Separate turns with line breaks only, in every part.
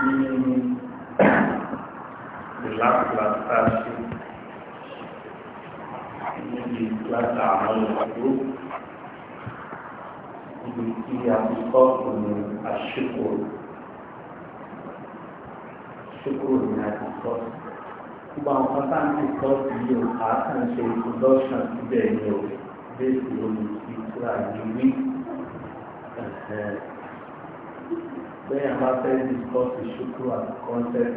ní the last class tá a ṣe níbi class àwọn ìwádó ibi tí a ti kọ́ òní àṣekòrò àṣekòrò ní a ti kọ́ gbogbo àwọn pátáǹtì kọ́ sí yìí ó àákàn ṣe introduction síbẹ̀ ní o bẹ́ẹ̀ sì ló sí kíláà ní lẹ́yìn àbá fẹ́ discuss ìṣúkú àti concept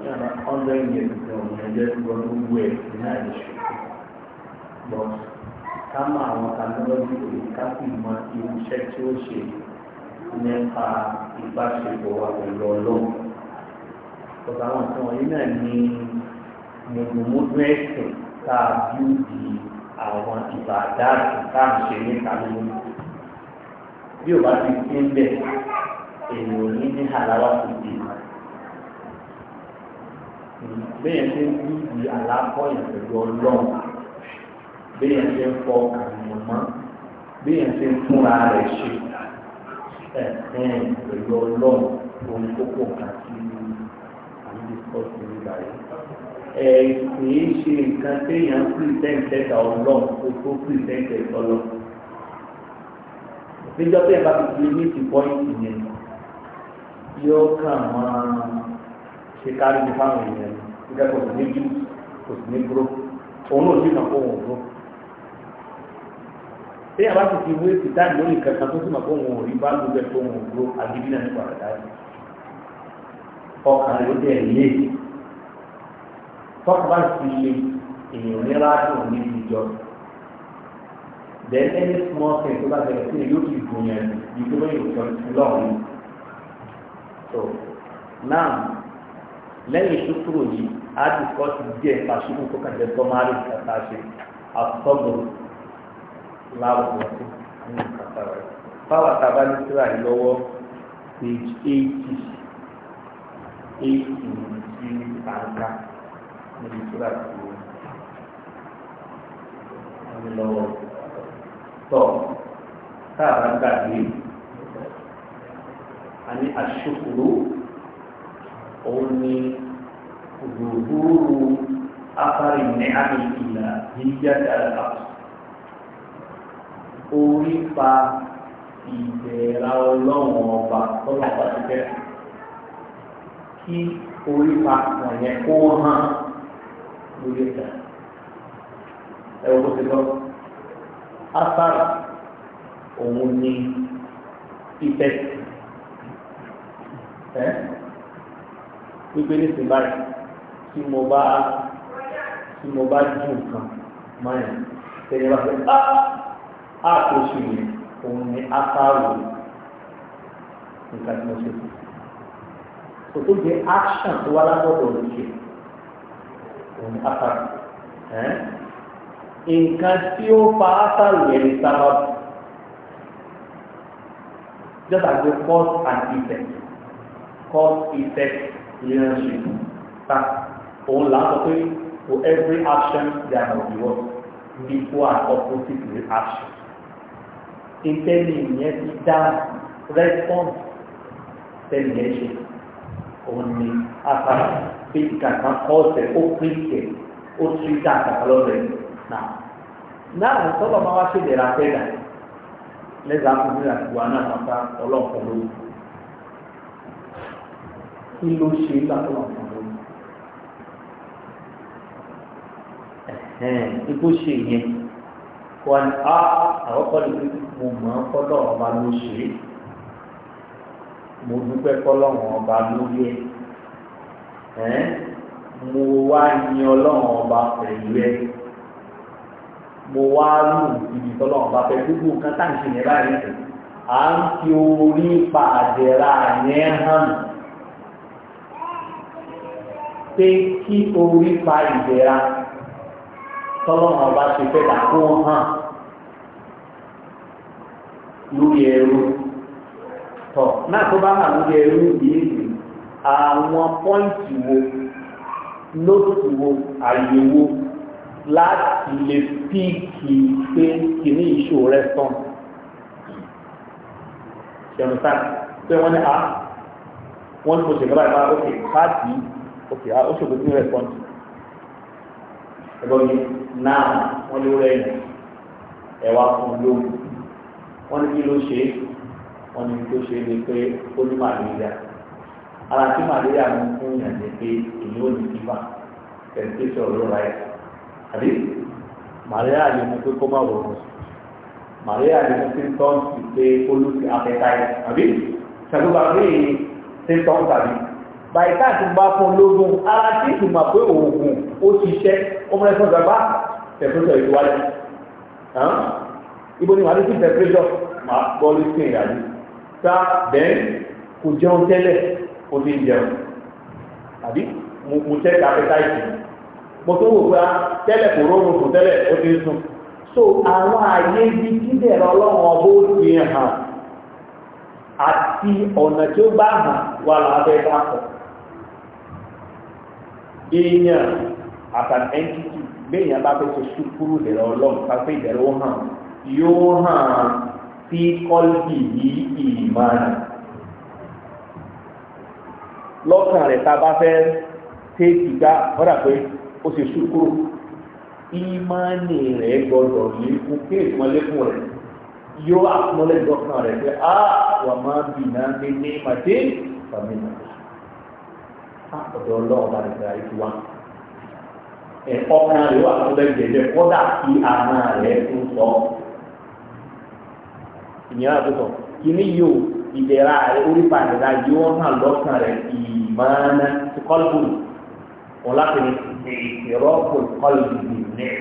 ní àbá hundred years ní ọmọ ẹgbẹ́ gbọdọ̀ wú ẹ̀ ní àyè ìṣúkú but ká mọ àwọn kanọ́lọ́jì òye ká sì mọ irúṣẹ́ tí ó ṣe nípa ìbáṣepọ̀ wa pẹ̀lú ọlọ́run ọ̀gá àwọn kan wọ̀nyí náà ní mùgbùmùgbù ẹ̀sìn tá a bí di àwọn ìbàdàn tá a ṣe níta lónìí bí o bá ti sí ń bẹ̀ èèyàn ò ní ní àláwà tó di bẹ́ẹ̀ ṣe ń bí ibi àlákọ̀yà pẹ̀lú ọlọ́run bẹ́ẹ̀ ṣe ń fọ àyàn mọ́ bẹ́ẹ̀ ṣe ń fúnra rẹ̀ ṣe ẹ̀ẹ́n pẹ̀lú ọlọ́run ohun kókó kan sí àyíkọ́sí nígbà yìí ẹ̀ kìí ṣe nǹkan téèyàn pìrìtẹ́ǹtẹ́ta ọlọ́run kó tó pìrìtẹ́ǹtẹ́ ìtọ́lọ́run níjọ́ tẹ́yìn bá ti di ní ti pọ́ìntì yẹn yóò kàn máa ṣe kárí ní fáwọn èèyàn nígbà kò sí ní jù kò sí ní dúró òun náà sì mọ̀ kó òun dúró tí a bá ti fi wé ti dáàbò lórí kankan tó sì mọ̀ kó òun ò rí bá gbogbo ẹ̀kọ́ òun ò dúró àgídí náà nípa àdá yìí ọkàn ló dẹ̀ lé tọ́kọ̀ bá ti lé èèyàn ní rádùn ní ìjọ then any small thing tó bá bẹ̀rẹ̀ sí ni yóò fi gbòòyàn ní ìgbésẹ̀ yóò fi lọ́ọ̀rùn tó náà lẹ́yìn ṣúkúrò yìí á ti kọ́ ti díẹ̀ pàṣípù tó kàn jẹ́ tọ́márì kàtà ṣe àtọ́gbò láwùjọ sí nínú kàtà rẹ̀ fáwọn àtàbá ní síra yìí lọ́wọ́ page eighty eighty ti àǹkà níbi síra yìí lọ́wọ́ tọ́ táàbà gbàgbé àní àṣùkùrù òun ni òdòdúró afárí ní àmì ìlà yíyá dára orí pa ìbẹ̀rẹ̀ ọlọ́run ọba tọ́lọ́pàá ti fẹ́ kí orí pa wọ̀nyẹn kó hàn lórí ẹ̀dá ẹ wọ́n ti lọ afárí òun ni ìtẹ̀sí ẹ́ wípé nísìn báyìí tí mo bá tí mo bá jù nǹkan mọ́yìn tẹ́lẹ̀ bá fẹ́ á ah, ah, ah, kó sí mi òun ni á fáwọ̀ nǹkan tí mo ṣe fún kò tó jẹ́ action tó wá lábọ́dọ̀ ló ṣe òun ni á fáwọ̀ ẹ́ nǹkan tí ó fa á fáwọ̀ yẹn ni sábà jọba gbé cause and effect cause effect relationship ta òun là á sọ pé for every action there must be what equal and opposite reaction ìtẹ́lẹ̀ yẹn ti dá response tẹ́lẹ̀ yẹn ṣe òun ni afárá bí kàkà kọ́ọ̀tẹ̀ ó pín kẹ̀ ó tún dá kàkà lọ́rẹ̀ náà náà sọ́dọ̀ máa wá ṣèlérà fẹ́ dà lẹ́sàá fún àti ọlọ́ọ̀kan lóhùn kí ló ṣe látọ̀nà fún un ikú ṣe yẹn wọn á àkọ́kọ́ ni mo mọ̀ ọ́ kọ́lọ́ ọba ló ṣe é mo dúpẹ́ kọ́lọ́ ọba lórí ẹ̀ mo wá yin ọlọ́run ọba pẹ̀lú ẹ mo wá lù ibi tọ́lọ́run ọba pẹ̀lú gbogbo nǹkan tá à ń ṣe yẹn báyìí à ń fi orí pàdé ra yẹn hàn mí pé kí orí pa ìdẹ̀ra tọ́lọ́mọ ọba ṣe fẹ́ dà kó hàn lórí ẹrú tọ̀ náà tó bá hàn lórí ẹrú yìí rí àwọn pọ́ǹtì wo lóṣù wo àyẹ̀wò láti lè píìkì pé kìíní ìṣó rẹ̀ tán ṣẹ̀rùn sáà pé wọ́n ní a ah, wọ́n ní mo ṣèkọ́lá ìbára ókè káàdì òkè ah, ó ṣòro tí ó rẹ̀ pọ́ǹtì ẹgbẹ́ mi náà wọ́n ló rẹ̀ yìí ẹ̀wà fún lóhùn wọ́n ní kí ló ṣe é wọ́n ní kí ló ṣe é ni pé ó ní màlúùyà ara tí màlúùyà mú fún ìyànjẹ pé èyí ò ní kí fà tẹ̀sí sọ̀rọ̀ lọ́la ẹ̀ àbí màlúùyà lè mú pé kó má wọ̀ wọ̀ màlúùyà lè mú pé tọ́ǹtì pé olùsí apẹ̀táì àbí ṣàgbọ́gbà pé ṣé tọ́ǹtà bíi. bàyíká àti bá fún lógún ara tí ìgbìmọ̀ pé oògùn ó ṣiṣẹ́ ọmọ ẹ̀fọ́ gbàgbá tẹ̀fẹ́sọ̀ ìlú wálé ibo ni wàá lè fi máa bọ́ lé sí ìrìnàjò ta bẹ́ẹ̀ kò jẹun tẹ́lẹ̀ ti ń jẹun so àwọn ti hàn àti ọ̀nà tí ó bá hàn wà bá èèyàn as an entity béèyàn bá fẹ́ ṣe ṣùkúrú ìdẹ̀rẹ̀ ọlọ́run ká pé ìdẹ̀rẹ̀ ó hàn yóò hàn sí kọ́lìkì yìí ìmọ̀ràn lọ́kàn rẹ̀ tá a bá fẹ́ ṣe ìgbà ọ̀dà pé ó ṣe ṣùkúrú ìmọ̀ràn rẹ̀ gbọ́dọ̀ lékún kí èèyàn rẹ̀ yóò àpọ́nlẹ̀ lọ́kàn rẹ̀ pé a ah, wà máa bì náà ní ní màdé tàbí ọ̀dọ̀ ọlọ́ọ̀ba nìkan ayé ti wá. ọkàn rẹ̀ wà tó bẹ́ẹ̀ jẹjẹ kódà kí ara rẹ̀ tún sọ. ìyẹn àti sọ kìíní yìí o ìdẹ̀ra rẹ̀ orí pàdéra yìí wọ́n hàn lọ́kàn rẹ̀ ìmọ̀ọ́nà ti kọ́lùkù wọn láti ní ìrọ́pò kọ́lùkù ní ìmọ̀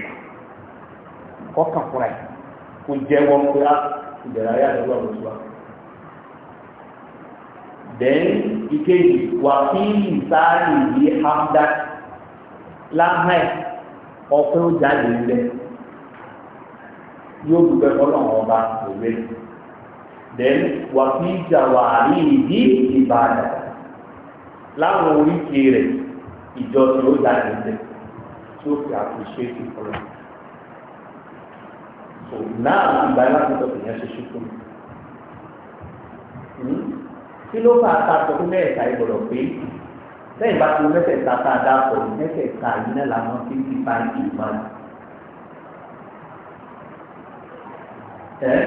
kọ́kàn fúnra ẹ̀ kó jẹ́ wọn pé ah, ìdẹ̀ra rẹ̀ àdúgbò ọ̀dọ̀ ìkejì wà fí ìsáàlì yìí hamdá láhàn ọpẹ́ ó jáde lẹ yóò dúpẹ́ fọ́lọ́run ọba òwe then wà fí jàwárí ìdí ìbàdàn láwọn oríkèé rẹ ìjọsìn ó jáde lẹ tí ó fi àpèṣe ìfọlọ so now ìgbà láti tọ́ kìí ṣe ṣe fún mi. Hmm? kí ló fà á ta sọ fún mẹ́ẹ̀ta ìgbọ̀dọ̀ pé lẹ́yìn bá tó mẹ́tẹ̀ẹ̀ta tá a dáàbò mẹ́tẹ̀ẹ̀ta yìí náà làwọn fi ń fi pa ìmọ̀ ẹ̀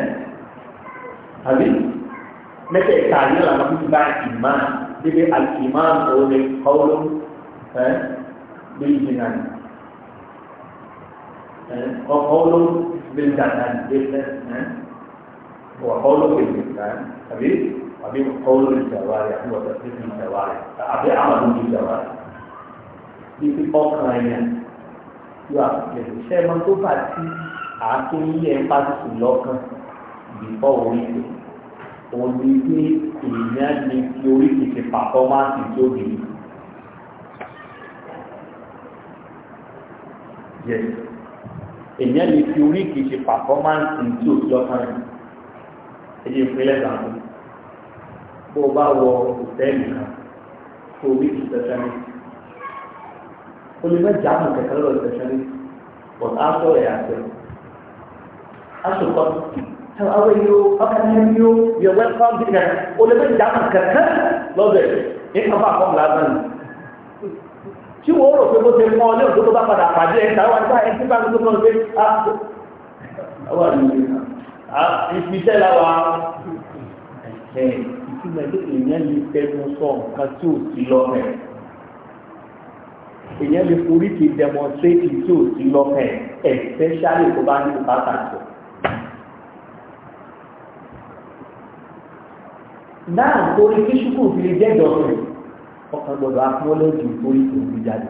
àbí mẹ́tẹ̀ẹ̀ta yìí náà làwọn fi ń fi pa ìmọ̀ bíbí àtìmọ̀ òde kọ́ló ẹ̀ bíi ìdìnnà ẹ̀ ọ̀kọ́ló bíi ìdàgbàsókè ẹ̀ ọ̀kọ́ló bíi ìdìnnà àbí. وبين قول الجوارح وتفريق الجوارح فأبي عمل بالجوارح bí fi ọkàn yẹn yóò àpèjẹ iṣẹ́ ẹ̀mọ́ tó bá ti àtúnyí ẹ̀ pàṣẹ lọ́kàn bìfọ́ oríṣi òun ni pé èèyàn lè fi oríṣi ṣe pàfọ́máàsì tó bìí. èèyàn lè fi oríṣi ṣe pàfọ́máàsì tó lọ́kàn yẹn. ẹ jẹ́ ìpínlẹ̀ kan fún mi bó bá wọ ìfẹ́ nìkan kó o bí ti tẹ̀sán o lè má jà mọ̀ kẹ̀kẹ́ lọ́dọ̀ tẹ̀sán but aṣọ rẹ̀ àtẹ̀ aṣọ kọ́ tẹ awé yóò ọkàlẹ́ yóò yóò wẹ́lkọ́m bí kẹ̀kẹ́ o lè má jà mọ̀ kẹ̀kẹ́ lọ́dọ̀ ní kan bá kọ́ mi lásán ni tí wọ́n rò pé bó ṣe mọ́ ọ ní òkú tó bá padà pàdé ẹ̀ sáwọn àti báyìí tí bá ń tó mọ́ pé a àwọn àlùfẹ́ ìfisẹ́ làwọn ẹ̀ ìtumọ̀ pé èèyàn lè fẹnu sọ nǹkan tí ò sí lọ́rẹ̀ èèyàn lè forí kì í demonstrate tí ò sí lọ́rẹ̀ especially tó bá ní bùkátà jù. náà torí kí ṣùkú fi lè jẹ́jọ́ rẹ̀ ọkàn gbọ́dọ̀ akọ́lẹ́jì torí kò fi jáde.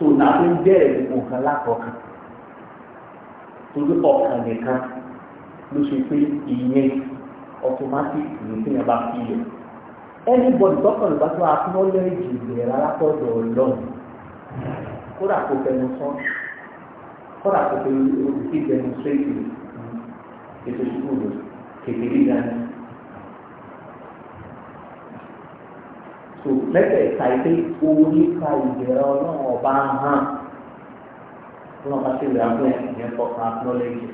so nàá ń bẹ̀rẹ̀ nǹkan lákọ̀ọ́kan torí ọkàn nìkan ló ṣe pé ìyẹn automatic ní tí yẹn bá fi yẹ anybody tọkàn ìgbà tó acknowledge ìbẹ̀rẹ̀ rárá tọ́jú ọlọ́run kódà kò fẹnu sán kódà kò fẹnu olùkí fẹnu sẹ́ẹ̀kì ètò ìṣúkúrò kékeré ìdáná. so mẹ́tẹ̀ẹ̀ta ìpè onípa ìbẹ̀rẹ̀ ọlọ́run ọba hàn fún ọba tí ìlú abúlé ìyẹn kọkàn akínọ́lẹ́jì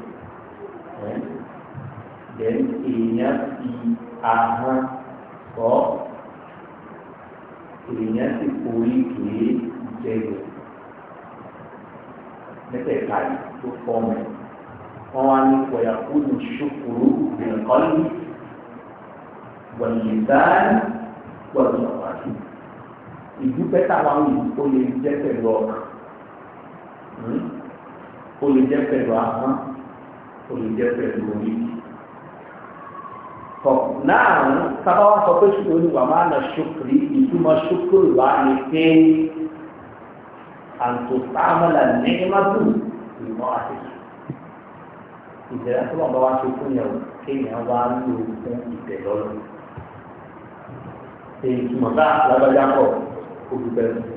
then èèyàn fi ahọ́n sọ èèyàn sì forí kìí jẹyọ mẹ́tẹ̀ẹ̀ka yìí tó fọ́ mi wọ́n wá ní pọ̀yà kúlù ṣùkúrú ìrìnkọ́lù wọ̀nyìnbáyé wọ̀nyìnbáyé ìdúpẹ́ táwọn yìí ó lè jẹ́ pẹ̀lú ọkàn ó lè jẹ́ pẹ̀lú ahọ́n ó lè jẹ́ pẹ̀lú orí. tọ̀ náà sábà wá sọ pé ṣùgbọ́n ní wàmá na ṣùkúrì ìtumọ̀ ṣùkúrì wá ní pé àǹtòsáàmọ́là nẹ́ẹ̀mátù ìmọ̀ àti ìbẹ̀rẹ̀ tó wọ́n bá wá ṣe fún yẹn kéèyàn wá ní ogun ìbẹ̀lọ́lọ́. èyí túmọ̀ bá alágbájá pọ̀ olùbẹ̀rẹ̀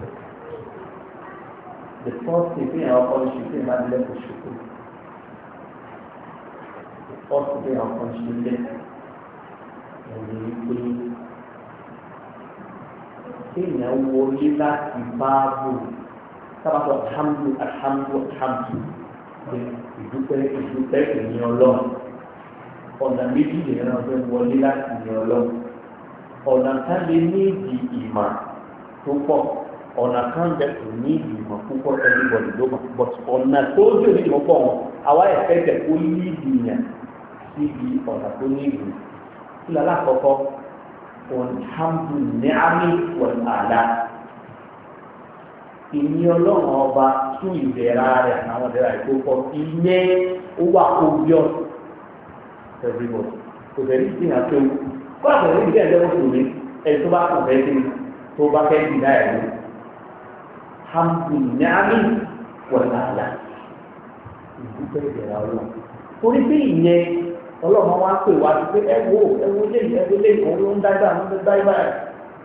the first thing bí àwọn ọkọ ṣe fún ìmáà lẹ́kọ̀ọ́ ṣòkò the first thing bí àwọn ọkọ ṣe lẹ́kọ̀ọ́ òun ni pé kéèyàn wọlé láti báàbò sábàtọ̀ alhamdu alhamdu alhamdu ìdúpẹ́ ìdúpẹ́ ìyìn ọlọ́run ọ̀nà méjì lè ràn fẹ́ wọlé láti ìyìn ọlọ́run ọ̀nà kan lè ní ìdí ìmọ̀ tó pọ̀ ọ̀nà kan bẹ kò ní ìdìmọ̀ púpọ̀ everybody ló mọ̀ but ọ̀nà tó ń tò ní ìdìmọ̀ pọ̀ wọn àwa ẹ̀fẹ́fẹ́ kó ní ìdìyàn síbi ọ̀nà tó ní ìdìmọ̀ kí lọ́la kọ́kọ́ ọ̀nàmù ní àmì wọ̀n àlá ìní ọlọ́run ọba tún ìbẹ̀rẹ̀ rẹ̀ àwọn ìbẹ̀rẹ̀ rẹ̀ tó kọ́ ìyẹn ó wà obvious everybody kò tẹ̀lé ìdíyàn tó ní ẹ̀ tó bá hamdu nyami wàhálà ìdúpẹ́ ìdẹ̀ra ọlọ́run torí bí ìyẹn ọlọ́run wá pè wá sí pé ẹ wo ẹ wo lé ẹ wo lé ìkọ́ ló ń dá ibà ló ń dá ibà rẹ̀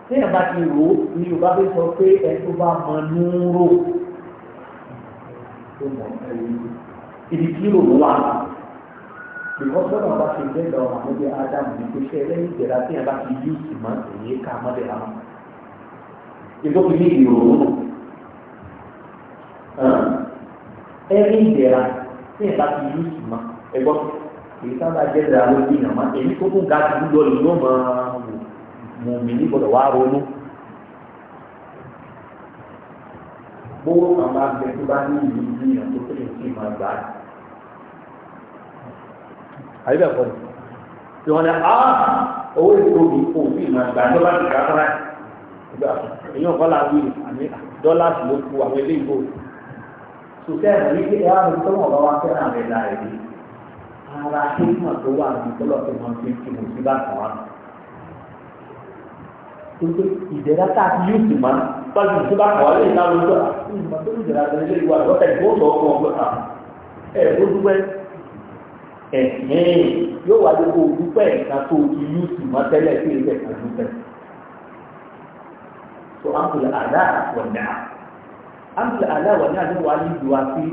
tí ẹ̀ bá ti rò ó ni Yorùbá fi sọ pé ẹ tó bá mọ núró tó mọ ẹ ibi tí rò wà ìwọ sọ́nà bá ti dẹ́gbà ọmọ àmọ́bí ádámù ní pé ṣe ẹlẹ́yìn ìjẹ̀dá tí ẹ̀ bá ti yí ìsìmọ́ èyí ká mọ́lẹ̀ àwọn ìdókòwò ìrònú ẹ̀rí ìdẹ̀ra tí ìta ti yí ìmọ̀ ẹ̀gbọ́ èyí sábà jẹ́ ìdẹ̀ra ló bí ìyàmá èyí tó kún ga ti lọ lè yóò máa mú mi ní gbọdọ̀ wá ronú. gbówó kan bá bẹ tó bá ní ìlú ní ìyàn tó tẹ̀lé sí ìmọ̀ àgbà rẹ̀. àyíbẹ̀ kọ́ tí wọ́n ní á owó ìtòbi kò sí ìmọ̀ àgbà tó bá ti kà á fúnra ẹ̀. èyí ò la wí àmì dọ́là ló kú àwọn eléyìí sùkẹ́ ẹ̀rọ yìí ẹ wá lọ tó wọn bá wá fẹ́ràn rẹ̀ láì rí ara hikma tó wà ní tọ́lọ́tì wọn fi ti mú sí bàtà wa. Gbogbo ìdẹ́rẹ́ tá a ti yóò sì máa pàṣẹ sí bàtà wa lè náà lóṣù àti ìmọ̀ tó ìdẹ́rẹ́ àtẹ̀lé ìwà lọ́tẹ̀ ìfowópamọ́ ọkọ̀ ọgbẹ́ ta. Ah, ẹ ò dúpẹ́ ẹ̀hìn yóò wá dé kó o dúpẹ́ ẹ̀ka tó o ti yóò sì máa tẹ́lẹ̀ sí ilé ẹ̀ka dúpẹ́. Sọ àpòlọ̀ àdá àpòlọ̀ náà amúlẹ̀ aláwọ̀ ní àdéhùn wáyé ìlú wa sí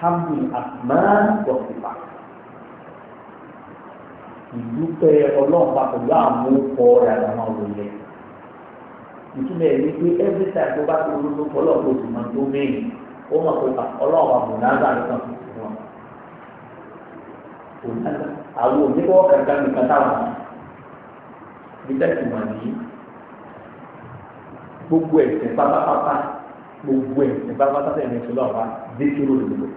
hamlin asman dọ̀kítà ìdúpẹ́ ọlọ́run pa pẹ̀lú àwọn ọkọ rẹ̀ àtàwọn òwòye ìtumọ̀ ẹ̀ pé every time tó bá ti olóńgbò ọlọ́run tó sì máa tó mẹ́yìn ó mọ̀ pé ọlọ́run àbò náà gbà lọ́kàn tó sì wọ́n àwọn onígbọ́ kankan nìkan táwọn ní tẹ́sí wọ̀nyí gbogbo ẹ̀sìn pátápátá gbogbo ẹ̀ nípa pátátẹ̀ ẹ̀rìn ìṣúná ọ̀fà dékèrò lòlò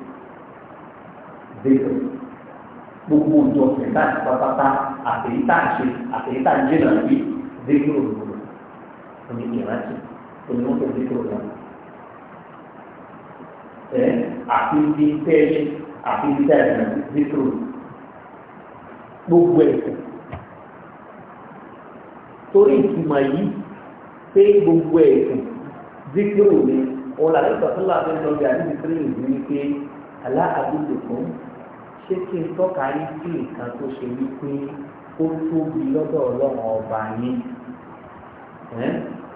dékèrò gbogbo òjò ẹ̀ka pátápátá àtẹ̀yítà ṣe àtẹ̀yítà ń jìnà sí dékèrò lòlò omi ìrántí omi wọn tó dékèrò lòlò ẹ àti ibi tẹ́ẹ̀ṣẹ̀ àti ibi tẹ́ẹ̀ṣẹ̀ dékèrò gbogbo ẹ̀sẹ̀ torí ìtumọ̀ yìí pé gbogbo ẹ̀sìn díkírù ni òun làlẹ́ ìgbàsọ́lá àti ìtọ́jú àdúgbò kiri ìlú wípé aláàdúgbò fún ṣé kí n tọ́ka yín sí nǹkan tó ṣe wípé ó tóbi lọ́dọ̀ ọlọ́run ọba yín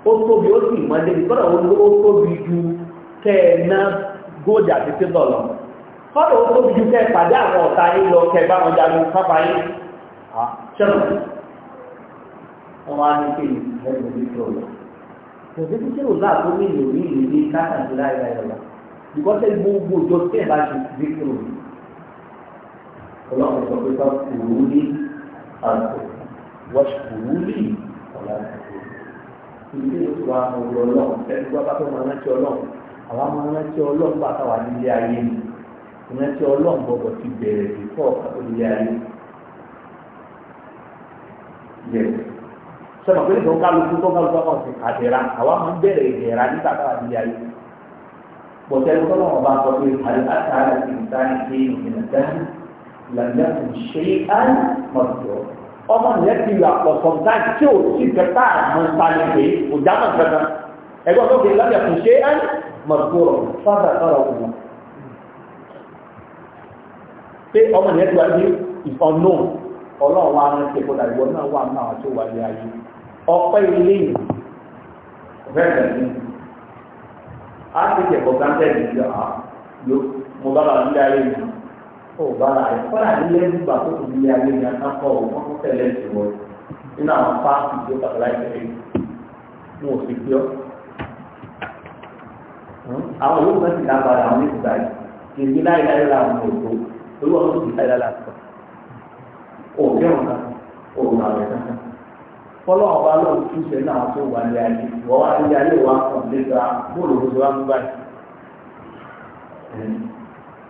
ó tóbi ó sì mọ́ débi kọ́dọ̀ ó tóbi ju kẹ́ ẹ ná góòdì àti tébọ̀ lọ kọ́dọ̀ ó tóbi ju kẹ́ ẹ pàdé àwọn ọ̀tá yín lọ kẹ́ ẹ bá wọn jagun pápá yín ṣẹ́nu wọn á ní kí ẹ lè fi kòtò tí kí òlà tó ní ìlú ní ìlú ní káàkiri láì láì lọ́la bíkọ́sẹ̀ gbogbo ọjọ́ tí ẹ̀ bá ṣe dé kúrò ní ọlọ́run sọ pé ká kúrú ní àgbẹ̀ wọ́n ṣe kúrú ní ọ̀la ìdílé ìtura ọ̀rọ̀ ọlọ́run ẹni tó bá fẹ́ máa rántí ọlọ́run àwa máa rántí ọlọ́run bá táwa nílé ayé ni rántí ọlọ́run gbọ́dọ̀ ti bẹ̀rẹ̀ bí fọ́ọ̀ká tó nílé ayé. Yes sọ̀rọ̀ pé ìdánwò kálukú tó kálukú àwọn ọ̀sìn àdẹ̀ra àwa máa ń bẹ̀rẹ̀ ìdẹ̀ra nígbà táwa di ayé pọ̀tẹ́lú tọ́lọ̀ ọba sọ pé àdìbàtà àti ìtàní ṣe ìrìnàjá lànà kò ṣe án mọ̀tò ọmọ ìyẹn ti rà pọ̀tọ̀ náà tí ò sí kẹta àwọn ìpalẹ̀ pé kò já mọ̀ kankan ẹgbẹ́ tó fi lànà kò ṣe án mọ̀tò rọ̀ fábà sọ̀rọ̀ òun pé ọmọ ìyẹn ti wá ní ìfọ̀nù ọlọ́run wa ń ṣe kó náà wà náà tó wà ní ayé ọ̀pẹ́ ilé yìí rẹ̀rẹ̀ ní a ti jẹ̀kọ̀ gáńtẹ́ yìí yọ á yọ mo bá bá nílé ayé yìí ó bá ra ẹ̀ kọ́lá nílé nígbà tó kù nílé ayé yìí akákọ̀ wọn kó tẹ̀lé ìṣòro nínú àwọn páàkì tó kàkà láìpẹ́ yìí mo ò sì gbọ́ àwọn yóò fẹ́ sì dábàá àwọn ní ìgbà yìí kì í ní láìláì ra àwọn òdo olúwa ló sì láìláì ra àtọ̀ òkè ọ̀gá òun àwọn ẹ̀ka kan. fọlọ́ ọba lóun tún ṣe náà tó wà ní ayé wọ́n wá ní ayé wa kàn nígbà bóòlù ló ṣe ń báyìí.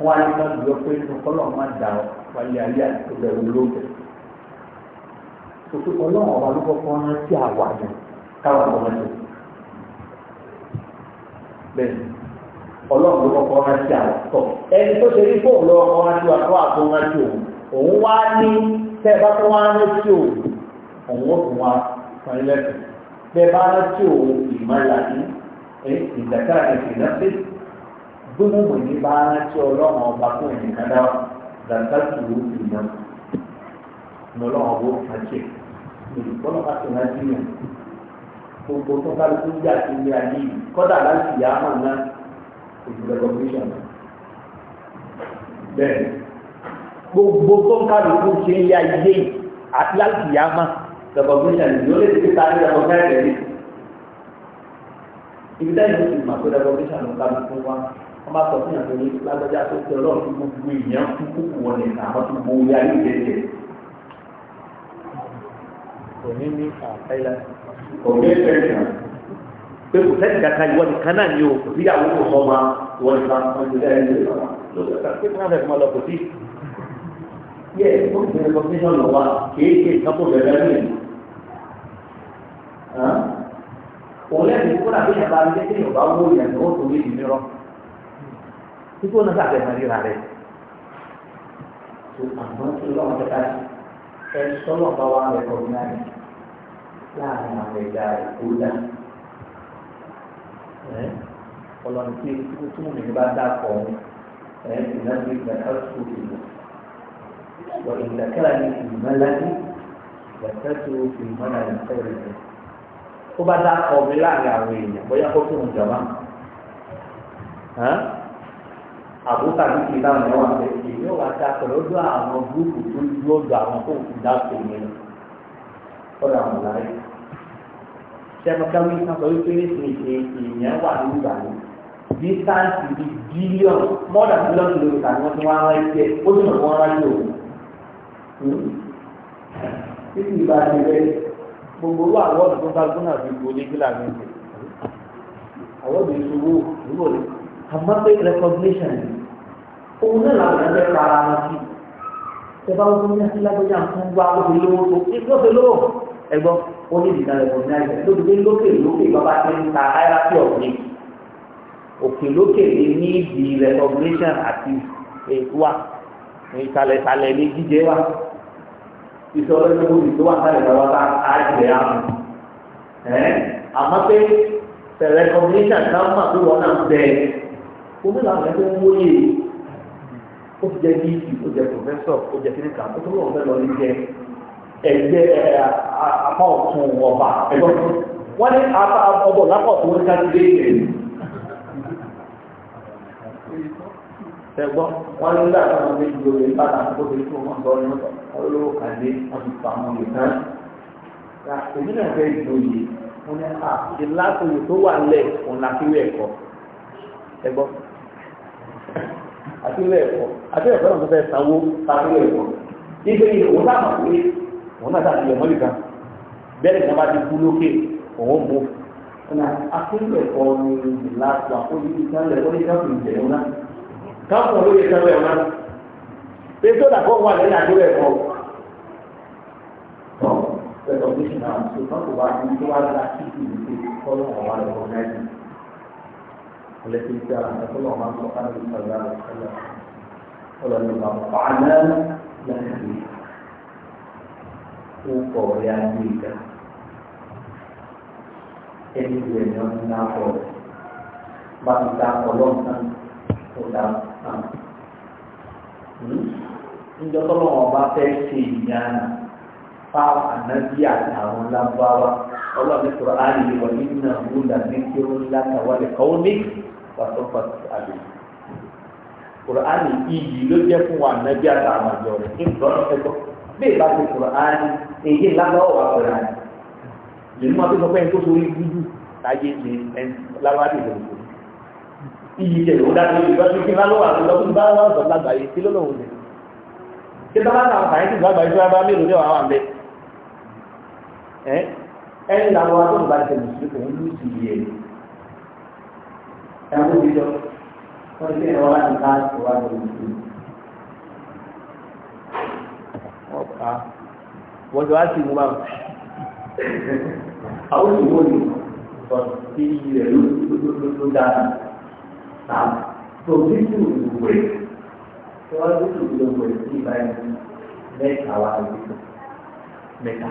wọ́n á ní ká gbọ́ pé fọlọ́ máa dà ọ́ wáyé ayé àti bẹ̀rù lóògbé. Tòtò ọlọ́run ọba ló kọ́kọ́ rán káwọn ọmọ ọlọ́run ló kọ́kọ́ tọ̀. Ẹni tó ṣe fóònù lọ́wọ́ òun. Òun òun ó fún wa fún ẹlẹ́sìn bẹ́ẹ̀ bá rántí òun ìmọ̀lá yìí ìgbàgbọ́ àti ìrántí gbólóhùn ní bá rántí ọlọ́run ọba fún ẹnìkan dá dàgbà tùrú ìmọ̀ ní ọlọ́run ọba àti ìgbọ́n bá ti rántí yẹn gbogbo tó bá lóko yá sí ilé ayé yìí kọ́dà láti yá hàn náà òṣèlú recognition bẹ́ẹ̀ gbogbo tó bá lóko ṣe ilé ayé yìí àti láti yá hàn recognition yóò lè ti ta ní recognition rẹ̀ yìí ibi táyì ló ti mà pé recognition ló ká lóko wá wọ́n bá sọ fún yàtọ̀ ní lágbájá tó ti ọlọ́run tó gbogbo èèyàn fún kókò wọn ní àwọn tó gbogbo orí ayé ìdẹ́jẹ́ òní ní àkàìlá òní ẹ̀ẹ́dẹ̀ẹ́dẹ̀ pé kò sẹ́ni kankan ìwọ nìkan náà ni o kò sí ìyàwó kò sọ ma ìwọ nìkan kan ti lẹ́yìn lórí ọ̀la lórí ọ̀la pé kí wọ́n yẹ kó ti recognition lọ wa kéèké kápò bẹ̀rẹ̀ lẹ́yìn òun lẹ́nu kó náà kéèyàn bá ń lé kéèyàn bá wó yẹn ní oṣù méjì nírọ̀ kíkó náà sàbẹ̀ mọ́ ríra rẹ̀ tó àmọ́ tó lọ́wọ́ tó ká ẹ sọ́lọ́ bá wà rẹ̀ kọ́ náà rẹ̀ láàrin àwọn ẹ̀dá rẹ̀ kó dà ọlọ́ni tí kíkó tó mi bá dà kọ́ ẹ̀ ìnáwó ìgbà ká tó ìlú wọ́n ìgbà kára ní ìmọ̀lá ní ìgbà ká tó ìmọ̀lá ní kọ́ tó bá dákọ̀ mi láàrin àwọn èèyàn bóyá kó fún ìjọba àbúkà ní kí láwọn ẹwà rẹ kì í yóò wá dákọ̀ lọ́dọ̀ àwọn gúrúùpù tó yóò lọ àwọn tó kù dákọ̀ mi lọ ọ̀dọ̀ àwọn láyé sẹ́mọ̀káwé kan sọ wípé èsì èèyàn wà ní ìgbà ní dísáǹsì bíi bílíọ̀nù mọ́dà bílíọ̀nù lórí ìta ni wọ́n ti wá ń ráyé ó dùn mọ́ wọn ráyé òun. Hmm? títí ìbá ti gbogbo owó àwọn ọ̀dọ́ tó bá gbóná àti ìgbò ní kílà mi ṣe àwọn ọ̀dọ́ ìṣòwò ìwò rẹ̀ àmọ́ recognition ni òun náà làwọn ẹgbẹ́ para wọn sí ṣe bá wọn ní akílágbèjà ń fún wa òbí lówó tó kí ló fi lówó ẹgbọ́ ó ní ìdíkà recognize lóbi pé lókè lókè bàbá ti ń ta hierarchy of need òkè lókè lè ní ìdí recognition àti ìwà eh, ìtàlẹ̀tàlẹ̀ ní jíjẹ wa ìṣọ̀rọ̀ tó kù tó wà sáré lọ́wọ́ tá a jẹ àmì. àmọ́ pé tẹ̀lé kọ́mínísàn náà mà tó wọ́n náà bẹ̀ omi làwọn ẹgbẹ́ ń wóye ó ti jẹ́ bíìsì ó jẹ́ pòfẹ́sọ̀ ó jẹ́ kíníkà ó tó lọ́wọ́ fẹ́ lọ ní jẹ ẹgbẹ́ tẹgbọn wọn ń gbà tí wọn fi ju omi padà kó fi tún wọn lọ lọ́tọ̀ wọn ló kàdé wọn ti fa àwọn olè tán ra èmi náà fẹ́ ìgboyè wọn ní à ṣe tó wà lẹ̀ òun la ẹ̀kọ́ tẹgbọn àti ẹ̀kọ́ àti ẹ̀kọ́ náà tó fẹ́ sanwó àti ẹ̀kọ́ ife yìí òun náà mọ̀ pé òun náà dàbí ẹ̀mọ́ ìgbà bẹ́ẹ̀ ni wọ́n ti kú lókè òun mú ọ̀nà ẹ̀kọ́ ni káwọn olóyè sanwó ẹ̀ máa pé sódà kó wà lẹ́yìn àdúrà ẹ̀ kọ́ pẹ̀lú ní tó náà yìí bá ti dá ọlọ́ọ̀tàn ó dá níjọ́ tọ́lọ́ wọn bá fẹ́ ṣe ìyáná fáwọn ànábì àtàwọn lábáwá ọlọ́ọ̀ni sọ̀rọ̀ àlè wà nínú àbúlà ní kí ó ń látàwálẹ̀ kọ́wọ́ ní pàtọ́pàtọ́ àlè. Kùránì iyì ló jẹ́ fún wa nàbí àtàwọn àjọ rẹ̀ ní ìtọ́nà ẹ̀kọ́. Bí ìbá ti Kùránì èyí lábáwọ̀ wà pẹ̀lú àná. Lèmi máa tó sọ pé ẹni tó sori dúdú láyé ni ẹni lábáwá ti lòdì. Iyì jẹ̀ ló dájú ìbá tó kí lábáwọ̀ àti lọ́kùnrin bá wà sọ lágbàáyé kí ló lọ́wọ́ ṣé tọ́lá náà sàyẹ́ntì ìgbàgbà ìṣúra bá mélòó ní ọ̀hán bẹ́ẹ̀ ẹ́ ẹni làwọn wa tó ń bá ṣe mùsùlùmí òun lù sí iye ẹ̀wọ́n ti jọ wọ́n ti ṣe ọ̀rá ní káàkiri wá lórí mùsùlùmí. wọ́n ti wá sí ìmúmá àwọn ìwé òní ọ̀sán tí iye rẹ̀ tí wọ́n dúdú gbogbo ẹ̀ sí ìbáyìí mẹ́ta wà lóko mẹ́ta.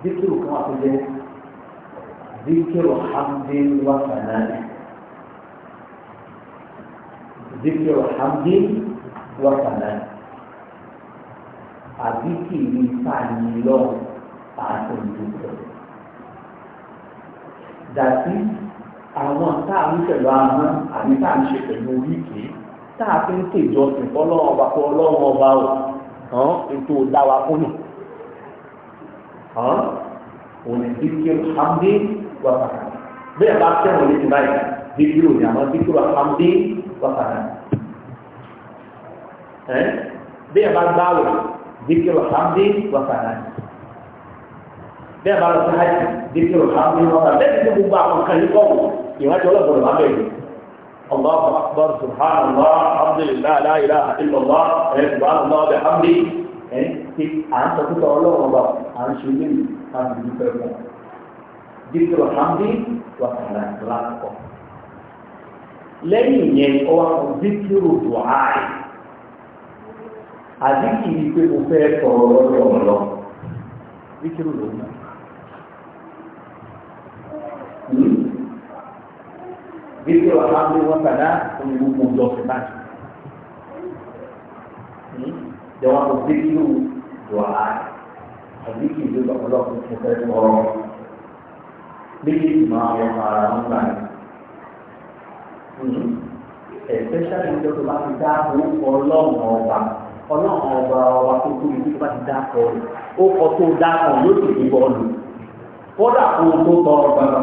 díkìrù kan wà tó jẹ́ díkìrù hamdin wà sànàlì díkìrù hamdin wà sànàlì àbí kìrì fàyìn lọ Dàbí àwọn tá a ń pẹ̀lú ahọ́n àbí tá a ń ṣe pẹ̀lú wíìkì tá a fi ń tè ìjọsìn fọlọ́wọ́n ọba fún ọlọ́wọ́n ọba ò hàn ètò ìdáwà fún mi hàn òní díkìrì hamdi wàkàrà bẹ́ẹ̀ bá tẹ̀wọ̀n ní ti báyìí díkìrì òní àmọ́ díkìrì hamdi wàkàrà bẹ́ẹ̀ bá gbáwò díkìrì hamdi wàkàrà bẹ́ẹ̀ bá lọ sí hajj dèkìrò láàmú ọ̀rọ̀ lẹ́yìn tó gbogbo àwọn kan yìí kọ́wọ́ ìwájú ọlọ́gbọ̀rọ̀ máa bẹ̀rẹ̀ الله أكبر سبحان الله الحمد لله لا إله إلا الله سبحان الله بحمده ti à ń sọkútọ ọlọ́run ọba Hamdi wà kàrà lákọ̀. Lẹ́yìn ìyẹn, ó wá kọ Dìtò Dùháì. Àdìkì ni ah, pé Bíbí wà máa ń gbé wọn kàdá omi gbogbo ọjọ́ ọ̀sẹ̀ báyìí. Ìjọba kò dé kí lóò dùn àá àbí kì í lóò ọlọ́pàá tó fẹ́ fún ọ̀rọ̀. Bíbí máa wọ ara wọn gbà ní. Ẹ̀fẹ́ sáré ìjọ tó bá ti dá orúkọ ọlọ́run ọba ọlọ́run ọba ọba tó tóbi tó bá ti dá kọ rẹ̀. kọ tó dá kọ yóò sì fi bọ́ọ̀lù. Kódà kó o tó tọrọ gbàgbà.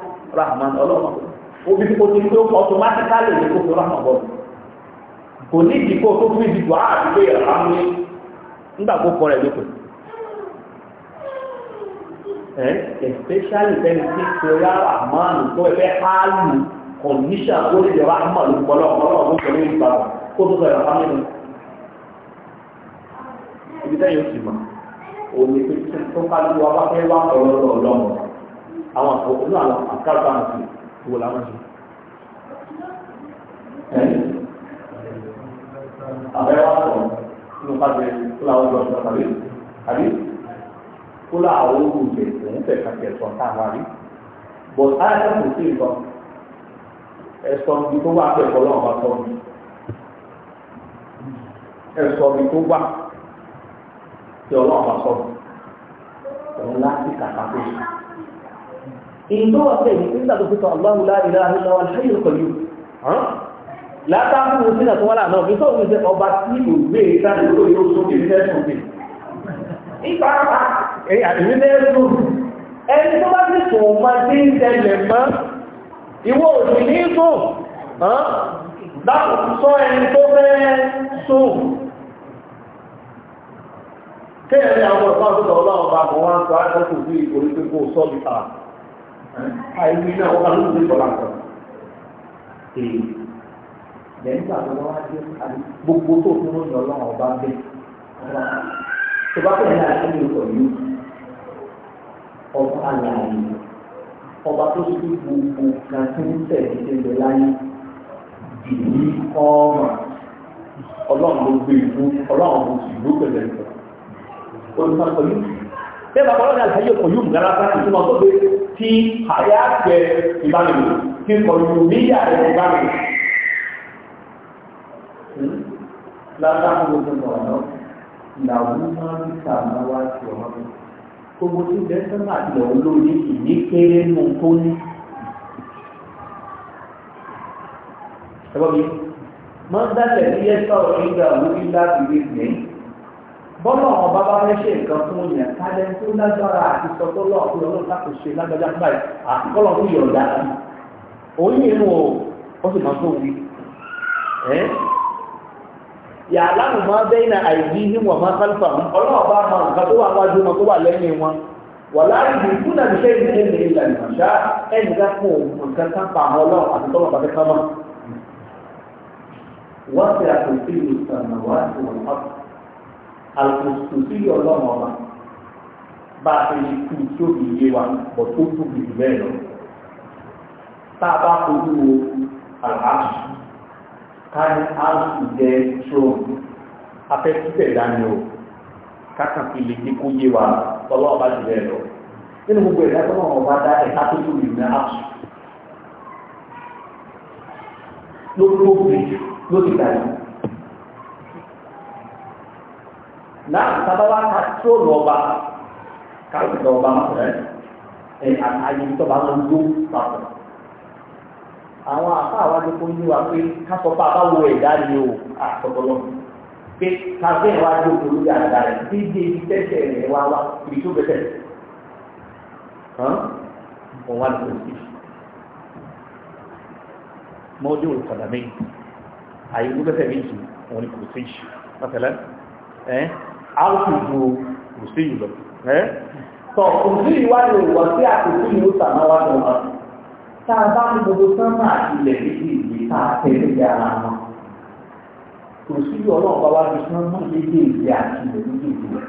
rahman ọlọ́run obi kò ti tó ọtọmátíkálì ní kókó rahman bọ́ọ̀lù kò ní tó fún àdúgbò ní kọ rẹ̀ lóko ẹ especially bẹni tí kòyà rahman tó ẹgbẹ́ hálù kọ̀níṣà tó lè jẹ rahman ló ọlọ́run tó ní ìgbà kó tó sọ ìrànlá nínú ibi tẹ́yìn ó sì mọ̀ òní pé tó bá fẹ́ wá ọ̀rọ̀ àwọn àkókò àwọn àkàtà àti ìwò làwọn ṣe. àbẹ̀wò àtọ̀ nínú pàṣẹ kúlà ọjọ́ ọjọ́ tàbí àbí kúlà àwọn ogun jẹ òun fẹ̀ kàkẹ́ ẹ̀sọ́ tá a wà rí. bọ̀ táyà tó kò sí nǹkan ẹ̀sọ́ ibi wà pẹ̀lú ọlọ́run bá tọ́ mi ẹ̀sọ́ wà tí ọlọ́run bá tọ́ láti kàkà ìjọ ọ̀sẹ̀ yìí nígbà tó fi sọ Allahu la ilaha illa huwal hayyul qayyum látàkùn sínú àtúwọ́ là náà fi sọ òun ṣe ọba tí òwe ìdájọ́ tó yóò sókè ní ẹ̀sùn mi. ìgbà àdìmí ní ẹ̀sùn ẹni tó bá ti sùn ọmọ tí ń tẹlẹ̀ mọ́ ìwọ òsì ní sùn
dákùn sọ ẹni tó
fẹ́ sùn kéèyàn ní àwọn ọ̀pá àtúntò ọlọ́run bá mọ̀ wá ń sọ àtúntò sí orí pé kó sọ́ bí ta àìsí iná ọ̀gá ló ti sọ̀rọ̀ àtọ̀ èyí lẹ́yìnbà tó lọ́wọ́ adé gbogbo tó fún lóyún ọlọ́run ọba bẹ́ tó bá tẹ̀lé àti ní ọkọ̀ yìí ọba àlàyé ọba tó ti gbogbo kan tó ń tẹ̀lé ṣe láyé ìdí ọmọ ọlọ́run ló gbé ìlú ọlọ́run ló sì ló pẹ̀lẹ́ sọ olùkọ́ pẹ̀lú tẹ́lá bọ́lá ní àlàyé ọkọ̀ yóò gbára sáà tí wọ́n tó pé tí àyà jẹ ìbánimọ̀ tí kọ̀lù níyà rẹ̀ ìbánimọ̀ látàkùn gbogbo ọ̀nà ìlàwó máa ń ta àmọ́wá sí ọmọ mi gbogbo tí bẹ́sẹ̀mà lọ lórí ìní kéré nù tó ní ẹgbọ́n mi máa ń dálẹ̀ ní ẹ̀sọ́ ìgbà òwúrí láti ìgbẹ̀yìn bọ́lá ọ̀hún bàbá fẹ́ ṣe fún kálẹ̀ tó lágbára àti láti ṣe báyìí fún òun yìí ó sì máa tó wí. na àìdí ní máa kálífà wọn ọlọ́run bá máa nǹkan tó wà wájú wọn tó wà lẹ́yìn wọn wà láàrin ìlú fún àmì ṣe àlùkò sí ọlọ́run ọba bá a ṣe kú tí ó fi yé wa bọ̀ tó tóbi jù bẹ́ẹ̀ lọ tá a bá kojú wo àlàáfù ká ní àlùkò jẹ́ tróònù afẹ́kútẹ̀ dání o kákan fi lè dé kó yé wa ọlọ́run ọba jù bẹ́ẹ̀ lọ nínú gbogbo ẹ̀dá tó náà ọba dá ẹ̀ka tó tóbi jù ní àlùkò ló tóbi ló ti dàgbà. Nah, sábà wá loba, kalau loba káàkiri lọ́ba rẹ̀ ẹ̀ àyè tó dulu, lọ Awak apa? Awak àfa àwájú kó yí papa pé ká sọ pé àbáwo ẹ̀dá ni o àtọ̀tọ̀lọ́ pé káfí ẹ̀ wá dó olórí àgbà rẹ̀ dídé ibi tẹ́sẹ̀ rẹ̀ wá wá ibi tó bẹ̀tẹ̀ ọ̀ wá lọ sí mọ́jú olùkọ̀dà méjì àyè olùkọ̀dà ni kò áwùjọ kùsí ìlọ tọ̀ kùsí ìwá ni òwò sí àkùsí ni ó sàmà wá lọ wọn tá a bá ní gbogbo sánmà ilẹ̀ níbi ìwé tá a tẹ̀lé ìyá ara wọn kùsí ìwọ náà bá wá ju sánmà ilé ìwé àti ilẹ̀ níbi ìwé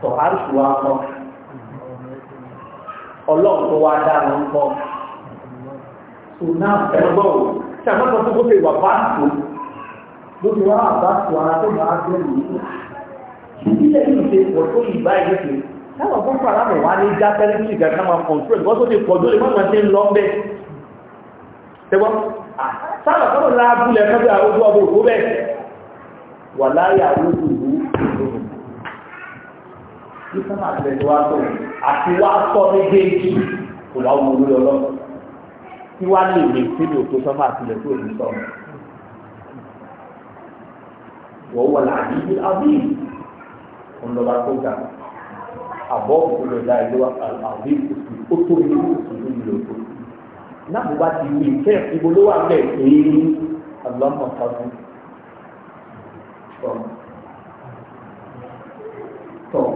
tọ̀ áwùjọ wa kọ́ ọlọ́run tó wá dá bá tó lóbi ìdílé yìí ṣe pọ̀ tó yìí báyìí ló ṣe táwọn fún faramu wa ní já tẹlifíṣì gàdá máa kọ̀ǹtúrò ìwọ́n tó ti pọ̀ tó lè má máa ṣe ń lọ bẹ́ tẹ́gbọ́n sáwọn kọ́nà lábúlẹ̀ kọ́bí àrójú ọmọ òkú bẹ́ wà láyà lójú ìlú ní sábà tẹ̀lé wa àbí ńlọba tó ga àbọ̀ òkúlò dá ilé wa àbí òsì ó tó ní òsì ní ìlú òkú náà bá ti wí kẹ́ ibo ló wà bẹ́ẹ̀ pé àlọ́mọ̀ tọ́jú tọ́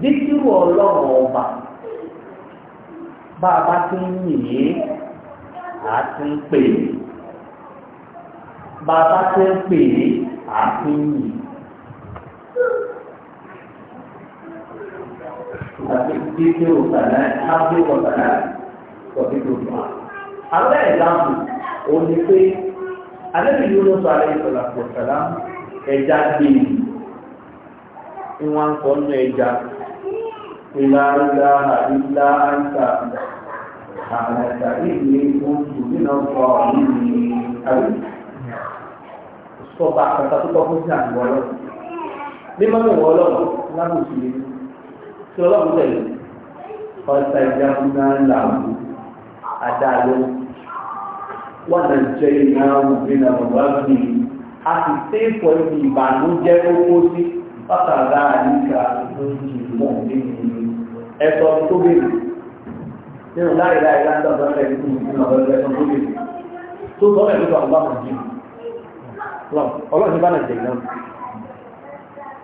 dídúró ọlọ́run ọba bá a bá ti ń yìn á ti ń pè é bá a bá ti ń pè é á ti ń yìn tapi itu sana, tapi itu sana, tapi itu sana. Ada Islam, orang itu ada di Yunus alaihi salatu wasalam, ẹja bí e. i wọ́n kọ́ ní ẹja ìlàrílà ìlà àìsà àmàlà ìlú oṣù nínú ọkọ̀ ìlú àrí sọba àkàtà tó tọ́ fún sí àgbọ̀lọ́ mímọ́ ìwọ̀lọ́ lábùsùn tí ọlọ́run tẹ̀lé ọ̀sà ìjà fúnra ńlá àwọn adáàlú wọn náà jẹ́ iná òbí náà bàbá mi a sì ṣe é pọ̀ ibi ìbànújẹ́ owó sí bàtàrà àyíká lójì mọ́ nínú ẹ̀sọ́ tó bèrè nínú láìláì láti ọ̀dọ́ ẹ̀ ní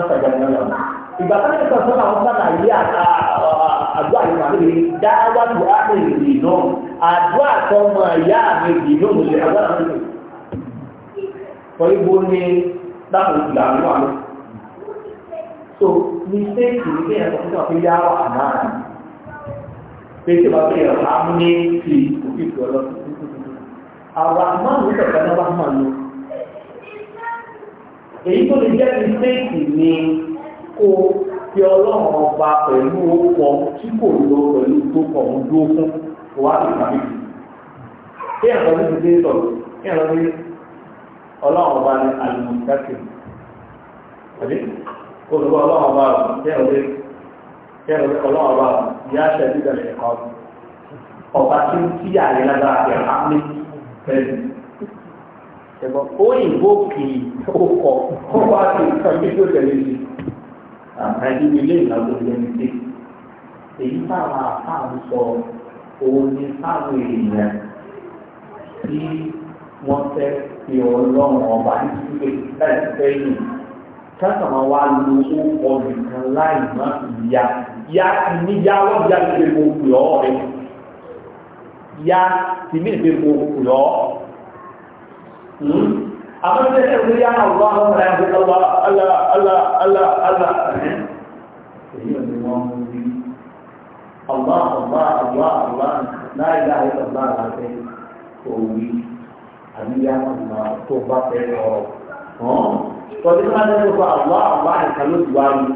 fásitì ìgbà tó ní sọ̀tún àwọn sábà ilé àdúrà yìí wà lórí dáwà tó á lè rìn náà àdúrà tó mọ ìyá mi rìn náà mo lè àdúrà mi rìn. sọ ibo ni dáhùn ìgbà mi wà lọ. so mistake ní bí ẹ̀sọ́ fún ọ̀fẹ́ yá wà náà pété bá bẹ̀rẹ̀ ọ̀hán ní ti òfìfì ọlọ́sìn. àwọn àmọ́ àwọn ìṣọ̀kan náà bá máa lọ èyí tó lè jẹ́ mistake ni kó fi ọlọ́run ọba pẹ̀lú ọkọ̀ tí kò lọ pẹ̀lú tó kọ̀ ń dúró fún wà ní ìpàdé kí ẹ̀rọ ní ti dé sọ̀rọ̀ kí ẹ̀rọ ní ọlọ́run ọba ní alimọ̀tẹ́kì àbí kó lọ́wọ́ ọlọ́run ọba kí ẹ̀rọ ní kí ẹ̀rọ ní ọlọ́run ọba ìyá aṣẹ ìdílé ẹ̀kọ́ ọba tí ń tíyà rẹ̀ lágbára ẹ̀gbọ́n ó yìnbó kì í ọkọ̀ ó wá sí ìtọ́jú tó tẹ̀lé sí àbájú ilé ìlànà ìlẹ́nu dé èyí táwọn àfáàmù sọ òun ni fáwọn èèyàn tí wọ́n fẹ́ fi ọlọ́run ọba nítorí láì fẹ́yìn kásán máa wá lo owó nìkan láì má ìyá yá níyá wọ́n yá ti mo pè ọ́ rẹ̀ yá tìmí ìfi mo pè ọ́ rẹ̀ amma da ya wuri yana Allah wa ya fi Allah Allah Allah Allah Allah Allah Allah Allah Allah la ilaha illallah la ilaha illallah àbíyá ọ̀nà tó bá fẹ́ lọ́rọ̀ hàn tọ́jú máa ń lọ́wọ́ àwa àwa nìkan ló ti wá rí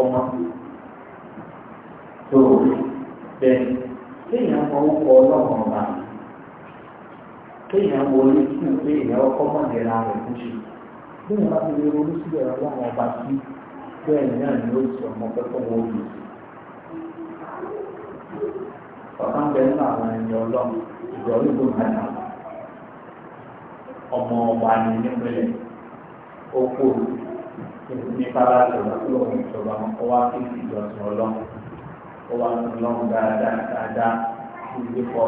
ọmọ tó bẹ́ẹ̀ léèyàn kéèyàn wọlé sí ìwé ìyá ọkọ mọ̀nìyàn rẹ̀ kúṣe bí wọn bá ti lè ronú sílẹ̀ ọlọ́run ọba sí bẹ́ẹ̀ náà ni ó ti ọmọ pẹ́pẹ́ wọ́n lò sí. ọ̀tá ń bẹ nínú àwọn ẹni ọlọ́run ìjọ olóògbé máa dà ọmọ ọba ni nípínlẹ̀ oko ní fáráàlú lọ́wọ́ ìjọba ọwá kí ìjọsìn ọlọ́run ọwá ọlọ́run dáadáa dáadáa ìgbé kọ́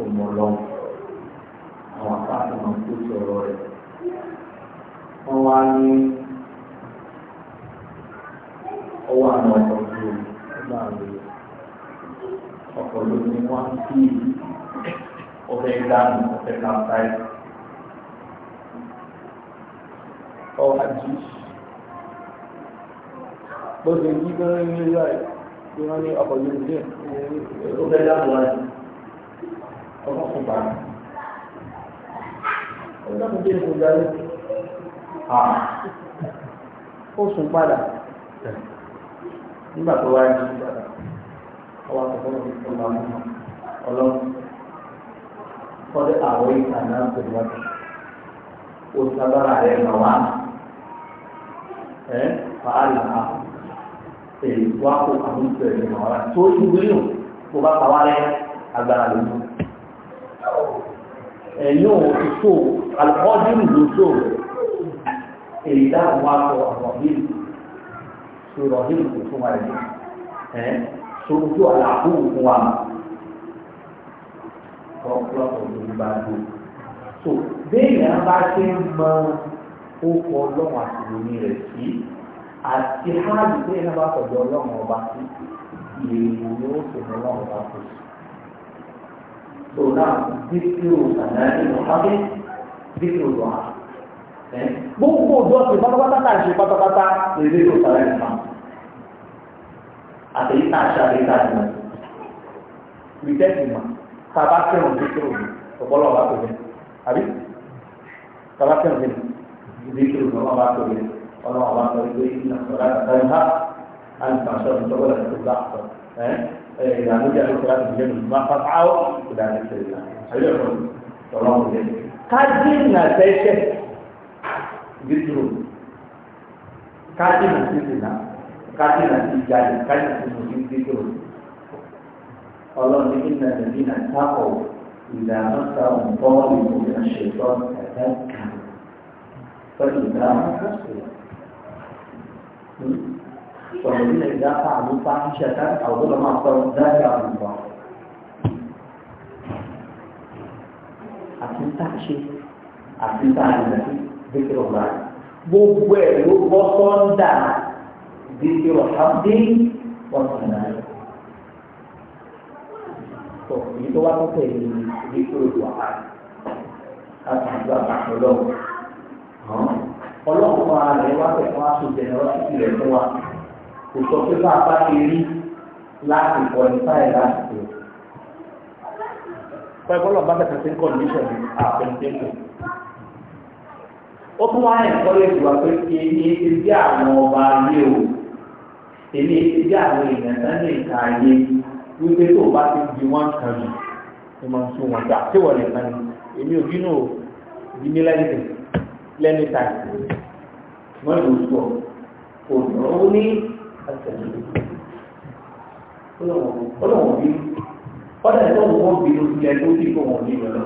òmò ọlọ́run àwọn àpáàtì máa kó sọ̀rọ̀ rẹ̀ wọ́n wá ní ọwọ́ àwọn ọkọ̀ tó nígbà rẹ̀ ọkọ̀ ló ní wọ́n kí ọbẹ̀ dànù ọbẹ̀ náà táyì ọwọ́ àjí bó ṣe yí gan ní ilé rẹ̀ tí wọ́n ní ọkọ̀ yóò ọbẹ̀ dànù ọkọ̀ kò bá ọjọ́ mi dé ìbò darí ó sùn padà nígbà tó wáyé sùn padà ọwọ́ àkọ́kọ́ mi tó máa mú ọlọ́run kọ́dé àwọn ìka náà tó wá o sábàrà rẹ̀ mà wá ẹ̀ fàálà èyí wá kó àwọn ìṣẹ̀lẹ̀ mà wá tó ṣubú yìí kó bá pa wá rẹ̀ agbára lójú ẹ̀yìn òun ti tó alùpọ́dún ló tó èyí dáhùn wá sọ ọ̀rọ̀ yìí sọ̀rọ̀ yìí kò fún wa yìí ẹ̀ sojú àlàkù fún wa ọ̀pọ̀lọpọ̀ ló bá dùn so béèyàn bá ṣe ń mọ orúkọ ọlọ́run àti ìròyìn rẹ̀ sí àti háàlì béèyàn bá sọ̀dọ̀ ọlọ́run ọba sí ìròyìn ó sì mọ ọlọ́run ọba sí. Terutama zikir sanari muhabib, zikir doa. Eh? Gbogbo doa ṣe pátápátá náà ṣe pátápátá lè zikir sanari muhabib. Àtẹ̀yí náà ṣe àtẹ̀yí náà ṣe. Rìtẹ́tì mà, tàbá kẹrùn zikir òbí, ọ̀pọ̀lọ̀ ọba tó bẹ̀. Àbí? Tàbá kẹrùn zikir zikir òbí ọba tó bẹ̀. Ọlọ́run ọba tó bẹ̀ ìgbé ìlànà ọ̀la àtàyí ha, àǹtàṣọ́ ìjọba ìjọba àtọ̀. إذا نجح القرآن في جنب ما قطعه إلى نفس الله حيوم الله عليه كاتبنا سيشة بيترو كاتبنا سيدنا كاتبنا سيجاري كاتبنا سيجاري بيترو الله إن الذين اتقوا إذا مسهم طالب من الشيطان تذكروا فإذا مسهم والذين إذا فعلوا فاحشة أو ظلم أنفسهم ذكروا الله àti táṣe àti táàlì díkì ọ̀la gbogbo ẹ̀ ló bọ́ sọ́ńdà díkì ọ̀la dé ọ̀sán rẹ̀. tó èyí tó wá tó tẹ̀lé díkì ọ̀la láti ìgbà àpapọ̀ lọ́wọ́ ọlọ́run fún ara rẹ̀ wá pẹ̀lú aṣojú ẹ̀rọ títí rẹ̀ fún wa kò sọ pé bá a bá ti rí láti kọ́ ní sáyẹ̀ láti tó. pẹ̀lú bọ́lọ̀ bá bẹ̀rẹ̀ sí kọ́ndíṣọ̀n ní àpẹ̀ntẹ́kù. ó tún wá ẹ̀kọ́ lè wà pé èmi ti bí àwọn ọba ayé o èmi ti bí àwọn èèyàn náà lè ka ayé wípé tó o bá ti di wọn kan jù ni mo ń sún wọn gbà tí wọ́n lè kan ní èmi ò bínú o bí mi lẹ́yìn tẹ̀ lẹ́ni tàyè wọ́n lò ó sọ òun ní ọlọ́wọ́n bí ọ̀dà ẹ̀tọ́ wọn bí ló ti ẹ̀tọ́ sí kò wọ́n ní ìrọ̀lọ́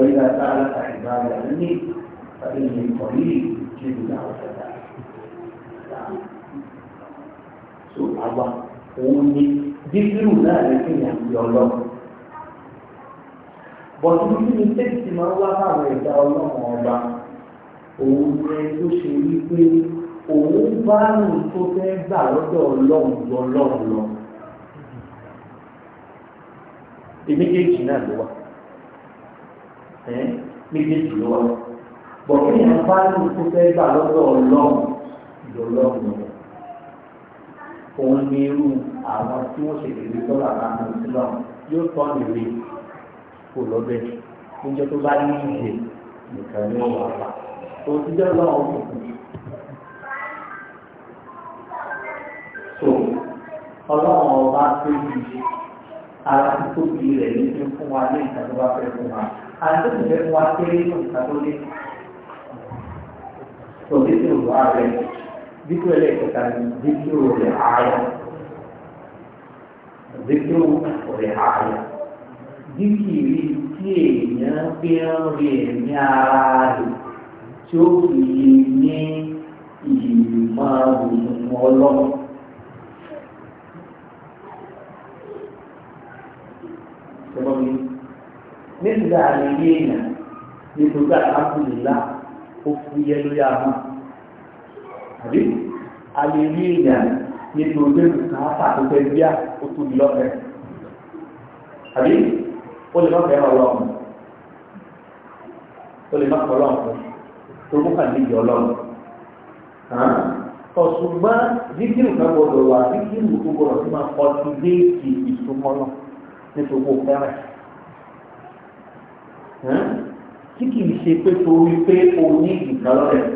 ọ̀yà sára àìbá rẹ̀ ní àdéhùn ìkọ̀ yìí kí ni àwọn so àwa òun ni dídírù náà lè fi hàn sí ọlọ́run bọ̀dún ní ní tẹ́sí máa ń wá fáwọn ẹ̀dá ọlọ́run ọba òun rẹ ló ṣe wí pé òun bá rìn tó fẹ́ gbà lọ́dọ̀ ọlọ́run lọ ọlọ́run lọ. méjèèjì náà ló wà méjèèjì ló wà bọ̀dé yẹn bá rìn tó fẹ́ gbà lọ́dọ̀ ọlọ́run lọ ọlọ́run lọ. òun ni irú àwọn tí wọ́n ṣe kèrè sọ́lá àtàkùn sílọ̀ yóò tọ́ nìyí kò lọ bẹ́ẹ̀ níjọ́ tó bá ní ìdè nìkan ni wọ́n wà òtítọ́ náà ọ̀hún. so ọlọ́run ọba tóbi ara títóbi rẹ̀ ní fi fún wa ní ìta tó bá fẹ́ fún wa àti tó fẹ́ fún wa kéré ní ìta tó lé so dídí òwò ààrẹ dídí òwò ẹlẹ́kẹta ni dídí òwò rẹ̀ ààrẹ dídí òwò rẹ̀ ààrẹ dídí ìrí tí èèyàn fi ń rí ẹ̀mí ara rẹ̀ tí ó fi lè ní ìmọ̀ òmùmọ̀ ọlọ́run. nígbà àlèyé èèyàn nítorí àkàkùnlélá ó fún yẹ lórí àwọn àbí àlèyé èèyàn nítorí káàpà tó fẹ́ bíà ó tóbi lọ́fẹ̀ẹ́ àbí ó lè lọ́fẹ̀ẹ́ ọlọ́run ó lè má pọ̀ tó kó kàn níjọ lọ́wọ́ ọ̀ṣùgbọ́n dídìrì kan gbọdọ̀ wà dídìrì tó gbọdọ̀ tó máa kọ́ sí déèkì ìsúnmọ́lọ́ nítorí ó fẹ́ràn tí kìí ṣe pé torí pé o ní ìdíkàlọ́ rẹ̀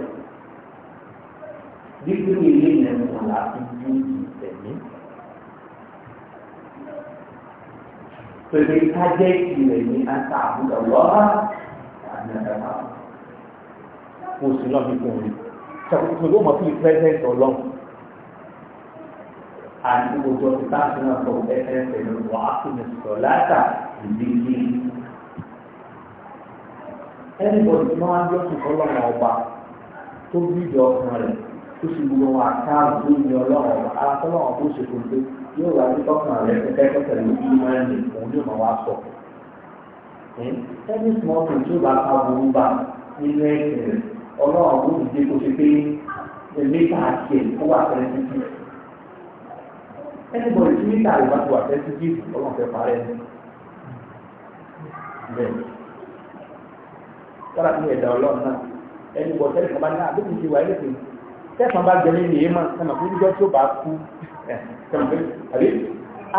dídìrì ilé yẹn wọ̀ láti ju ìtẹ̀mí. pèlè kájẹ́ ìrẹ̀ ní ata àti àgbà kó o sì lọ ní fún mi ṣàkóso ló mọ̀ fún ìpẹ́sẹ̀ǹtì ọlọ́run àti òjò títà tí wọ́n sọ ẹsẹ̀ pẹ̀lú wàásù ní sọ̀láta ìdíjí ẹni bọ̀ tí wọ́n á yọ sí ọlọ́run ọba tó bí ìjọ ọkùnrin rẹ̀ tó sì gbogbo wọn àkáàbù tó ní ọlọ́run ọba alásọ́lọ́run ọba ó ṣe kò dé yóò wá sí tọ́kùnrin rẹ̀ kẹ́kẹ́ pẹ̀lú ìmọ̀ ẹni òun yóò máa ẹni tí wọ́n fi tí ó bá ká burú bá nínú ẹ̀sìn rẹ̀ ọlọ́run ló dìde kó ṣe pé mẹ́ta àti ẹ̀ kó wà fẹ́rẹ́ títí. ẹni bọ̀dé tí mẹ́ta rẹ̀ bá ti wà fẹ́rẹ́ títí ọlọ́run fẹ́ parẹ́ ní. bẹ́ẹ̀ kọ́lá tí ẹ̀dá ọlọ́run náà ẹni bọ̀ tẹ́lẹ̀ kan bá ní àbí kìí ṣe wà ẹlẹ́sìn tẹ́sán bá jẹ nínú èémà sẹ́mà fún ìjọ tí ó bá kú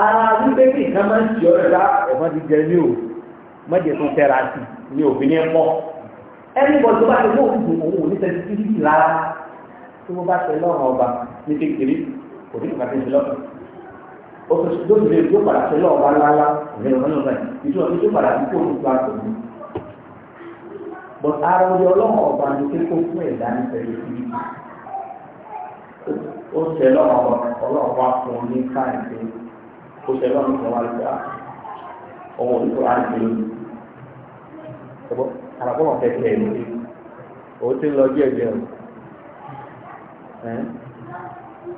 ara wípé kí nǹkan máa ń ṣe ọ̀rẹ́ rá ẹ̀fọn ti jẹ ní o mọ́jẹ̀ tó tẹ́ra sí ní òfin ní ẹ̀kọ́ ẹni bọ̀ tó bá ti mú òkú òun òní tẹ̀sí títí tì rárá tí wọ́n bá tẹ lọ́rùn ọba ní kékeré kò ní ìgbà tẹ̀sí lọ́rùn ó sọ sí lóṣù lè tó padà tẹ lọ́rùn ọba ńláńlá òní ọ̀nà ọ̀nà ìṣúná tó tó padà tó kó tó àtọ̀ mú. bọ̀ ara orí ọlọ́run ọba ní kékó fún ẹ̀dá ní tẹ̀lé títí ó tẹ lọ́rùn ọba ọlọ́run wa fún un àràkùnà kẹ̀kẹ́ ni òun ti lọ díẹ̀ díẹ̀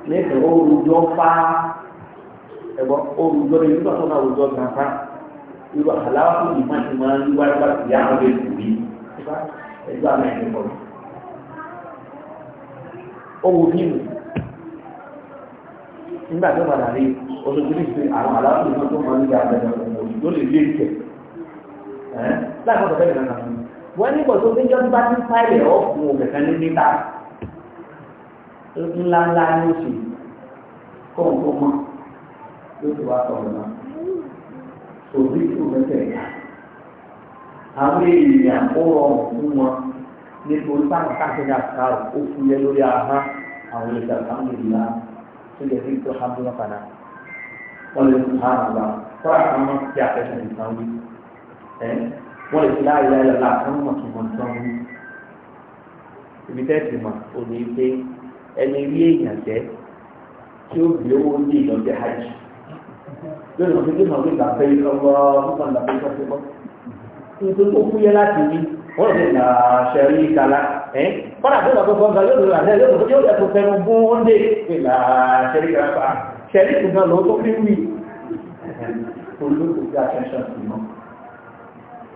ní ìsìn orúdó fá ẹ̀gbọ́n orúdó ni nígbà tó náà orúdó gan fá irú àláwọ̀ tó yìí má ti máa ń wáyé wá sí àwọn ọmọ ètò yìí ẹgbẹ́ àmì ẹ̀kọ́ kọ́ owó fíìmù nígbà tó padà rí oṣooṣù ní ìsìn àwọn àláwọ̀ tó máa ń wáyé wá sí àwọn ọmọ ètò yìí ló lè lé ìtẹ̀ láti ọ̀dọ̀ bẹ́ẹ̀ wọ́n ní kò tó fi jọ́ bá ti fáìlì ọ̀ fún òkè ní níta ńláńlá ní oṣù kó mọ́ yóò tó wá sọ̀rọ̀ náà òbí tó mẹ́tẹ̀ ẹ̀ka àwọn èèyàn ó rọrùn fún wọn nítorí táwọn káàkiri àká ó fúyẹ́ lórí ahá àwọn ìgbà táwọn èèyàn tó yẹ kí tó há mú wọn padà wọ́n lè fún hàn àgbà kọ́ra kan mọ́ sí àfẹ́sẹ̀ nìkan wí wọ́n lè fi láàyè láàyè lọ́la àwọn mọ̀tòmọ̀ tán ní. ibi tẹ́sí mọ̀ ò ní pé ẹni rí èèyàn jẹ́ tí ó gbé owó ní ìlọ́jẹ́ hajj lónìí wọ́n ti gbé màgbé ìgbà pé ọgbọ́ nípa ìgbà pé sọ́sẹ́ bọ́. nítorí ó fúyẹ́ láti ní wọ́n lè nà ṣẹ̀rí ìkàlà ẹ̀ kọ́nà tó lọ fọ́fọ́ gan yóò lọ àlẹ́ yóò lọ yóò lẹ́kọ̀ọ́ fẹ́nu gún tó fi wí. olókùnkùn àtẹ̀ṣọ̀ sí náà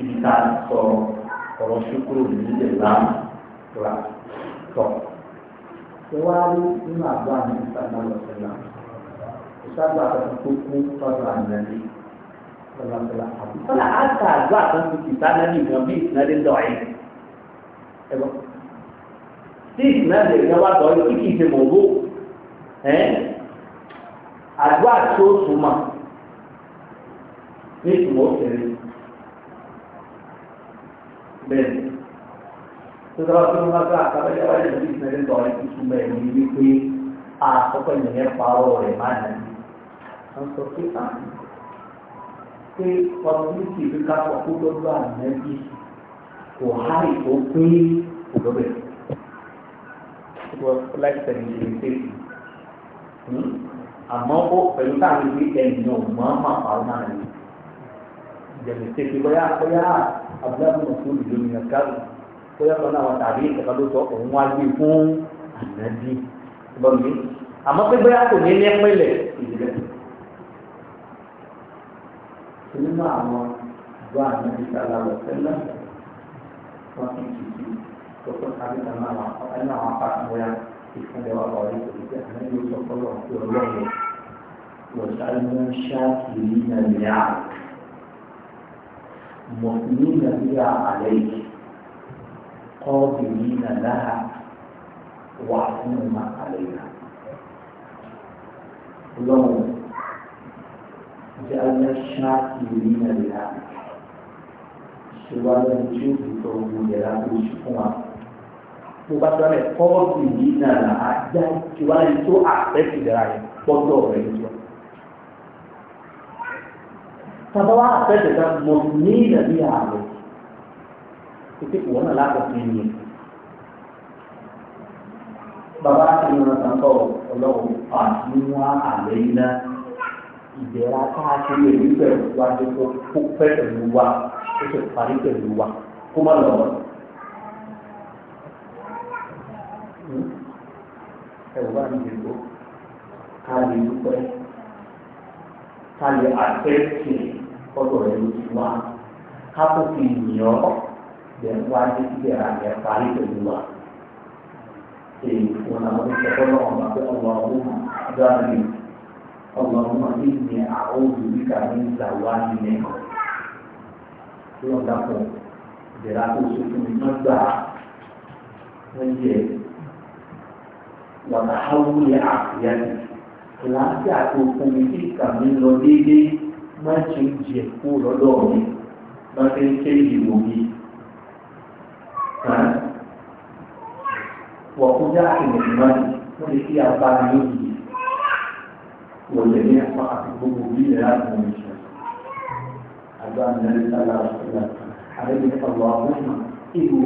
ibi tá a sọ ọ̀rọ̀ ṣúkúrò nílẹ̀ láàmú ra tọ̀. Ṣé wá rí nínú àgbà ní ìsàgbà lọ́sẹ̀lá? Ìsàgbà àtàkùn tó kú tọ́jú àyẹ̀lé lọ́sẹ̀lá. Àbúkọ́lá á ta àgbà kan tó ti bá lẹ́nu ìgbọ̀n bí ìsinadé dọ̀ọ̀yìn. Ẹ Tí ìsinadé ìgbọ̀n wá dọ̀ọ̀yìn kí kì ṣe mọ̀ọ́bó. Àdúrà tí ó sùn mà ní ìtumọ̀ òṣèré. bẹ́ẹ̀ tó dáwọ́ tó máa ká àkàbẹ́yà wáyé lórí ìpínlẹ̀ lọ ẹ̀kú súnmọ́ ẹ̀mí wípé àkọ́kọ́ ìyẹn parọ́ rẹ̀ máa nà ní. wọ́n sọ pé á pé ọmọdéjì fi kápọ̀ kó lọ́dọ̀ ànábì kò há ìkó pé kò lọ́bẹ̀. láìpẹ́ ní ìlú pé àmọ́ ó pẹ̀lú táwọn ìwé ẹ̀yìn náà mọ́ máa parọ́ máa nà ní. ìjẹ̀mẹ̀tẹ̀ fi bọ́yá bọ́yá abúlé mọ̀tún ìlú nìkan tó yàtọ̀ náà wọn tàbí ìkàkà ló sọ òun wá gbé fún ànábì bọ́n mi àmọ́ pé bóyá kò ní ní pẹ́lẹ̀ ìdílé nínú àwọn ìgbọ́ ànábì sálá wọ̀ tẹ́lẹ̀ wọ́n ti kì í tó tó tàbí tàbí àwọn ẹni àwọn apàtàkùnrin ìfúnlẹ̀ wà lọ́wọ́ ìtòlùkẹ́ ànábì ó sọ fọ́lọ́ ọ̀hún tó lọ́wọ́ lọ́sàájú ń ṣáàkiri nàìjíríà. مؤمنين بها عليك قابلين لها واعتنوا عليها اللهم جعلنا الشاكرين لها ṣùgbọ́n ojú ìtọ́ ogun yẹra oṣù fún wa mo bá sọ rẹ kọ́ọ̀tù yìí nàrà ajá ìwádìí tó àpẹ́sì dára rẹ pọ́tọ̀ rẹ jọ tàbáwá àtẹ́tẹ̀tà mọ̀ ní ìdàbí ààrẹ títí kò wọ́n láti fi ní bàbá àti ìran tàǹtọ̀ ọlọ́run àdúrà àlẹ́ iná ìbẹ̀rẹ̀ káàkiri èyí pẹ̀lú wa tó kó pẹ́ pẹ̀lú wa tó sì parí pẹ̀lú wa kó má lọ wọ́n. ẹ̀rù bá mi dìbò ká lè dúpẹ́ ká lè àtẹ́tì kọ́tọ̀ rẹ̀ ló ti wá kápò fi yàn ọ́ bẹ̀ wá dé síbẹ̀ àgbẹ̀ parí pẹ̀lú wa. èyí wọn làwọn ti sọ́kọ́ náà wọn pé ọgbọ̀n ọdún dábì ọgbọ̀n ọdún máa ti ní àwọn olùdíkà ní ìgbàwá nílẹ̀ lọ́dà pọ̀ ìdẹ̀ra tó ṣe fún mi má gbà wọ́n yẹ wàtà hàwúlẹ̀ àfìyàní láti àtòkùn mi kí ìkàmí lọ déédéé má ṣe ń jẹ kú lọ́dọ̀ mi má ṣe ń ké ìwò mi. wọ́n kú já ìwọ̀n má ní wọ́n lè fi apá lóyè wọ́n lè ní apá àti gbogbo bí ilẹ̀ láti mọ̀ ìṣẹ́. àjọ àmì ẹ̀rí sálà ọ̀ṣọ́lá àrẹ́bí ọ̀wọ́ àbúrò ìlú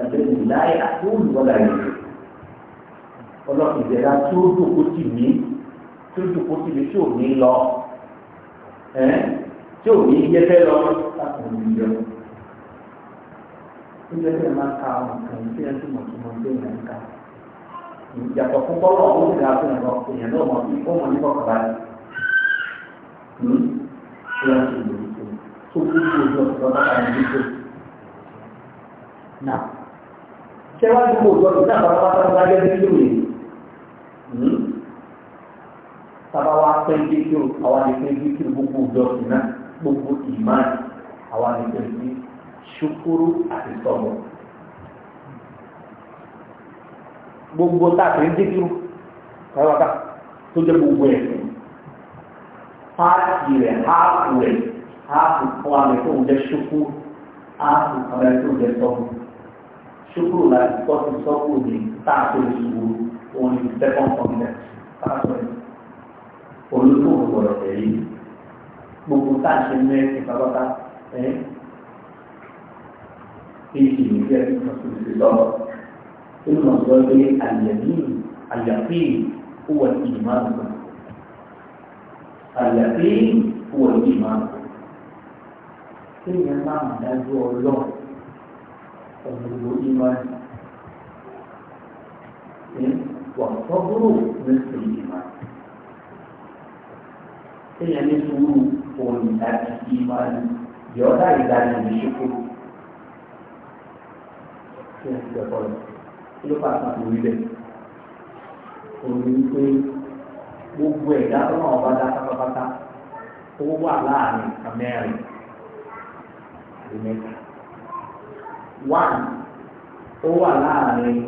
àjẹmí láyé àtúwò wọ́n láyé. ọlọ́kùnrin ìjẹ́ra tó dòkó mí tó dùkú síbi tí ò ní lọ tí ò ní yẹfẹ́ lọ láti ní yọ. Ilé ẹgbẹ́ máa ka àwọn nǹkan tí ẹ túmọ̀ tó mọ sí ìyẹn ká. Ìyàtọ̀ fún bọ́lọ̀ ó ti ra fún ẹ̀rọ èèyàn náà mọ̀ sí ó mọ̀ ní kọ̀kọ̀lá rẹ̀. Ṣé wọ́n ti lò ó tó kú sí ojú ọ̀sán lọ́wọ́ àwọn ìdíje? Nà. Ṣé wọ́n ti kó ojú ọ̀sán bá wá sọ́dọ̀ lágbẹ́ sábà wá pé dídúró àwa lè pé dídúró gbogbo ìjọsìn náà gbogbo ìmáàlì àwa lè pè sí ṣukuru àti sọ̀bọ̀ gbogbo táàpì ń dídúró káyọ̀ká tó jẹ́ gbogbo ẹ̀sìn páàkì rẹ̀ háàpù rẹ̀ háàpù fún àmì tó ń jẹ́ ṣukuru háàpù fún àmì tó ń jẹ́ sọ̀bọ̀ ṣukuru láti tọ́sí sọ́kù ní táàpì ìṣòro òun ní second concept táàpì olùkókò gbọdọ̀ tẹ̀lé gbogbo tá a ṣe ń mẹ́ ìpapápá ẹ́ èyí ni bí ẹni kan tún ti lọ ó lọ sọ pé àyẹ̀bí àyàfi owó ìmọ̀ àgbà àyàfi owó ìmọ̀ àgbà kéèyàn máa ń dájú ọlọ́ọ̀ ọ̀gbọ̀gbọ̀ ìmọ̀ àgbà wà fọ́gbọ́rọ̀ mẹ́sàn-án ìmọ̀ téèyàn ní sùúrù òun ìdájí ìmáàlú yọ̀ọ́dá ìdájí ìṣòkò. kí ẹ ti ẹ̀kọ́ rẹ̀ kí ló pàṣẹ àtòrí rẹ̀ òun ní pé gbogbo ẹ̀dá tó náà bá dá pátápátá ó wà láàrin àmẹ́rin àdìmẹ́ta. one ó wà láàrin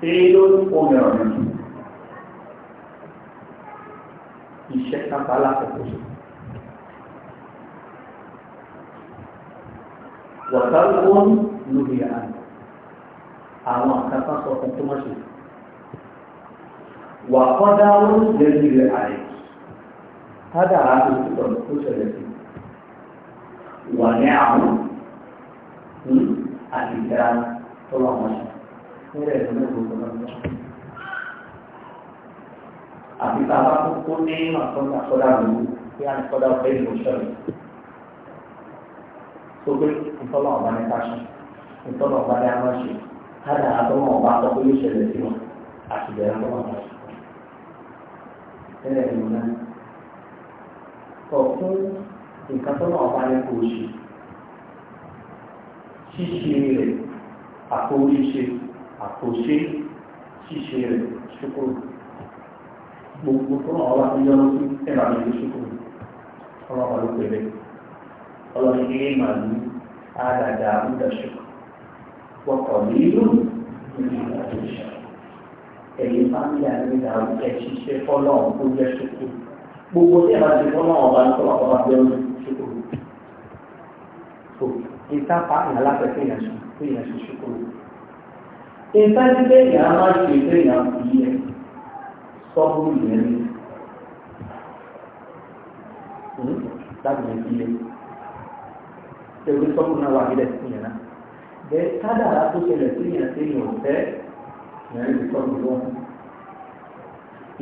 tí ló ń pọ̀ mẹ́rọ̀ nìyí. iṣẹ́ kápá alákọ̀ọ́kọ́ sí. wàtàlù wọn lórí àná àwọn àkàtà sọ fún tó máa ṣe wà kọ́dá wọn lẹ́yìn rẹ̀ àyè kádà àti ìtọ́nù tó ṣẹlẹ̀ sí wà ní àwọn hmm, àti ìdára tó wà wọ́n ṣe. Mira, no me àti tá a bá tó tó ní àtọ́nà sọ́dà lòlú kí á ní sọ́dà ọ̀fẹ́ ìlú sọ̀rọ̀ tó pé ìtọ́nà ọ̀bá ní ká ṣe ìtọ́nà ọ̀bá ní àmọ́ ṣe káàdà àtọ́nà ọ̀bá tó pé yóò ṣẹlẹ̀ sí wọn àti ìbẹ̀rẹ̀ àtọ́nà ọ̀bá ṣe. tẹ́lẹ̀ ìlú náà kọ̀ fún nǹkan tọ́nà ọ̀bá ní kò ṣe ṣíṣe rẹ̀ àkóríṣe àkóṣe ṣíṣe rẹ̀ ṣúkúrú gbogbo tó náà wà níjọ́ lọ́sí ẹ̀rọ àmì ìṣòkò ọlọ́pàá ló pèlè ọlọ́ni ilé màlú àdàdà àbúdàṣọ wọ́pọ̀ nílò nínú àdúṣà ẹ̀yìn fámìlì àdúgbà ẹ̀ṣiṣẹ́ fọ́lọ́ tó jẹ́ ṣòkò gbogbo tí ẹ̀rọ àti fọ́lọ́ ọba tó wà ọba bẹ́ẹ̀ ló ṣòkò tó ìtàpá ìhàlápẹ̀kẹ́ ìyàṣ ìyàṣẹ́ ṣòkò ìtàjídé ìyàrá máa ṣe ìtẹ́ ìyàwó yìí ẹ̀ sọ́kúrú yẹn ní hmm? láti lè fi lé tẹ̀wé sọ́kúrú náà wà nílẹ̀ sí yẹn náà bẹ́ẹ̀ kádàrá tó ṣẹlẹ̀ sí yẹn sí yẹn ò fẹ́ yẹn lè sọ́kúrú wọn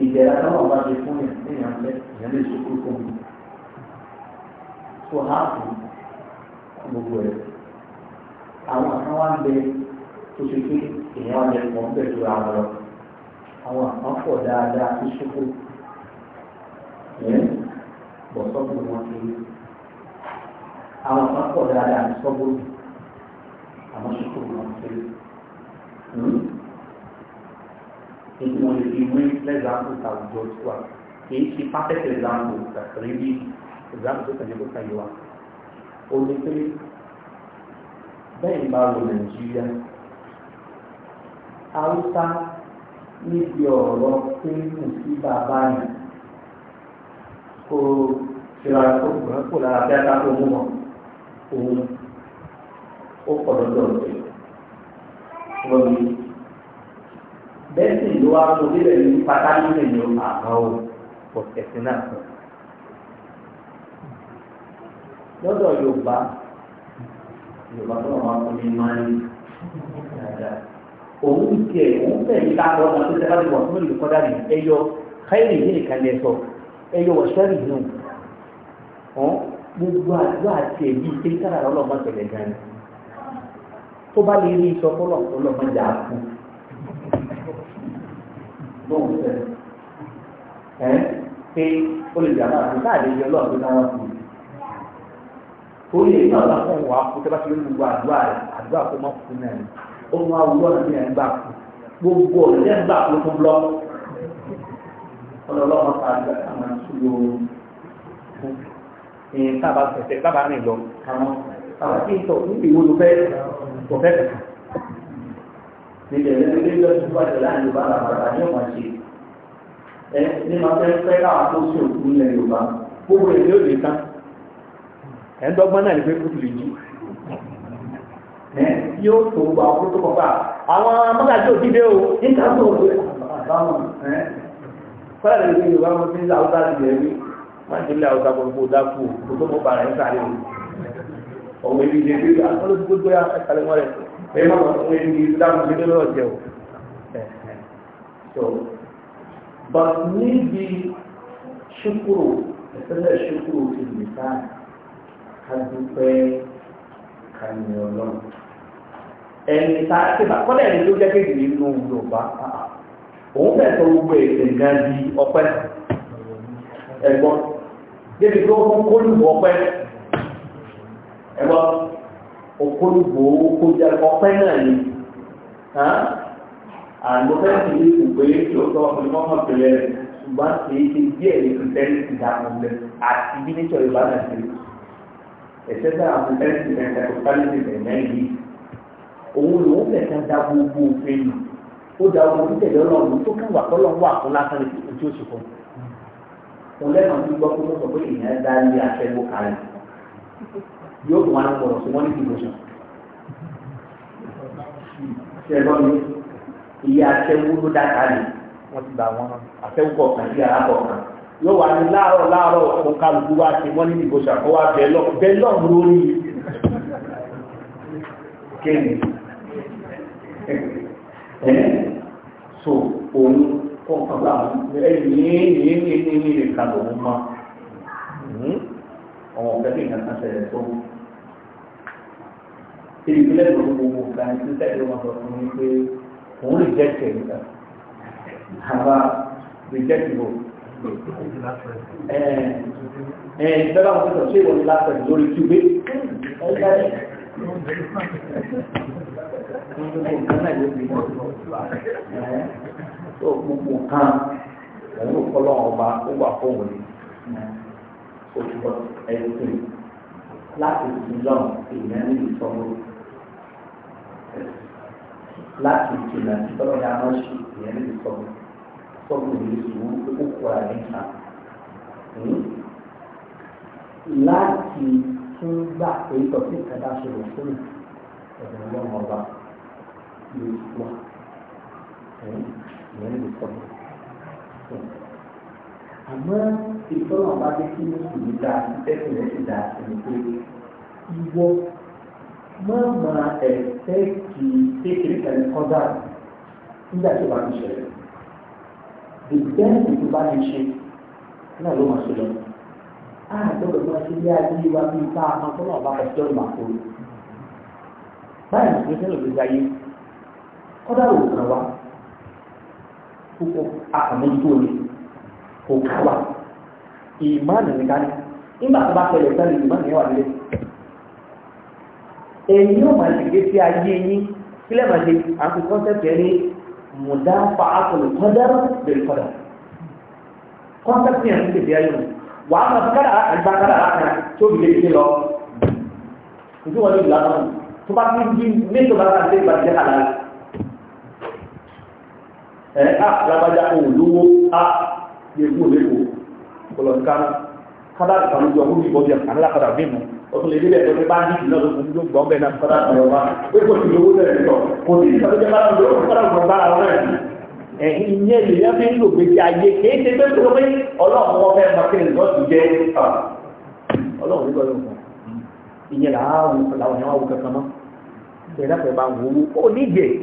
ìjẹ̀rà náà wà bá ṣe fún yẹn sí yẹn fẹ́ yẹn lè sọ́kúrú fún mi tó háàpù gbogbo ẹ̀ àwọn kan wá ń bẹ tó ṣe pé èèyàn lè pọ̀ ń tó ra wọn lọ àwọn àpapọ̀ dáadáa tó ṣókò bọ̀ sọ́kùn wọn kiri àwọn àpapọ̀ dáadáa tó sọ́kùn àwọn ṣókò wọn kiri hmm? èyí wọn lè fi wí lẹ́gbàáfù tàwùjọ tó wà kì í ṣe pápẹ́tì ẹ̀gbàáfù tàbí bí ẹ̀gbàáfù tó tẹ̀lé kó tàyè wa ó ní pé bẹ́ẹ̀ ń bá wo Nàìjíríà Haúsá níbi ọ̀rọ̀ pé kò sí bàbá yìí kò ṣèlà tó gbọ́n kò lára bí ata tó mú wọn òun ó pọ̀ lọ́dọ̀ rẹ̀ lọ́dún bẹ́ẹ̀ sì ló wá tó débẹ̀ ní pátá nílẹ̀ ní àgbọ̀n o kò tẹ̀sí náà kan lọ́dọ̀ Yorùbá Yorùbá tó wà wá fún mi máa ń dáadáa òun ti ẹ̀ òun fẹ́ yìí láàárọ̀ náà tó sẹ́kọ̀ọ́ wọ̀ fún ìlú kọ́dà nìyí ẹyọ káyìrì yìí nìkan lẹ sọ ẹyọ wọ̀ sẹ́rì yìí hàn gbogbo àjọ àti ẹ̀bí ṣe ń sára ọlọ́mọ tẹ̀lẹ̀ gan ni tó bá lè rí iṣọ fọlọ́ ọlọ́mọ jà á fún lóhùn sẹ ẹ pé olùjàmbá àti káàdé yọ lọ́ọ̀dún náà wọ́n fún mi torí èyí náà bá fún wa kó tẹ́ bá ti rí gbogbo àdúrà àdúrà kó má fún náà ó mú awúgbọ́ náà ní ẹgbà gbogbo ọ̀rẹ́ ẹgbà ló fún blọ́ ọlọ́lọ́mọ pàdé àwọn àṣùlò ìyẹn tábà fẹ̀fẹ̀ tábà rìn lọ àwọn àwọn tí ń sọ fún ìwé olùfẹ́ ọ̀fẹ́ kẹ̀kẹ́ nílẹ̀ lẹ́gbẹ̀ẹ́ lọ́sùn fàjọ láàrin Yorùbá làbàrà ní ọ̀pọ̀ àṣẹ ẹ ní máa fẹ́ fẹ́ káwọn tó sí òkú ilẹ̀ Yorùbá gbogbo ẹ̀ tí ó tó gba ọkùnrin tó kọ̀ọ̀bá àwọn mọ́gàjí ò dídé o ní káàkó òwe àbáwọn fẹ́rẹ̀ lè fi yorùbá mọ́ sí haúsá ti lè rí má ti lé haúsá gbogbo dákú o tó mọ́ bàrẹ̀ ń sáré o ọ̀wọ́ ibi ìdè bí akọ́lọ́ but níbi ṣukuru ìfẹ́lẹ̀ ṣukuru ti lè ká ká dúpẹ́ ká ní ọlọ́run ẹni tá a ti bá kọ́lẹ̀ ní ló jẹ́ kéde nínú yorùbá òun fẹ́ sọ gbogbo èdè gan di ọpẹ́ ẹ̀gbọ́n débi tó fún kólùbọ̀ ọpẹ́ ẹ̀gbọ́n òkólùbọ̀ kójá ọpẹ́ náà ni àgbọ̀fẹ́sì ní ìpè lóòótọ́ ọ̀pọ̀lọpọ̀ ọmọ pẹ̀lẹ́ ṣùgbọ́n kì í ṣe díẹ̀ ní kìtẹ́lì ti dààmú lẹ àti bí nítorí bá náà ṣe ẹ̀ṣẹ́ dáa yìí òun lòun fẹ̀ kan da gbogbo òfin nù ó da ọmọ tó tẹ̀lé ọlọ́run tó kàn wà kọ́lọ́ wà kó lásán lè fi otu ó ṣe lẹ́nu tó gbọ́ pé wọ́n pé èèyàn dá ilé aṣẹ́wó kalẹ̀ yóò tún wọn gbọ́dọ̀ sí wọ́n ní devotion ṣẹlọ́ ni ilé aṣẹ́wó ló dá kalẹ̀ wọ́n ti wọn sí yóò ní láàárọ̀ láàárọ̀ òun kálukú wá sí ní so òun kọ́ kọ́lá ẹ̀yìn yìí ní ní ní ìka lòun mọ́ ọmọ ọ̀fẹ́ ní ìka kan ṣẹlẹ̀ tó ìpínlẹ̀ tó gbogbo kan ní sẹ́yìn ló máa sọ fún mi pé òun lè jẹ́ kẹ̀ níta àbá lè jẹ́ kẹ̀ lò ẹ̀ ẹ̀ ìgbẹ́lá wọn sọ ṣé ìwọ ni láti ẹ̀ lórí túbé ẹ̀ ń nǹkan tó gbogbo kan òun ò kọ́ lọ́wọ́ ọba ó wà fóun ni òṣùpọ̀ láti sùn lọ́wọ́ èèyàn ní ìsọ̀rọ̀ láti ìkìlà tọ́lọ́ ní amáṣu èèyàn ní ìsọ̀rọ̀ sọ́kùn ní sùn ó kọ́ra níta láti tún gbà pé ìtọ́sí ìkàdá ṣe lò fún ìtọ́sí ọlọ́wọ́ ọba lè wà ìyẹn lè sọ àmọ́ ìtọ́nà bá dé kí mùsùlùmí dáa sí tẹ́sán ẹ̀ sì dáa sí ni pé ìwọ má máa ẹ̀fẹ́ kì í kékeré kan kọ́dà nígbà tó bá ń ṣẹlẹ̀ bẹ́ẹ̀ni tó bá ti ṣe náà ló máa ṣe lọ. a gbọ́dọ̀ máa ṣe bí ayé wa bí ká máa tọ́nà bá ẹjọ́ ìmàkó. báyìí ló ṣe lòdì ayé kọ́dà ò kàn wá púpọ̀ àmójútó ni kò kàn wá ìmáàlì nìkan ni nígbà tó bá tẹ̀lé sẹ́ni ìmáàlì yẹn wà nílé èyí yóò máa ṣègbè sí ayé yín kílẹ̀ máa ṣe àti kọ́ńtẹ́ẹ̀tì ẹni mùdáfà àtọ̀lù kọ́dà bẹ̀rẹ̀ kọ́dà kọ́ńtẹ́ẹ̀tì yẹn ti tẹ̀lé ayé wọn wà á máa kára àgbà kára àkàrà tó fi lè ṣe lọ ojú wọn ní ìlànà tó bá ti di mẹ́tò bá bá ṣe ìbàjẹ́ àlàyé ẹ̀ á lábájá olówó á lè kú lẹ́kọ̀ọ́ bọ̀lọ̀ kánú kádà kan jọ kó bíbọ̀ bí i àkànlá padà bí mu ọtún lè débẹ̀ tó bá ní ìlú ọdún tó gbọ́n bẹ́ẹ̀ náà kádà kan wá pé kò sí owó tẹ̀lé lọ kò sí ìsọdọ́jọ́ bá lọ kádà kan bá ara rẹ̀ ẹ̀yìn ìyẹn lèyàn fi ń lò gbèsè ayé kéé ṣe pé kúrò pé ọlọ́run wọn fẹ́ máa kéde lọ́sù jẹ́ ọlọ́run nígbà yóò fún ìyẹn làwọn àwọn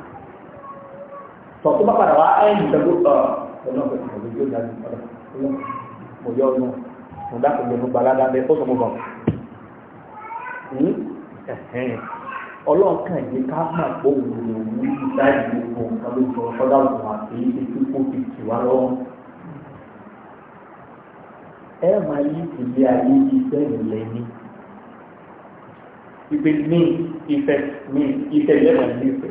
tọ̀ tó bá padà wá ẹ̀yìn ìtẹ́gbó ọ̀ ọ̀nà ọ̀gbẹ̀ ọ̀gbẹ̀ yóò dájú ọ̀dọ̀ mo yọ ọ̀nà mo dákò lè mo gbalada bẹ ó sọ mo bọ̀ ọlọ́run kan yìí ká mà pé òun lè wú ìta ìgbòho nǹkan ló sọ ọ̀dà òun àti etí kó fi tì wá lọ́wọ́ ẹ máa yí ìdílé ayé iṣẹ́ ìrìnlẹ̀ ni ìpè ní ìfẹ́ ní ìfẹ́ lẹ́mọ̀ ní ìfẹ́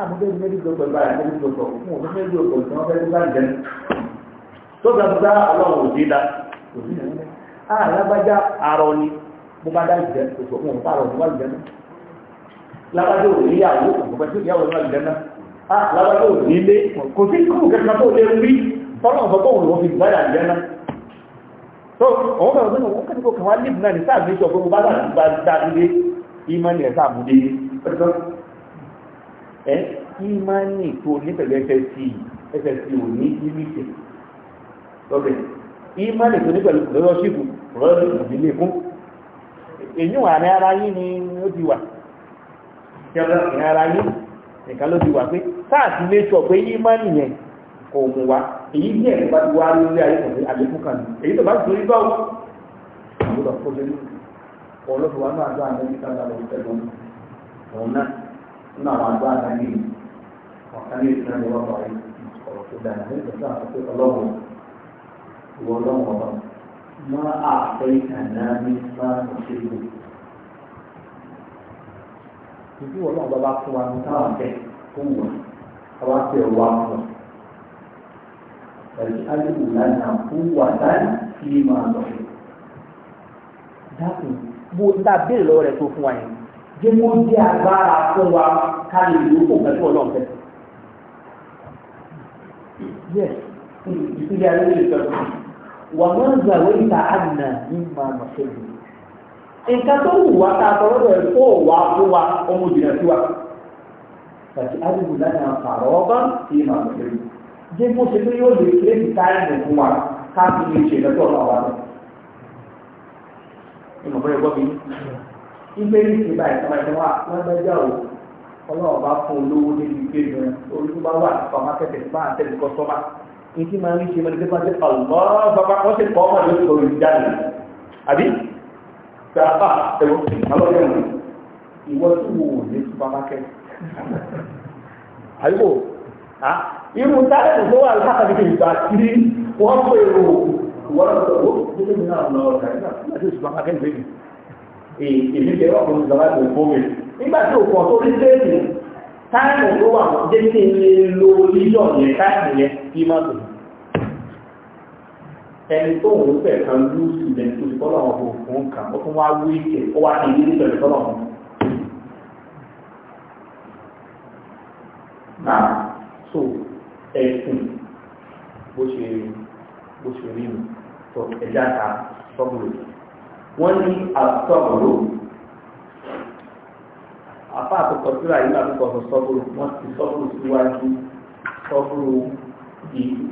àmúgbé ní méjì lọ́pọ̀ ìbára méjì lọ́pọ̀ fún òun méjì lọ́pọ̀ tí wọ́n fẹ́ ní láì jẹun tó ga gbá ọlọ́run òdí la òdí la alábàjá arọ ni bó bá dá ìjẹ òsò fún òun pààrọ̀ òun wà lùjẹ́ náà lábàjá òun níyàwó òun pẹ̀sí ìyàwó òun wà lùjẹ́ náà lábàjá òun nílé kò sí kúrò kẹta tó lé rí tọ́lọ̀ ọ̀sọ̀ tó òun fi gbáyà lùjẹ́ náà tó òun bẹ̀rẹ̀ sínú òun ẹ́ ìmánì tó ní pẹ̀lú fsc fsc ò ní límìtì lọ́bẹ̀ ìmánì tó ní pẹ̀lú lọ́yọ́ṣìpù lọ́yọ́ṣìpù ní lè fún èyí wà ní ara yín ni ó ti wà kẹlẹ́ ní ara yín nìkan ló ti wà pé sáàtì lè sọ pé ìmánì yẹn kò mú wa èyí ní ẹ̀kọ́ bá ti wá lórí ayé àlékún kan èyí tó bá ti torí bá wọn ọlọ́pàá wọn náà dá àwọn ìtàgbà lọ́wọ́ tẹ̀lé wọn nínú àwọn àgbà àtàlẹ́ yìí ọ̀kan ní ìtura ní ọlọ́pàá yìí ọ̀rọ̀ tó dára ní ìgbésẹ̀ àkókò ọlọ́wọ̀ ìwọ ọlọ́wọ̀ ọba má àfẹ́ ìkànnà ní bá òṣèlú ìdí wọn náà bá fún wa ní táwọn bẹ fún wọn káwá pé ọwọ́ àwọn pẹ̀lú aliwu lánàá fún wa láì fi máa lọ dákun bó ń lọ́wọ́ rẹ̀ tó fún wa yẹn. jẹ́ mọ́ jẹ́ agbára fún wa ká lè lò pẹ̀lú ọlọ́ọ̀fẹ́. ìpínlẹ̀ lè wà wọ́n ń ìta ní tọrọ fún wa ọmọ sí wa. ilé ìsìn báyìí tó máa jẹ wá lágbájá o ọlọ́run bá fún olówó níbi ìgbé gan orí tó bá wà nípa mákẹ́tẹ̀ bá ń tẹ̀lé kọ́ sọ́mà ní kí máa ń ṣe mẹ́rin tó bá jẹ́ ọ̀lọ́ bàbá wọ́n ṣe kọ́ ọmọ yóò sọ̀rọ̀ ìjáde àbí gbàgbà ẹ̀wọ̀n alọ́jọ́ mi ìwọ tí wò ó ní supermarket àyíkò irú táyà tó wà látàkì ìgbà tí wọ́n pè é o wọ́n sọ̀rọ̀ ó èmi jẹ́ ọkùnrin ìjọba ìgbò fún mi nígbà tí òkun tó rí déètì táìmù tó wà jẹ́ kí n lè lo lílọ̀ yẹn táìmù yẹn kí má tó ẹni tó ń fẹ́ kan lú sílẹ̀ tó ti bọ́lọ̀ ọ̀hún fún tún wá wí ìkẹ́ ó wá ní ilé ìtọ́jú wọ́n ní àtọ̀rọ̀ apá àkọ́kọ́ tí ra ìlú àkọ́kọ́ sọ sọ́bùrù wọ́n ti sọ́bùrù síwájú sọ́bùrù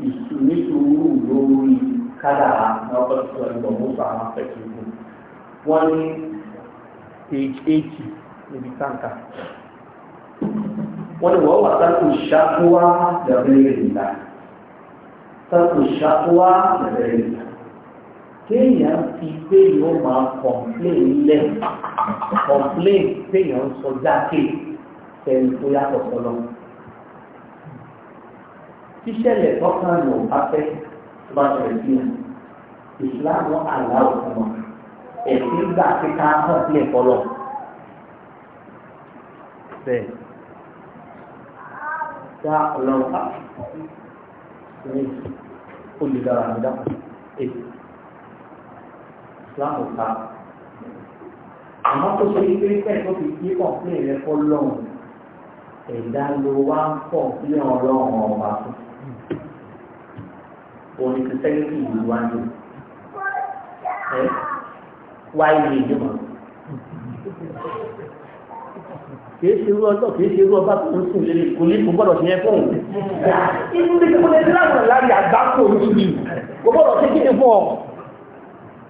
nítorí lórí kádà náà ọkọ̀ tí wọ́n lọ mú sọ àwọn afẹ́kì ìlú wọ́n ní page eighty níbi táǹkà wọ́n ní wọ́n wà sáàkù ṣáàkúwá lẹ́bẹ̀rẹ̀ ìlà sáàkù ṣáàkúwá lẹ́bẹ̀rẹ̀ ìlà kéèyàn fi kéèyàn máa kọ̀m̀pléìn lẹ̀ kọ̀m̀pléìn kéèyàn ń sọ jákè tẹ̀lé tó yàtọ̀ sọlọ. Tíṣẹ̀lẹ̀ tọ́kàn lò bá fẹ́ tó bá tẹ̀lé sí yàn. Ìsìláàmù àlá òkùnmọ̀ ẹ̀sìn gbà pé ká kọ̀m̀pléìn kọlọ̀. Bẹ́ẹ̀ dá ọlọ́run ká ní olùdarà nígbà èyí láàmú ta àmọ́ tó ṣe pé kẹ́ẹ̀ tó fi kí kọ̀ǹpìn rẹ kọ́ lọ́hùn ẹ̀dá ló wá ń pọ̀ sí ọlọ́run ọba fún òní ti sẹ́yìn ìlú wa ní ẹ wáyé ní ìjọba kìí ṣe irú ọjọ́ kìí ṣe irú ọba tó ń sùn lélẹ̀ kò ní kò gbọ́dọ̀ ṣe yẹn fún òun. inú ní kí wọ́n lè láwọn láàrin àgbákò yìí kò gbọ́dọ̀ ṣe kí ni fún ọ.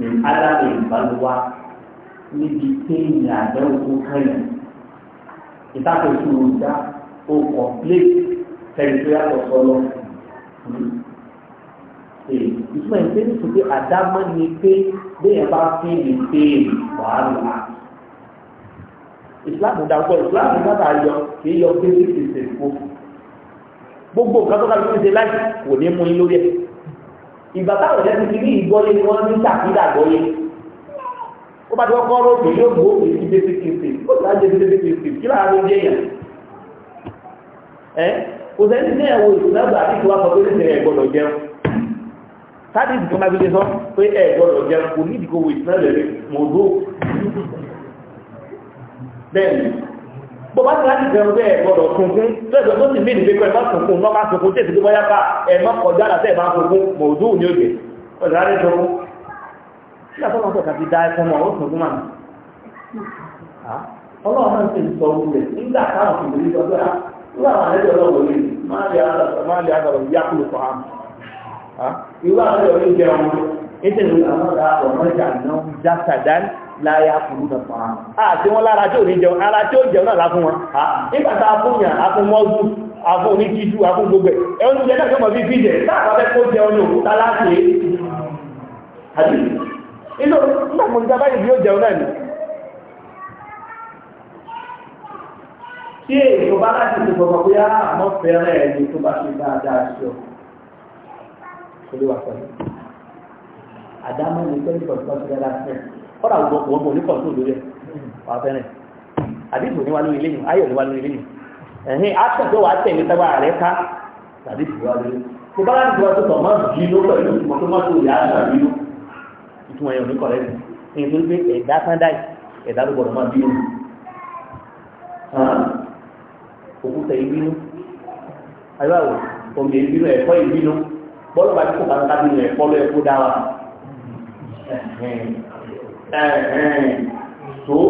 ní alábẹ̀ ìbálòwá níbi téèyàn àdéhùn tó kẹ́yìn ìtàkùnṣe òòjà ó kọ̀pléètì territorial autonomy ìtumọ̀ ìpè ní tòkè àdámọ́ ni pé bẹ́ẹ̀ bá fi lè pé wàhálà ìsìláàmù dàgbọ́ ìsìláàmù dábà yọ kì í yọ basic system kó gbogbo nǹkan tó ká ló ń ṣe láì kò ní mú ní lórí ẹ̀ ìgbà táwọn ìjẹ́ ti fi rí ìgbọ́yé ni wọ́n ní sàkídà gbọ́yé ó bá ti wọ́n kọ́ rògbò yóò gbó òfin sí bébí kìntì ó sì láti bébí kìntì kí láàárín oúnjẹ yẹn ẹ kò sẹ́ni ní ẹ̀wọ̀ ìsìnàgbà àti ìtura sọ pé ní ìsìnà ẹ̀gbọ́dọ̀ jẹun sáàdì ìdìkan máa fi ṣe sọ pé ẹ̀gbọ́dọ̀ jẹun kò ní ìdìkan wo ìsìnàgbà rẹ̀ bó bá ti láti bẹ̀rù bẹ́ẹ̀ gbọ́dọ̀ sunkún lẹ́gbẹ̀ẹ́ tó sì mí ní pẹ́kọ́ ẹ̀má sunkún lọ́pá sunkún tí èsì tó bọ́yá bá ẹ̀má kọjá àti ẹ̀má sunkún mòdú ní òjè ọ̀dọ̀rẹ́ sunkún nígbà tó kà ti da ẹkún mọ́ ó sunkún mà ọlọ́run náà ti sọ ohun rẹ̀ nígbà táwọn kò lórí sọ pé á irú àwọn àlejò ọlọ́run yìí máa lè àgbàrọ̀ yá kúlò fún àmì irú àwọn láyá fúrú nà pa àti wọn lára tí ò ní jẹun ara tí ó jẹun náà láfún wọn nígbàtà afúnyàn a mọ́sù afún oníjíjú afún gbogbo ẹ̀ ẹ̀wọ́n jẹ́ náà mọ̀ bí bí jẹ́ láàbàbẹ́ kó jẹun ní òkúta láti àbí inú nígbà mọ̀ nígbà báyìí yóò jẹun náà ni tí èèyàn bá láti ṣe gbogbo pé á ah, àmọ́ fẹ́rẹ̀ ẹni tó bá ṣe dáadáa sí ọ kó lè wà pẹ̀lú àdámọ́ ni pẹ́lú pẹ̀lú pẹ̀lú pẹ̀lú kọ́dà gbogbo wọn bò ní kọ̀ọ̀tù lórí ẹ̀ wà fẹ́rẹ̀ àdìsù ní wà lórí ilé yìí ayọ̀ ní wà lórí ilé yìí ẹ̀hìn àtẹ̀tẹ̀ wà tẹ̀lé tẹ́gbà rẹ̀ ká àdìsù wà lórí kò bá láti wọ́n ní ẹ̀kọ́ ìbínú ẹ̀kọ́ dáwà tó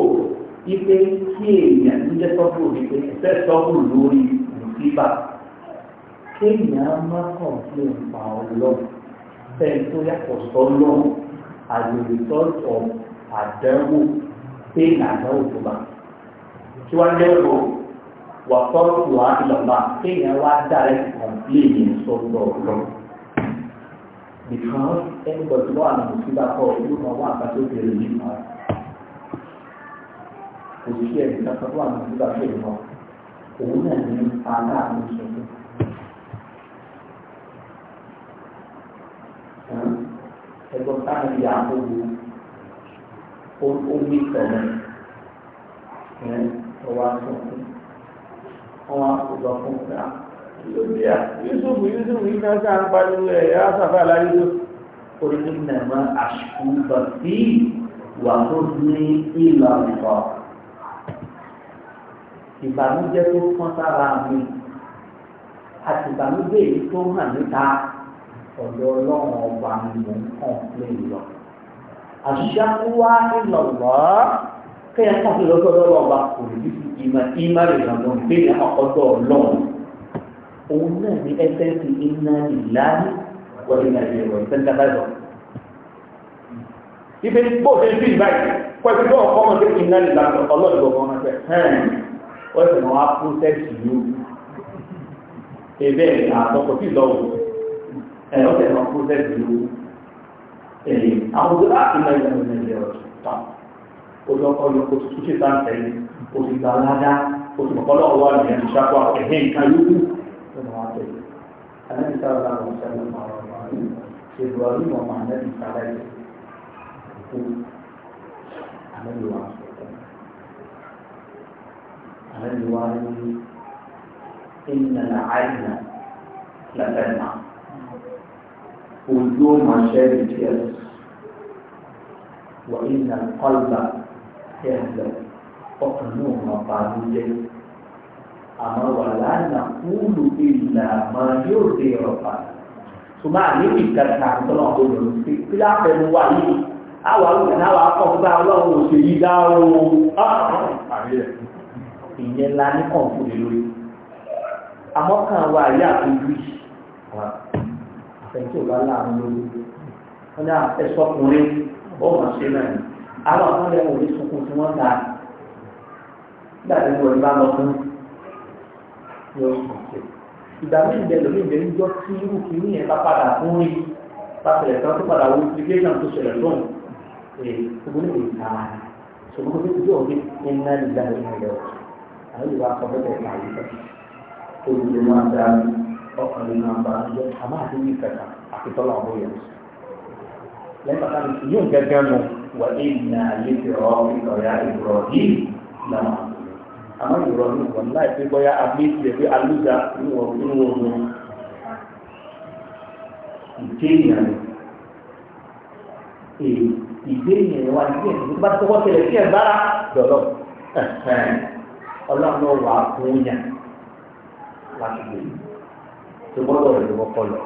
ipe kí èèyàn ń jẹ́ sọ́kùrù ní pé ẹ̀fẹ́ sọ́kùrù lórí ìdíbà kéèyàn má kàn sí ìpa ọlọ́run fẹ́ẹ́ tó yàtọ̀ sọ́lọ́run àgbèrè tọ́tọ̀ àdánwò pé àdánwò tó bá tí wọ́n lérò wà tọ́tù àìlọ́gbà kéèyàn wá dára kọ̀ǹpléèyàn sọ́dọ̀ ọlọ́run because anybody wọ́n àná kò síbà kọ́ ìlú kan wọ́n àgbà tó bẹ̀rẹ̀ yìí kan kò sí ẹ̀rí kankan wọ́n àná síbà tó bẹ̀rẹ̀ wọn òun náà ní ara àwọn ìṣòro. ẹgbọ́n táwọn ìyá àkókò ó ní ìtọ̀mọ́ ẹ̀ ọwọ́ àtúntò ọwọ́ àkókò ọkùnrin náà yusuf yusuf yìí náà sáà ń pariwo Ya yá sàfà láyé tó nama ní nàmá àṣùkú bàtí wà tó ní ìlà ọ̀pọ̀ ìbànújẹ́ tó pọ́n sára mi àti ìbànújẹ́ èyí tó hàn níta ọ̀dọ̀ ọlọ́run ọba ni mò ń kàn lé lọ. àṣàkúwá ìlọ̀lọ́ kéèyàn kàn sí lọ́sọ̀dọ̀ ọba kò ní bí ìmọ̀ ìmọ̀ ìrànlọ́run kéèyàn ọkọ̀ dọ̀ ọlọ́run òun náà ní ẹsẹ̀ǹsì iná ìlànà wọlé náà ní ìrọ̀ ìsẹ́ńtà báyìí lọ. ibi bó ṣe ń bí ìbáyìí pẹ̀lú bí ọkọ ọmọdé iná ìlànà ọlọ́dún ọmọ ọmọdé hẹ́ẹ̀n wọ́n sì máa pọ́sẹ̀sì yó. ebe àtọkọ sí lọ́wọ́ ẹ̀ ọ̀sẹ̀ máa pọ́sẹ̀sì yó. àwọn ọdún láti máa yẹ ọmọdé ìrọ̀ tán ojú ọkọ yọ kó tuntun ṣe sáà tẹ̀lé òṣìṣẹ́ aládá òṣìṣẹ́ ọlọ́wọ́ àmì ẹ̀ المعطية النبي صلى الله عليه وسلم إبراهيم ومع النبي صلى الله عليه وسلم عمل وعصر عمل وعصر إن العين لتلمع وجوه مشاهد يس وإن القلب يهدأ وقنوه مطالب àmọ́ wà lánà kúlù ìlà máa yóò dé ọ̀pá ṣùgbọ́n àlébi kàkà tọ́lọ̀ ọ̀dọ̀ sí pílá pẹ̀lú wà yìí àwọn àwùjọ náà wà kọ́ fún ọlọ́run òṣèlú dá ooo ìyẹn la ní kọ̀ǹfù lórí àmọ́ kan wà yà tó rí àfẹ́ntì ò bá láàrin lórí wọ́n ní ẹ̀sọ́kùnrin ó mà ṣe náà ni àwọn àkọ́lẹ̀ òní sunkún tí wọ́n ta nígbà tí wọ́n bá lọ fún ní oṣù tẹ ìgbà mí ìbẹ lómi ìbẹ ń jọ tí irú kìíní yẹn bá padà fún rí pàṣẹlẹ kan tó padà wo implication tó ṣẹlẹ̀ lóhùn ee gbogbo ní ìlú ta ṣùgbọ́n tó ti ọ̀gbìn ní náà nígbà yẹn lọ àwọn ìwà àkọ́bẹ̀tẹ̀ ta yìí tẹ̀ olùdó máa dá ọkùnrin lẹ́yìn bàtà yóò gẹ́gẹ́ mu wà ní ìnà àlejò ọ̀ àmọ́ ìrọ̀ ní ìwọ̀n láì pé bọ́yá abéjì ẹ̀fẹ́ alúgbà níwọ̀n nínú ogun ìdé èèyàn ìdé èèyàn wa ní ẹ̀sìn tó bá tọwọ́ tẹ̀lẹ̀ sí ẹ̀ bára dọ̀dọ̀ ọlọ́run wà á fún yàn láti lè tó gbọ́dọ̀ rẹ̀ lọ́kọ́ lọ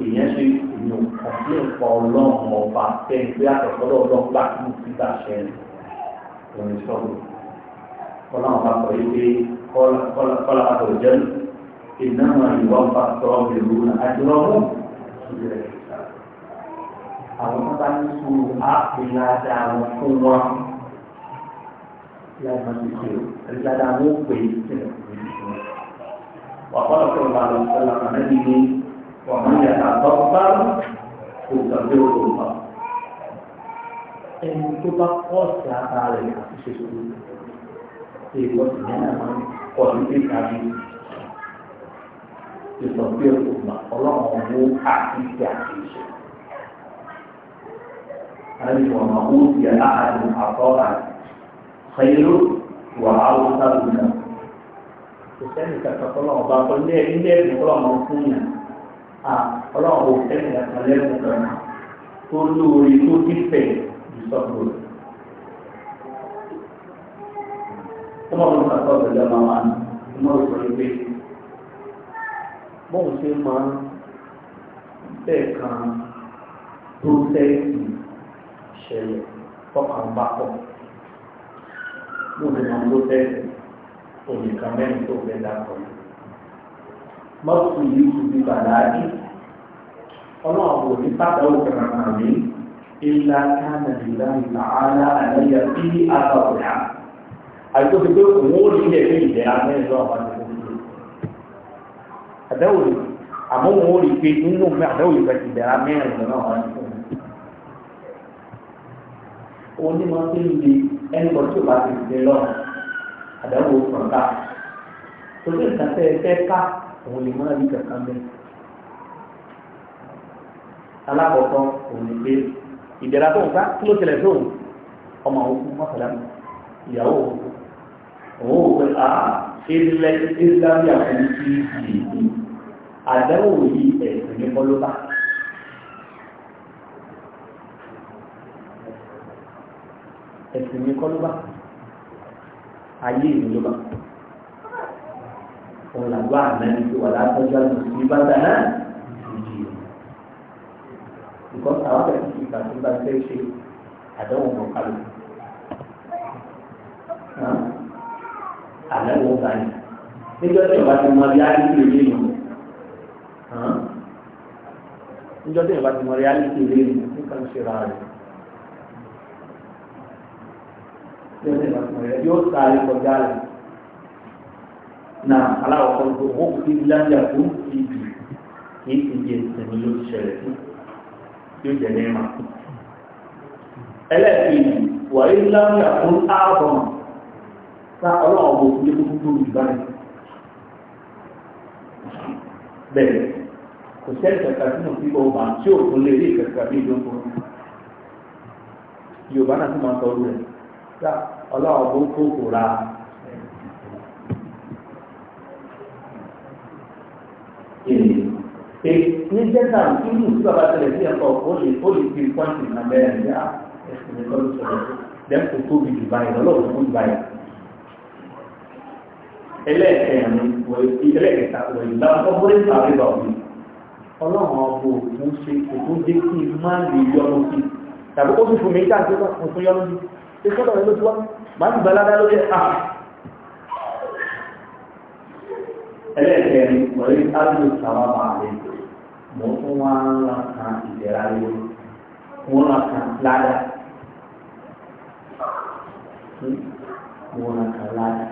èèyàn ṣe èèyàn kọ̀ọ̀kí nǹkan ọlọ́run ọba tẹ́ni pé àtọ̀sọ́dọ̀ ọlọ́run gbà kí nǹkan ìgbà ṣẹ lórí sọ́dọ̀ ọlọ́run bá sọ yìí pé kọ́lá àtọ̀ jẹ́ iná máa ìwà ń bá sọ́ọ́ mi rú àjọyọ̀ àwọn tó bá ní sùúrù á pè fún wọn lẹ́yìn máa ti pè ó ládàá wọn ó wà á kọ́ lọ́kọ̀ọ́ bá lọ sọ́lá àmọ́ ومن يتدبر تدبر الله ẹni tó bá kọ́ sí ara rẹ̀ àti ṣoṣo ṣe ìwọ sí náà máa ń kọ́ ní kíkàbí ìsọ̀bí ọ̀gbà ọlọ́run owó àti ìṣe àti ìṣe. Àlejò ọ̀nà owó ti yẹ láàárín àtọ́ àti ṣẹ́yìnrú wà áwọ̀ sábà náà. Kò sẹ́ni kankan kọ́ lọ́wọ́ bá kọ́ ní ẹ̀rí ní ẹ̀rí kọ́ fún yàn ọlọ́run kò tẹ́lẹ̀ ẹ̀kan lẹ́kùn kan tó lóore tó nífẹ̀ ìsọ̀tò rẹ̀. ọmọ mi kà sọ́ọ̀tù ẹ̀jẹ̀ máa wà ní ọmọ ìsọ̀rọ̀ pé bóun ṣe máa ń bẹ́ẹ̀ kan tó sẹ́ẹ̀kì ṣẹlẹ̀ tọ́kàn bá pọ̀ lóde máa ń bí bàdá yìí ọlọ́run ò ní pàtó òkèrè náà mi ilá kánà ìlà ìlà àlá àlẹyà bí àbá òyà àìkú ti pé òun ó nílẹ̀ ní ìdẹ́ amẹ́rin lọ́wọ́ àwọn àti òkú àdẹ́wò àmọ́ òun ó rí pé nínú mi àdẹ́wò ìfẹ́ ti dẹ̀ amẹ́rin lọ́wọ́ àwọn àti òkú onímọ̀ tí ń di ẹni kan tí ò bá ti dìde lọ́wọ́ àdẹ́wò kọ̀ọ̀ká tòṣèlú kan tẹ́ ẹ fẹ́ ká òun lè mọ́ ẹ̀rí kankan bẹ́ẹ̀ alákọ̀ọ́kọ́ òun ni pé ìdẹ̀ra tó ń fa kí ló tẹ̀lẹ̀ fóun ọmọ òkú mọ́sálàmù ìyàwó òun ò pé a ilẹ̀ islam yà fún sí ìdí àdáwò yìí ẹ̀sìn ní kọlọ́bà ẹ̀sìn ní kọlọ́bà ayé ìlúlọ́bà òun làgbà àná ní wà látọ́jú àgbà ní bàtà náà because àwọn fẹ́ fi ìgbà tó bá fẹ́ ṣe àdánwò mọ̀ kálù. àdánwò bá yìí níjọ́ tí ìwà ti mọ reality ilé nù. níjọ́ tí ìwà ti mọ reality ilé nù nípa ń ṣe ra rẹ̀. níjọ́ tí ìwà ti mọ reality yóò sáré kọjá rẹ̀ na aláwọ̀ kan tó wọ́n kò tí ń lájà fún ìbí kì í ti di ẹ̀sìn ló ṣẹlẹ̀ fún yóò jẹ́ nẹ́ẹ̀mà ẹlẹ́ẹ̀kejì wàyí lámìà fún áàbọ̀mù sá ọlọ́run òfin lé tó lù báyìí bẹ́ẹ̀ kò sẹ́ni kàkà sínú sí ọba tí ò fún lé ilé kàkà bí ìjọba yorùbá ní jẹ́ta nínú tí bàbá tẹ̀lẹ̀ sí ẹ̀kọ́ ó lè ó lè fi pọ́ǹtì náà bẹ́ẹ̀ ní à ah, ẹ̀sìn ẹ̀kọ́ ló sọ̀rọ̀ lẹ́yìn tó tóbi jù báyìí lọ́lọ́run fún báyìí. ẹlẹ́ẹ̀kẹrin ẹlẹ́ẹ̀kẹta wọ̀nyí láwọn ọmọdé sàré bà wí ọlọ́run ọ̀bọ òkú ṣe kò tó dé kí n má lè yọnu sí tàbí ó ti fún mo tún wá ń ra kan ìdẹ̀ra lórí mo ra kan ládà mo ra kan ládà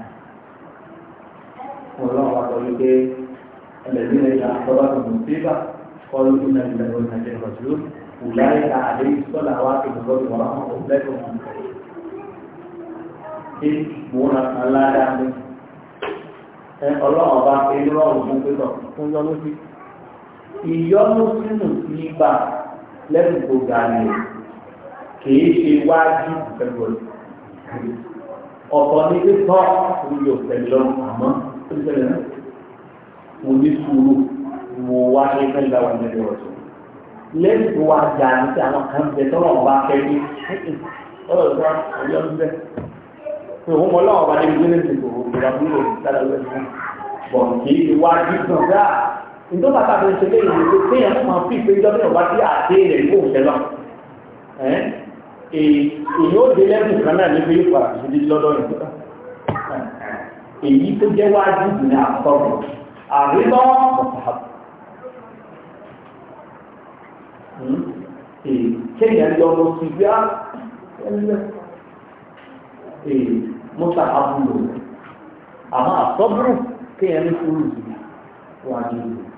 mo lọ́wọ́ àtọ́ wípé ẹlẹ́dínlẹ́ ìjà àtọ́wá tó mú bíbà kọ́lù tó náà ìdàgbọ́ ìdàgbẹ́ ìrọ̀jú ìlàyé ta àdéhùn sọ́là wá tó mú lọ́wọ́ àwọn ọmọ ọ̀gbẹ́kọ̀ọ́ mú kẹ́ mo ra kan ládà mi ọlọ́wọ́ bá pé lọ́wọ́ fún pé tọ̀ fún yọ lójú ìyọnu sínú nígbà lẹ́nu tó ga ni kìí ṣe wájú pẹ̀lú ọ̀tọ̀ ní pípọ̀ orí òpẹ̀lọ àmọ́ tó ṣẹlẹ̀ náà mo ní sùúrù mo wá ní pẹ̀lú àwọn ẹgbẹ́ ọ̀tọ̀ lẹ́nu tó wá ga ní ti àwọn kan bẹ tọ́lọ̀ ọba kẹ́lí ọ̀rọ̀ ìfọ́ ìyọnu bẹ́ẹ̀ pé òun mọ ọlọ́wọ́ ọba débi lẹ́nu tó kò wọ́n kúrò dáadáa lẹ́nu bọ̀ kìí ṣe wájú náà ìjọba tàbí ìṣẹ̀lẹ̀ ìlú pé kéèyàn máa fi ìpè ìjọba náà wá sí àdé rẹ̀ ní òun tẹ́lọ̀ èyí ó dé lẹ́bùn kan náà níbi yóò fara sí lọ́dọ̀ ìjọba èyí tó jẹ́ wájú ní àkọ́rọ̀ àríwá ọ̀tàbù hmm? kéèyàn lọ lọ sí bí á abúlò àwọn àtọ́bùrù kéèyàn ní fúrú wájú ìjọba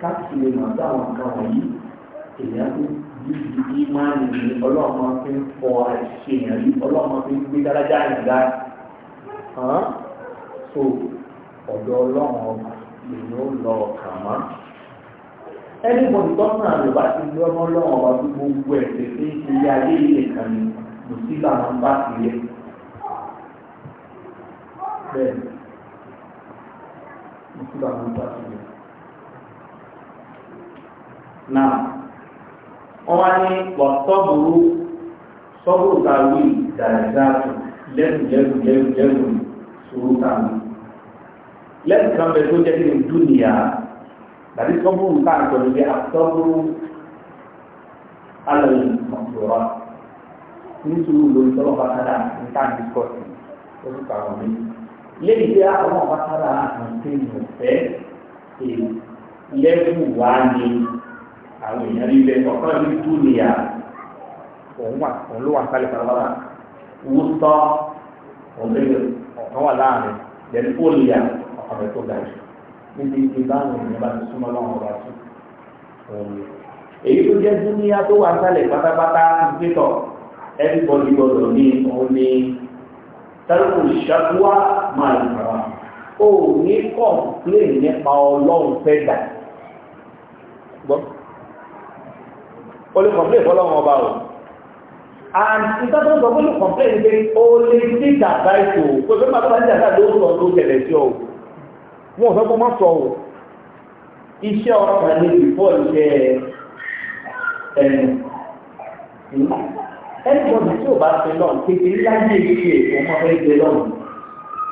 káàkiri lè mọ̀ sí àwọn nǹkan wọ̀nyí èèyàn tó yíyí bí máa ń ní ọlọ́mọ fi ń fọ àìṣe èèyàn yìí ọlọ́mọ fi ń gbé dáradá yẹn hàn so ọ̀dọ̀ ọlọ́run ọba lèyìn ó lọ ọ̀kà mọ́ ẹni bọ̀dù tọ́nà rẹ̀ bá ti gbé ọmọ ọlọ́run ọba tó gbogbo ẹ̀ tètè ilé ayé ilé kan ni kò sí làwọn bá ti yẹ bẹ́ẹ̀ ni kò sí làwọn bá ti yẹ náà wọ́n wá ní pọ̀ sọ́bùrú sọ́bùrú tàwí dàrídàtù lẹ́nu lẹ́nu lẹ́nu lẹ́nu sùúrù tàwí lẹ́nu kan bẹ tó jẹ́ kí n dúnìyà tàbí sọ́bùrú káàtọ̀ ló jẹ́ àtọ́bùrú alẹ́ ìmọ̀tòrọ́ ní sùúrù lórí tọ́lọ́ bá sára ní táàbí kọ́ọ̀tì ó sì pàrọ̀ mi lẹ́yìn tí àwọn ọba sára àti ìmọ̀fẹ́ lẹ́kùn àwọn èèyàn rí bẹ́ẹ̀ ọ̀kan rí dúnìyà òun wà òun ló wà sálẹ̀ pàlọ́pàlọ́ wú tọ́ òun bẹ́ẹ̀ ọ̀kan wà láàrin lẹ́nu fóònìyà ọ̀kan rẹ̀ tó ga jù níbi ibi báwọn èèyàn bá ti súnmọ́ lọ́wọ́ ọba tó òun ni. èyí tó jẹ́ dúnìyà tó wà sálẹ̀ pátápátá gbẹ́tọ̀ everybody gbọ́dọ̀ ní òun ni tẹ́lifù ṣàkúwà máa ń fara o ní kọ̀ọ̀pléè nípa ọlọ́run fẹ́ dà gbọ́ ó lè kọ̀m̀plẹ̀ fọ́lọ́wọ́n ọba o and ìtọ́jú sọ fún kọ̀m̀plẹ̀ ní pé ó lè ní dàgbà ètò pé pé pàtàkì ní dàgbà ló sọ ló tẹ̀lẹ̀ sí ọ wọn ò fẹ́ kó má sọ o iṣẹ́ ọkàn ní bìfọ́ iṣẹ́ ẹnu ẹnìbọ̀dì tí ò bá fẹ́ lọ kékeré láyé ìṣe ètò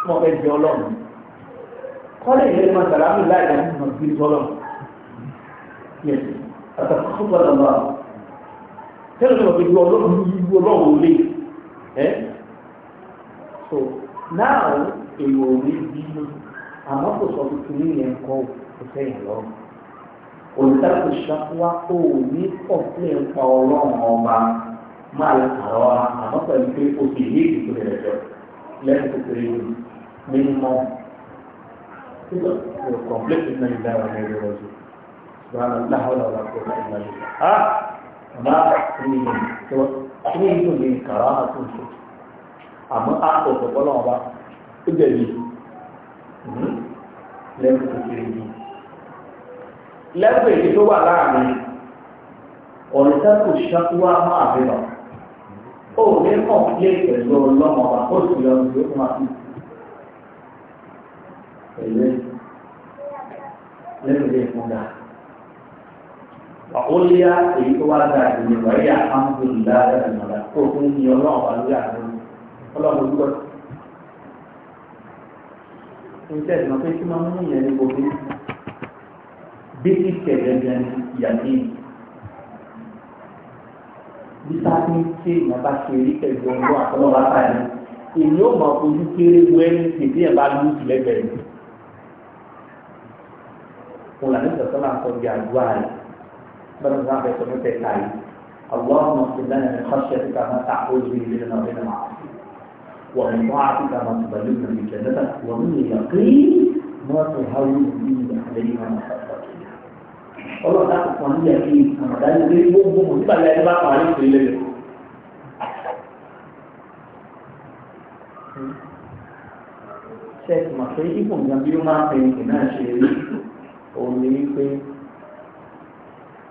wọn fẹ́ jẹ lọ́rùn wọn fẹ́ jẹ ọlọ́run kọ́lé ìlú ma sàlámù láì lọ́rùn tẹ́lẹ̀ tó lọ fi lu ọlọ́run lu ọlọ́run lé ẹ́ so now èèyàn ò ní bínú àmọ́ kò sọ tuntun ní ìyẹn kọ́ kò sẹ́yìn lọ́rùn olùdarí ìṣàkóso kò ní kọ̀ọ̀tún ẹ̀ka ọlọ́run ọba máa lọ àrọ́ àmọ́ pẹ̀lú pé o sì ní ìdìbò rẹ̀ jọ lẹ́yìn tó kéré ní mímọ́ complete ìnáyìí dára ní ba ni to ni ni kara to so àmọ́ a ko to bolo ba to je ni hmm le ko to kiri ni le ko ni to wa la ni ọ̀rẹ́ ta ko shakwa ma be ba o le ko le ko lo lo mo ba ko si lo yo ma ti le ko ni mo da ọ̀húnlẹ́yà èyí tó wá dáa jù ní wáyé àhámdùlá ẹ̀rọ̀mọ̀lá tó fún ní ọlọ́run àlúyà lórí ọlọ́run olúkọ. ń tẹ́ ìmọ̀ pé kí máa ń mú yẹn ní gbogbo bíkì kẹ̀lẹ́gbẹ̀ ní yàtí bísá ní tí ìmọ̀ bá ṣe rí pẹ̀lú ọgbọ́n àtọ́lọ́wọ́ àtàlẹ́ èmi ò mọ̀ ojú kéré wẹ́ ní tètè yẹn bá lù jù mo là ní sọ̀tọ́ ربنا يجعلنا في سنتك اللهم اغفر لنا من خشيتك ما تحول به بيننا وبين معاصيك ومن طاعتك ما تبلغنا من جنتك ومن اليقين ما تهون به علينا مصدقك والله ده قانون يقين انا ده اللي بيبوم وتبقى اللي بقى عليك في الليل ṣẹ́ẹ̀kì màṣẹ́ ìfòǹgàmbí ó máa ń pè é náà ṣe rí òun ní wípé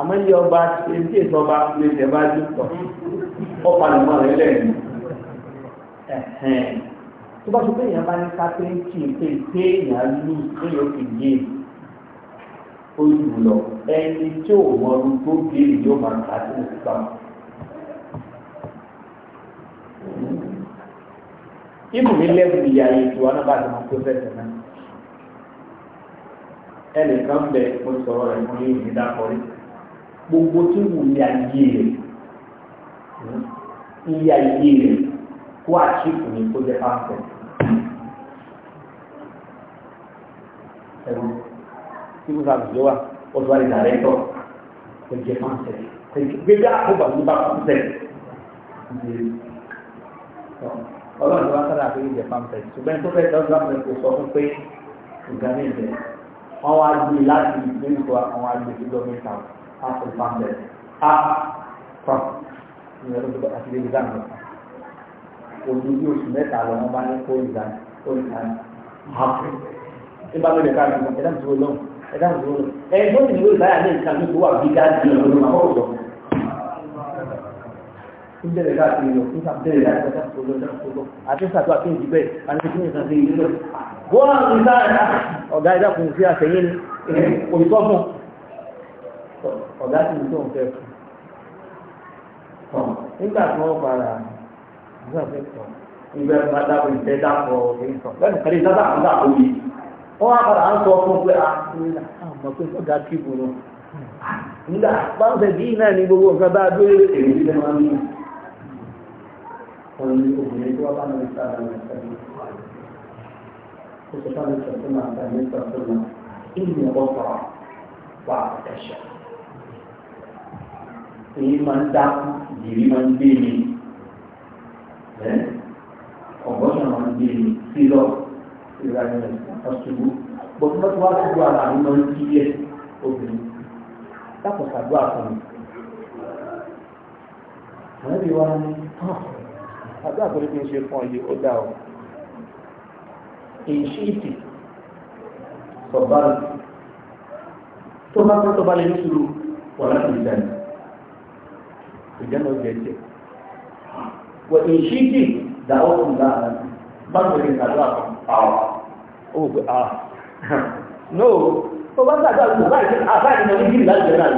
àmọ́ ní ọba etí ìtọba lè tẹ̀bá jùpọ̀ ọpa nìmọ̀ rẹ̀ lẹ́yìn tó bá tó pé èèyàn bá ní kápẹ́ńtì pé pé èèyàn lù nílò kìíye oṣù lọ ẹni tí ò mọ ọdún tó béèrè yóò máa ta sí òkú bá ibù mi lẹ́bùn ìyá ètò wa náà bá ti mọ pé fẹ́sẹ̀ náà ẹnìkan bẹ mo sọ̀rọ̀ rẹ̀ mo ní ìdí gbogbo tí wù ní ayé rẹ̀ iye ayé rẹ̀ kó àṣìkò ní kó jẹ́ pàṣẹ. ẹ̀rù tí mo sàbùsù ló wà ó tó wà ní dàrẹ́tọ̀ kó jẹ́ pàṣẹ. gbégbé àkóbà ní bá pàṣẹ. ọlọ́run ló wá sára pé ìjẹ́ pàṣẹ. ṣùgbọ́n tó fẹ́ tọ́jú àwọn ẹ̀kọ́ sọ fún pé ìgbà ní ìbẹ̀rẹ̀ wọ́n wá gbé láti ìgbésùn àwọn agbègbè lọ́mẹ́ta wọn a ko fan a fan yɛrɛ bɛ a tigi bɛ gan o ni yóò sùn bɛ t'a la wọn b'a ye ko n zan ko n zan a fɛ e b'a bɛ de k'a dun ɛ Eh, muso lɔn ɛ dɛ muso Kami ɛ n'o tigi bɛ zan yɛrɛ kan ko wa bi k'a di yɛrɛ ma k'o dɔn n bɛ de k'a tigi lɔn sisan bɛɛ de k'a tigi lɔn muso lɔn dɛ muso lɔn a tɛ sa to a tɛ yen bɛɛ a tɛ tiɲɛ ni o bɛ ọ̀gá sì ní tó ń fẹ́ kù tán nígbà tí wọ́n padà nígbà fẹ́ tán ìgbà tí wọ́n ìfẹ́ dàpọ̀ èyí tán lẹ́nu kẹ́lẹ́ ìdájà dàpọ̀ yìí wọ́n á ń sọ fún pé a ah, mọ̀ pé ọ̀gá kí bò lọ. nígbà pàǹsẹ̀ bíi náà ah, ní gbogbo nǹkan bá a dúró èrè nílẹ̀ máa ń ní ọ̀rọ̀ ní obìnrin tí wọ́n èyí máa ń dákú ìdìrí máa ń gbé mi ọ̀gbọ́nà máa ń gbé mi sílọ̀ ìrora ní ọ̀ṣubú gbogbo bá ti wá gbogbo ara mi máa ń kí yẹ obìnrin dákò ṣàdúrà fún mi. àwọn ẹbí wa ní àdúrà tó ní kí n ṣe fún ọ ó dà ọ èyí ṣe tó bá tó bá lè ní sùúrù wà láti ìdáyìí ìjẹ́nà oúnjẹ jẹ́ wọ́n ìṣíkì dáwọ́ fún dáadáa bá mi rìn àdúrà pàwọ́ no tó bá sàdúrà tó bá ìṣe àbáyé náà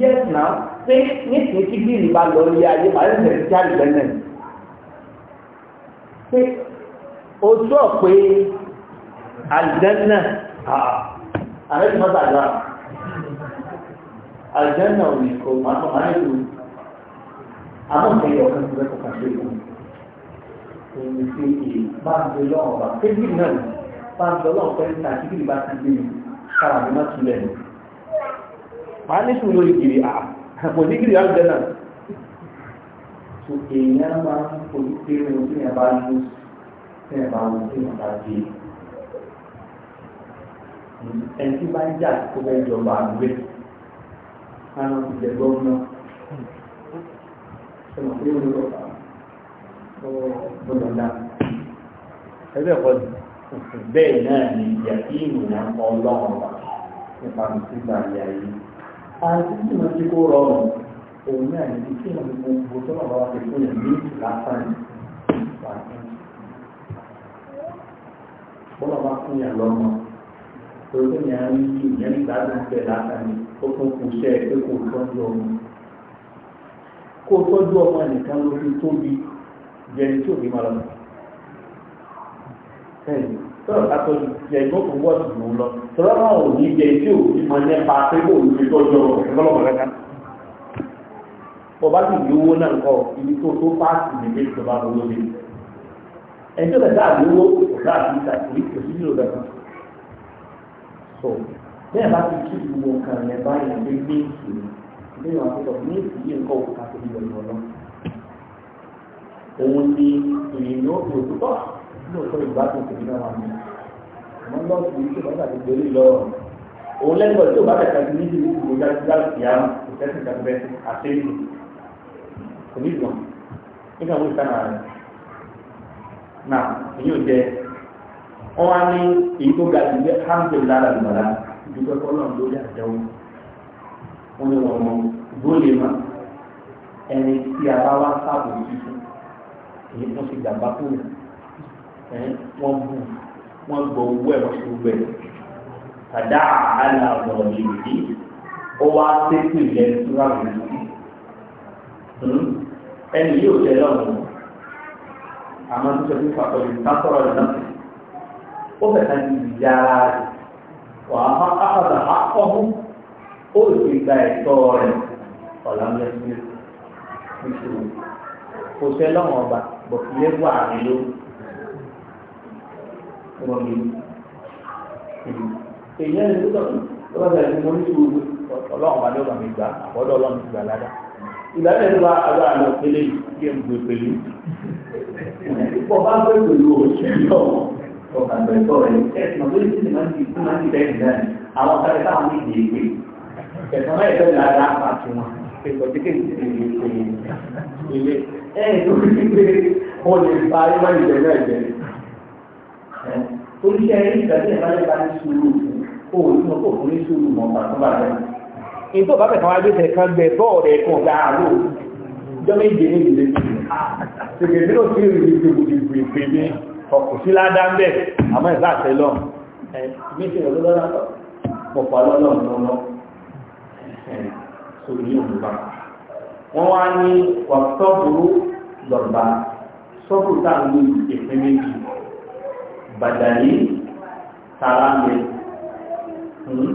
yes now pé nísìnyí kí bíìlì bá lọ ilé ayé màá ń tẹ̀lé sí àlùbẹ́nẹ̀ pé ojú ọ̀pẹ àlùbẹ́nẹ̀ àrẹ́sìmọ́sàdúrà aljanna ò ní kò máa kọ̀ máa lò àmọ́ ìyọ̀ kan tó lẹ́kọ̀ọ́ kan tó lò ó ní pé èyí bá ń gbé lọ́wọ́ bá kébì náà bá ń lọ́wọ́ pẹ́ ní àkíkìrì bá ti gbé mi kára kiri àpò ní kiri aljanna tó èèyàn máa ń fojú kéré ní ojú yẹn bá lù sí ẹ̀ bá wù kára ti jẹ gómìnà ṣọlá pé ó lọ gbọ́dọ̀ dá. ẹgbẹ́ kọ́ bẹ́ẹ̀ náà ni ìyá kí ìmìnira ọlọ́run nípa ìsìnkà ìyá yìí. àti tí mo ti kó rọrùn òun náà ní kí ìmọ̀ gbogbo tó náà bá wà pé kó yẹ ní ìlàsán wà ní. bọ́lá bá fún yà lọ́mọ tòótọ́ ni a ń kí ìyẹn gbádùn bẹ̀ látàrí ó tún kù iṣẹ́ pé kò tọ́jú ọmọ kó tọ́jú ọmọ nìkan ló fi tóbi jẹni tí òbí máa lọ tọ́lọ̀ ká tọ́jú jẹ ìgbọ́kùn wọ́ọ̀dù ló ń lọ tọ́lọ́ náà ò ní jẹ tí òbí mọ nípa pé kò ní fi tọ́jú ọmọ ìfọlọ́mọ lẹ́ka ọba sì ní owó tó bẹ́ẹ̀ bá ti kí ìwọ kan rẹ̀ báyìí pé ní èsì ní ìwà púpọ̀ ní èsì yìí nǹkan òkú ká tóbi lọ́nà ọ̀nà òun ni èèyàn ó fi òkú tọ́ lóòótọ́ ìgbádùn tèmi náà wà ní àmọ́ lọ́ọ̀tù yìí tó bá tàbí gbélé lọ òun lẹ́gbọ̀n tó bá tàbí tàbí níbi ìgbò dájúdá ìyá ìfẹ́sì ìjàmbẹ́ àtẹ́yìn kò ní ìgbọ̀n nígbà wo ìtàn wọ́n wá ní èyí tó ga jù lé alhamdulillah alágbàlá dúpẹ́ kọ́lọ́ lórí àdéhùn wọ́n ní wọ́n mọ bóyá ma ẹni tí a bá wá sáàbò yìí èyí tó ti gbàgbá tó wọ́n bù wọ́n gbọ́ owó ẹ̀ wọ́n ti gbẹ tàdá àhálà ọ̀rọ̀ yìí ó wá tẹ́kù ilẹ̀ tó wà lórí hmm? ẹni yóò tẹ̀lé ọ̀rọ̀ àmọ́ tó tẹ̀lé pàtó ìtàkọ̀rọ̀ ìtàkọ̀rọ̀ ó fẹ̀ka ní ìyá ara rẹ̀ wà á má kápẹ́tà á kọ́ fún ó sì gba ẹ̀tọ́ rẹ̀ ọ̀làǹdẹ̀ sílẹ̀ níṣòro kò sẹ́ lọ́wọ́ ọba bọ̀kìlẹ̀ wà ní ló wọ́n mi èyí ẹni tó tọ̀ lọ́wọ́ bẹ̀rẹ̀ ní mo ní sùúrù ọlọ́run bá lọ́wọ́ mi gbà àbọ̀dọ̀ ọlọ́run ti gbà ládàá ìgbàlẹ̀ ló wá àwọn àlọ́ pélé yìí kí ẹ̀ ń gbé pẹ̀lú ìgbọ̀ bá gbé pẹ̀lú òṣèlú ọ̀hún ọ̀pàdé ẹ̀kọ́ rẹ̀ ẹ̀sìn ọ̀dọ́ ìsìn máa ń di fún máa ń di bẹ́ẹ̀ náà àwọn itu ẹ̀ka wọn ní ìdí èwe ẹ̀sán náà ẹ̀fẹ́ lára àti wọn ẹ̀kọ́ tí kéde ti lè ini ilé ẹ̀ tó fi pé wọn lè fa ẹ̀wá ìjẹ náà jẹ oríṣi ẹ̀rí ìgbàdí ẹ̀ máa ń bá ní Jadi kó o ní kó tu ní sùúrù mọ́ pàtó bàbá ọkù sí ládá ń bẹ̀ àmọ́ ìgbà àtẹ lọ́n ẹ̀mí ṣe ìrọ̀lọ́ lọ́nà mọ̀ pa lọ́nà lọ́nà sórí òmùbá wọ́n wá ní wà sọ́bùrú lọ́gbà sọ́bùrú táwọn ìpín méjì bàdàlí tààrà lè hmm?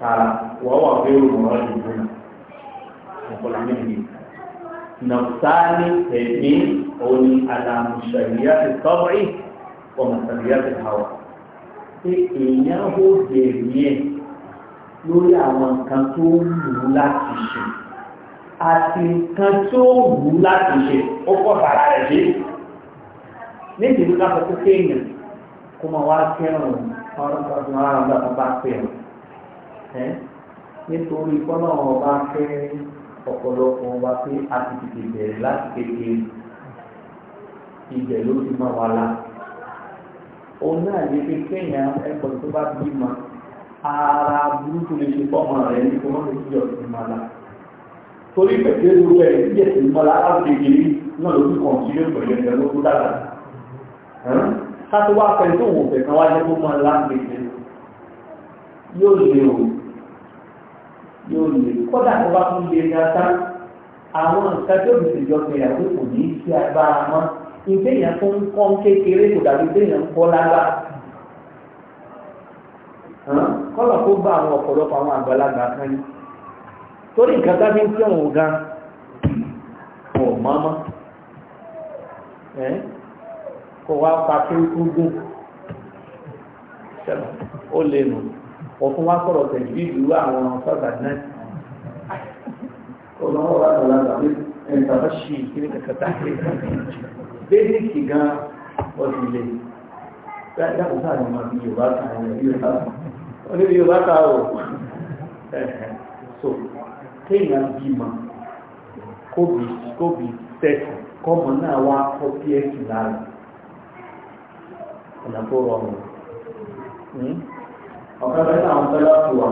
tààrà wọ́n wà pé òmùrán ìgbóná ọ̀pọ̀lọpọ̀ nàbùtáàlì ẹ̀mí òun àlàmùsàríyá ti tọ́wọ́rì ọmọsàríyá ti hàwà pé èèyàn ó bẹ̀rẹ̀ yẹn lórí àwọn nǹkan tó wù láti ṣe àti nǹkan tó wù láti ṣe ó kọ́ bàrà rẹ̀ ṣe níbi ìlú láti kó kéèyàn kó máa wá kẹrùn ọ̀rọ̀ ọdún ara ọgbà tó bá pè ọ́ nítorí kọ́nà ọba fẹ́ẹ́ ọ̀pọ̀lọpọ̀ wa pé a ti tètè bẹ̀rẹ̀ láti kékeré ibẹ̀ ló ti máa wà lá. òun náà lè fi kéèyàn ẹ̀kọ́ tó bá bímọ ara burúkú lè ṣe fọ́mọ rẹ̀ ní kó má lè fi ọ̀sìn máa lá. torí pẹ̀lú ewu ẹ̀ díẹ̀ tó máa lá láti kékeré náà ló fi kàn sí ilé pẹ̀lú ẹ̀jẹ̀ ló kú dàgbà. ká tó wá fẹ́ tó wò fẹ́ kan wá jẹ́ kó máa lá kékeré yóò lè o. yóò lè kódà tó bá tún lè àwọn nǹkan tó lè ṣèjọ pẹ̀lú àwọn kò ní í ṣe agbára mọ́ ìgbéyàn tó ń kékeré kò dàbí ń kọ́ lára kọ́lọ̀ kó bá àwọn ọ̀pọ̀lọpọ̀ àwọn àgbàlagbà kan torí nǹkan tá fi ń gan ọ̀ mọ́mọ́ kò wá pa kí ọ̀tún wá sọ̀rọ̀ tẹ̀jú ìlú àwọn ọ̀sọ́gbà náà ọlọ́wọ́ wà lọ́la tàbí ẹ̀ntàbá ṣì kí ní kàkàtà gan ọdún ilé dákùn sáà ni máa fi yorùbá ta ẹ̀yẹ yorùbá ta ọ níbi yorùbá ta so wa ọ̀kan tó ní àwọn tẹ́lá tó wà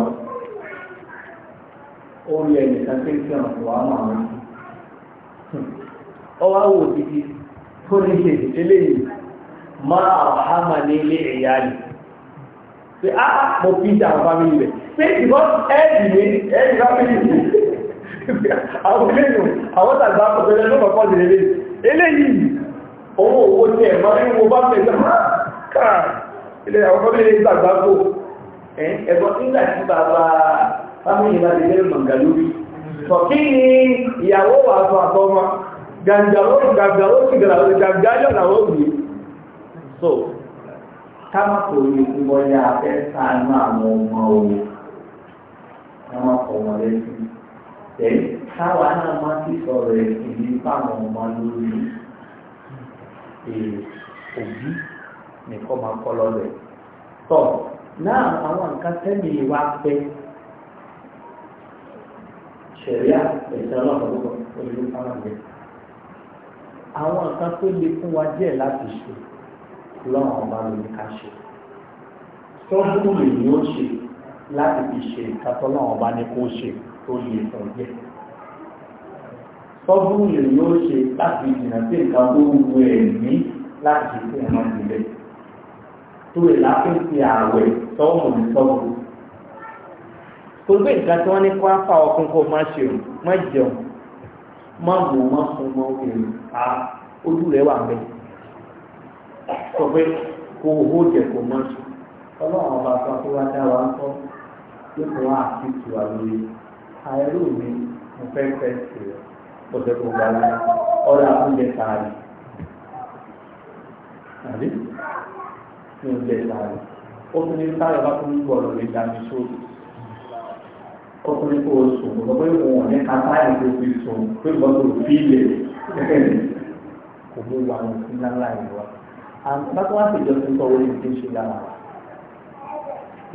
ó rí ẹnìkan kéńtìọ̀n tó wà mọ́ àwọn ọ wá wò títí tó ní ṣe eléyìí máa àhámà ní ilé ẹ̀yà rẹ̀ pé á mo fi ìjà àwọn fámìlì rẹ̀ pé ìbọn ẹ́ẹ̀dì ní ẹ́ẹ̀dì fámìlì rẹ̀ àwọn eléyìí àwọn tàgbà ọ̀pẹ̀lẹ̀ ló kọ̀kọ́ sí eléyìí eléyìí owó owó tí ẹ̀ máa ń wo bá fẹ̀ náà káà ilé àwọn fámìlì rẹ̀ ìgbàgbà tó Eh, ẹ̀gbọ́n nígbà tí bàbá fámìlì bá ti lérò mọ̀ǹgà lórí tọ̀ kí ni ìyàwó wà sọ àtọ́mọ gàǹgàwó gàǹgàwó òbí so ká má kò ní ìgbọ́ ya fẹ́ sànú àwọn ọmọ òun ká má kọ̀ wọ́n lẹ́sìn tẹ̀lé káwa náà má ti sọ̀rọ̀ ẹ̀sìn máa kọ́ lọ́lẹ̀ tọ́ náà àwọn nǹkan tẹ́lẹ̀ wá pẹ́ ṣẹ̀ríà ẹ̀sẹ̀ ọlọ́run lọ́wọ́ olùdó fáwọn ìgbẹ́. àwọn nǹkan tó le fún wa díẹ̀ láti ṣe lọ́wọ́ ọba ló ní ká ṣe. sọ́dún lè ní ó ṣe láti fi ṣe ìkàtọ́ lọ́wọ́ ọba ní kó ṣe tó le fún díẹ̀. sọ́dún lè ní ó ṣe láti jìnnà sí nǹkan tó wù ẹ̀mí láti fi ẹ̀rọ ìgbẹ́ ìwé láfíìsì ààwẹ̀ tọ́wọ́ mọ̀ ní tọ́wọ́ torípé nǹkan tí wọ́n ní kó á fà ọkùn kó má ṣe o má jẹun má mú má fún mọ́ èrò a ojú rẹ̀ wà bẹ́ẹ̀ sọ pé kó owó jẹ kó má ṣe ọlọ́run ọba kan tó wá dá wa ń tọ́ yóò wá àti ìtura lórí àìrò mi mo fẹ́ fẹ́ sí rẹ̀ ọ̀sẹ̀ kò gbà lára ọ̀rọ̀ àkúnjẹ tààrí ní oúnjẹ sáré ó tún ní sáré bá tún gbọ́ ọ̀rọ̀ lè dá mi sóòtù ó tún ní kó o sùn lọ pé òun ní kápá ẹ̀ tó fi sùn pé ìbọn tó fi lè kò ló wà ní sí ńláńlá yìí wá àbákọ́ wá sí ìjọsìn tó wọlé ní ṣe lára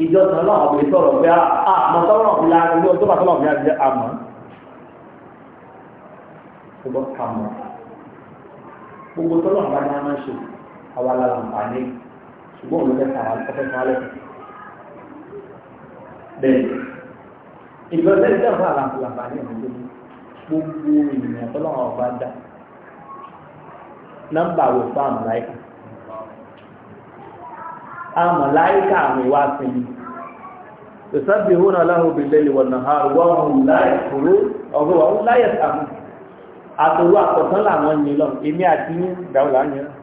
ìjọsìn ọlọ́run ọ̀gbìn sọ̀rọ̀ pé àmọ́ ah, sọ́rọ̀ ọ̀gbìn lára ní ọjọ́ bàtọ́ ọ̀gbìn lára àmọ́ gbogbo tọ́lọ̀ bá ní a ṣe àwa lára ń pa ní ṣùgbọ́n òun fẹ́ kàwá ọfẹ́ kàwá lẹ́sẹ̀. bẹ́ẹ̀ ìlọsẹ̀ ìjọ fún àlàfàlàfà ní ìlú gbogbo ènìyàn tó lọ́wọ́ ọba dá nọ́mbà wò fún àmàláìkà àmàláìkà àwọn ìwà sinmi ìsábìhún aláhùn bìlẹ̀ ìwọ̀n náà wọ́n hùn láì kúrú ọ̀gbọ̀n láyẹ̀ sàmù àtòrú àkọ̀tán làwọn yìí lọ èmi àti yín dáwọ̀ láyẹ̀ rẹ̀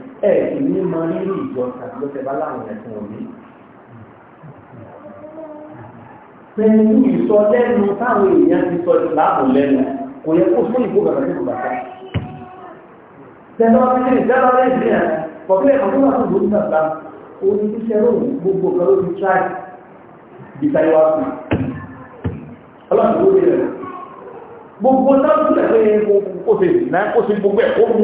ẹ ìní máa nínú ìjọ tàbí lọ́sẹ̀ bá láwọn ẹ̀sìn òní. pẹ̀lú ìsọlẹ́nu táwọn èèyàn ti sọ ìlàbò lẹ́nu kò yẹ kó fún ìbò bàbá tó bàbá. tẹ̀lé ọtí ní ìtẹ́lá lẹ́yìn ní ẹ̀ pọ̀kílẹ̀ kan tó wà fún ìbòmí bàbá orí iṣẹ́ lóhùn gbogbo kan ló ti tíráì ìtàyẹ̀wá fún ọlọ́run ló dé rẹ̀ gbogbo náà tún tẹ̀lé kó ṣe ìdìnnà kó ṣe gbogbo ẹ̀ kó mú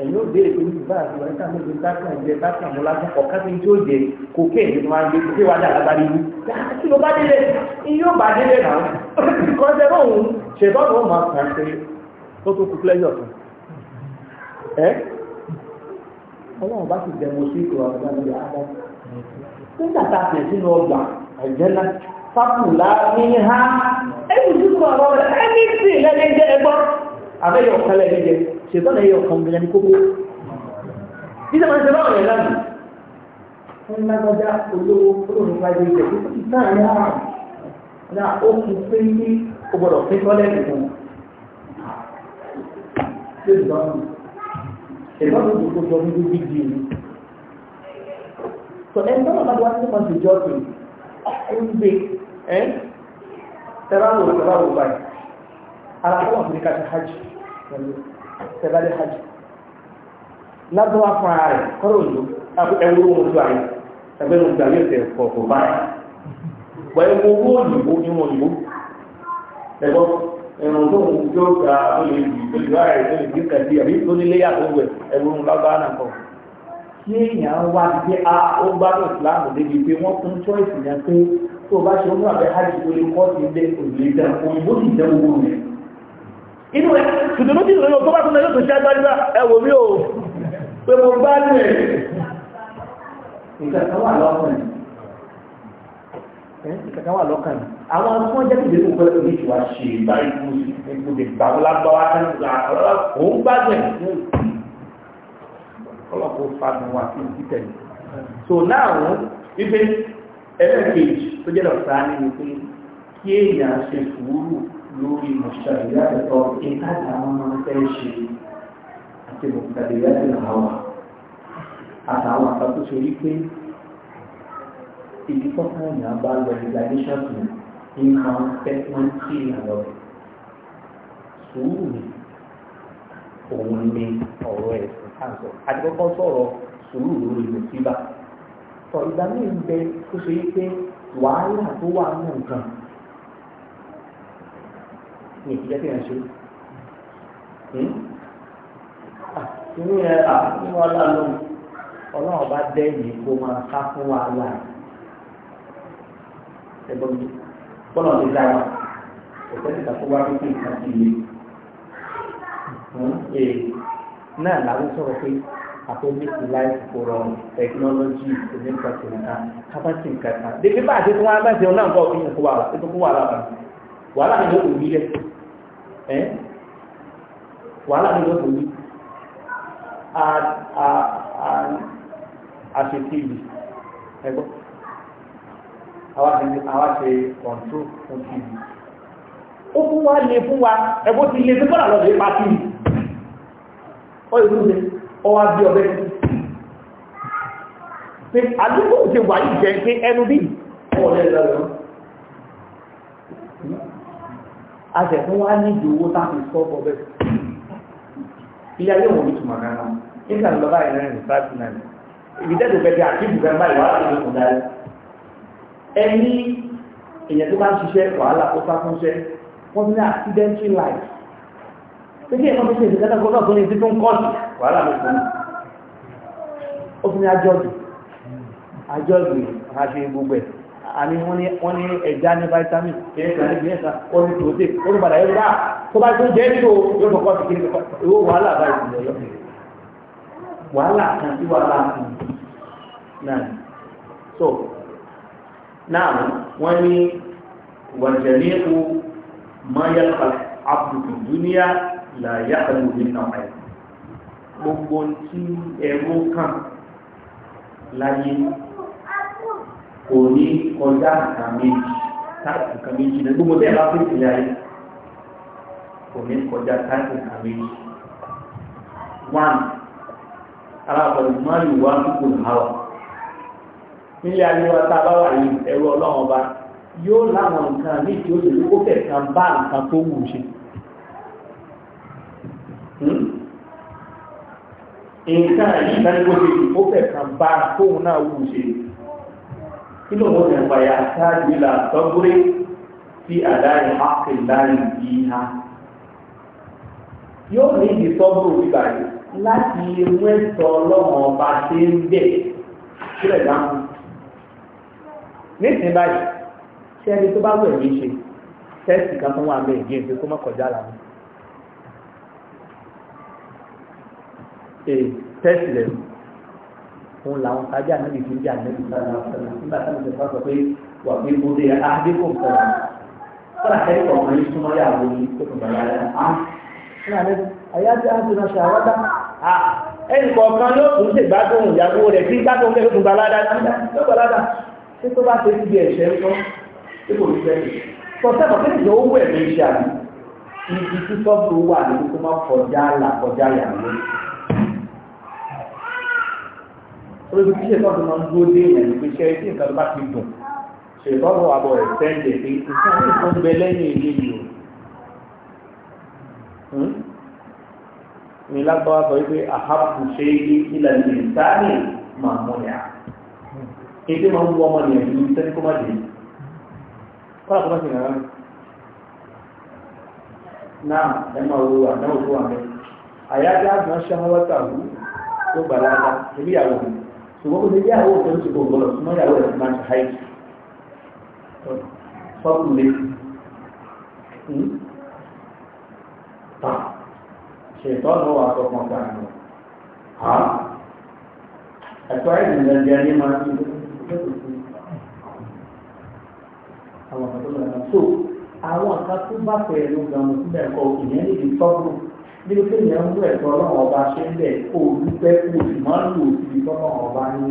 ẹ̀yin ó béèrè pé nígbà tí wọ́n ká méje dákàn jẹ dákàn mọ́ lásán ọ̀ká tí tí ó jẹ kókè ní máa gbé kókè wájà alábàárí yìí kí ló bá délé iye ó bá délé náà kọ́ńtẹ́ náà òun ṣètọ́ ni wọ́n máa kàn ṣe tó tó kú pẹ́jọ́ kan ẹ́ ọlọ́run bá ti dẹ̀mọ̀ sí ìtura ọ̀gá ìyá adam nígbà tá a tẹ̀ sínú ọgbà àjẹ́lá fábùlà ní ha ẹ̀yìn tí kò ọ̀rọ̀ rẹ̀ ẹ̀yìn tí ìlẹ́lẹ́jẹ́ ẹgbọ́n àbẹ́yọ̀ kẹlẹ́ ṣètọ́nà yẹ ọkàn gẹ̀gẹ̀ ní kókó nígbà máa ń ṣe báwọn yẹn láàbù wọ́n lágbájá olówó olóòrùn fúláìdé ìjẹ́ tó ti tán àárín àrùn ní àókùn pé ní o gbọ́dọ̀ pé tọ́lẹ̀tì fún ṣètọ́nà tó kó sọ fún bí bíi sọ ẹ tọ́nà bá wá sí ọmọ ìjọ pé ó gbé ẹ tẹ́ráwò tẹ́ráwò báyìí ara fọwọ́n ní ká ti pẹ̀lú tẹ̀bálẹ̀ hajj lábọ́ afọ́ra rẹ̀ kọ́rọ̀ òjò ẹwúrú ohun tó ayé ẹgbẹ́rún ìgbà yóò tẹ̀ kọ̀ọ̀kọ̀ báyìí wọ́n ẹwú owó òyìnbó ní wọn òyìnbó ẹgbọ́ ẹ̀rùn tó ń jó ga tó tí wá a ah, ó gbádùn ìsìláàmù débi pé choice yẹn inú ẹ̀ ṣùgbọ́n tí ìròyìn tó bá tún lẹ́yìn tó ṣe agbáríwá ẹwò mí o pé mo bá ní ẹ̀ ìkàkàwà lọ́kàn àwọn tí wọ́n jẹ́ ìdè tó pẹ́ ní ìwà ṣe báyìí mú sí ẹgbẹ́ òde gbàgbọ́lágbọ́wá kan ọ̀rọ̀ òun gbàgbẹ̀ ọlọ́pọ̀ fàánù wà sí ìdítẹ̀ so now ife ẹlẹ́kejì tó jẹ́ lọ́sàn-án ní pé kí èèyàn ṣe sùúrù lórí mọ̀ṣàlìyá ẹ̀tọ́ ìtàdà àwọn ọmọ ẹgbẹ́ ṣe àti mọ̀ṣàlìyá ti hàwà àtàwọn àtàkóso rí pé ibi tọ́ka ìyá bá lọ ìgbàdéṣà tó ní àwọn tẹ́kùn tí ìyàlọ́ sùúrù ni òun ni ọ̀rọ̀ ẹ̀sìn káàtó àti kọ́kọ́ sọ̀rọ̀ sùúrù lórí mùsíbà tọ̀ ìgbà míì ń bẹ kó ṣe yí wàhálà tó wà náà gan-an ní ìjẹ́ kí n ṣe hmm? ah, inú yẹn à ah, nínú ọlọ́run ọlọ́run bá dẹ́yìn kó máa ká fún wa láì ẹgbọ́n mi bọ́lá ti dá wa òtẹ́ ti tàkó wá pé kí nǹkan ti lè hmm? náà làwọn sọ̀rọ̀ pé atomic life forum technology ìdínkàtì nǹkan ah, kábàtì nǹkan kan dèbí bá àti tí wọn bá ti ọ náà ń bọ̀ wàhálà ni yóò wí lẹ̀ ẹ́ wàhálà ni yóò wí àṣetìlì ẹgbọ́ àwáṣe kọ̀ntró fún tìlì ó fún wá lè fún wa ẹgbó ti lè fífọ́nà lọ sí pàtìlì ó ìlú rẹ̀ ó wá bí ọbẹ̀ pé àdúgbò ti wà ní jẹ́ pé ẹnu bí ọ̀lẹ́lẹ́lẹ́ àtẹ̀tún wá ní ìdòwó táàkì sọ́pọ̀ bẹ́ẹ̀. ilé ayé wọn ní tùmọ̀ náà nígbà tó lọ́ba ìrìn rìn fáàtì náà ni ibi tẹ́tù bẹ̀rẹ̀ àti ìbùkẹ́ máa ìwà láti lókun dáa ẹni èèyàn tó bá ń ṣiṣẹ́ wàhálà ó sá fún iṣẹ́ wọ́n ti ní accidentary life pété ẹ̀kọ́ tó ṣe ìdíkátà gbọ́dọ̀ tó ní ti kọ́ọ̀tù wàhálà ló fún un ó fi ní ajọ́ọ̀dù ajọ́ọ̀dù àṣẹ gbogbo ẹ̀ àní wọ́n ní ẹja ní vitamin ẹ̀ẹ́sà ní ẹ̀ẹ́sà wọ́n ní protein wọ́n ní padà yóò rà tó bá tó jẹ́ nílò yóò kọ́kọ́ sí kiri kọ́kọ́ ìwọ wàhálà bá ìdílé yọ wàhálà kan sí wàhálà kan náà so náà wọ́n ní wàjẹ̀lẹ́kù mayalfa abdul duniya la yàtọ̀ ní nàá gbogbo tí ẹ̀rọ kan láyé kò ní kọjá nǹkan méjì táìpù nǹkan méjì ní gbogbo bẹ́ẹ̀ bá fèsì láyé kò ní kọjá táìpù nǹkan méjì. one alábọ̀dé máa yù wá dúkù náà nílé ayélujára tá a bá wà yìí ẹ̀rọ ọlọ́run ọba yóò láwọn nǹkan ní tí ó lè ló kókè kan bá nǹkan tó wù ṣe hmm? nǹkan yìí ìdánigbó ṣe kókè kan bá tóun náà wù ṣe kila wannan fa ya ta ila sabri fi adai haqqi lai fiha yóò ní ìdí sọ́bùrù gbígbà yìí láti mú ẹ̀tọ́ ọlọ́run ọba ṣe ń bẹ̀ sílẹ̀ dáhùn nísìnyí báyìí ṣé ẹni tó bá wù ẹ̀mí ṣe tẹ́sì kan tó wà ń bẹ e kó òun làwọn sáájà náà lè fi ń jà níbi sáájà ọ̀sán nígbà táwọn ìjọba sọ pé wà pé mo dé àdínkù sọ̀rọ̀ kọ́lá kẹ́rì kọ̀ọ̀kan yìí súnmọ́ yà wọ ní tó tún bàbá rẹ̀ á. àyà tí a ti rán ṣe àwọ́dá. ẹnì kọ̀ọ̀kan ló tún ṣe gbádùn ìyàwó rẹ̀ tí gbádùn kẹ́rì tún bàbá dáadáa ló bọ̀ ládàá ṣé olóògbé kí ṣètò ọ̀dọ́ máa ń dúró dé ìyẹn nípa iṣẹ́ tí nǹkan bá ti dùn ṣètò ọ̀rọ̀ àbọ̀ rẹ̀ tẹ́lẹ̀ pé nǹkan tí nǹkan bẹ lẹ́yìn ilé yìí o hmm? ní lágbára sọ wípé àhápù ṣe é ní ilẹ̀ ní ìsáàlì máa mọ̀ ní à èdè máa ń wọ ọmọ nìyẹn ní sẹ́ni kó má dé kọ́lá kó má dé nàrà náà ẹ máa wo àdáwò tó wà mẹ́ àyájá àgbọn ṣe wọn wọ́tà wú tó gbà lára torí àwọn òbí ṣùgbọ́n ó lè yá àwọn òṣèlú ti gbogbo lọ sí mọ́yàwó ẹ̀ máa ṣe háìkì sọ́kùn lè hmm? ta ṣètọ́ ló wà sọ fún ọ̀gá àná ha ẹ̀tọ́ ẹ̀yìn ìrìnàjẹ́ ní máa ń àwọn kan tó bá pẹ̀lú gan-an sílẹ̀ kọ ìyẹn lè di sọ́kùn nínú pé ìyẹn ń mú ẹ̀tọ́ ọlọ́run ọba ṣe ń bẹ̀ kó o dúpẹ́ kó o sì máa ń lò sí ìtọ́ ọlọ́run ọba ní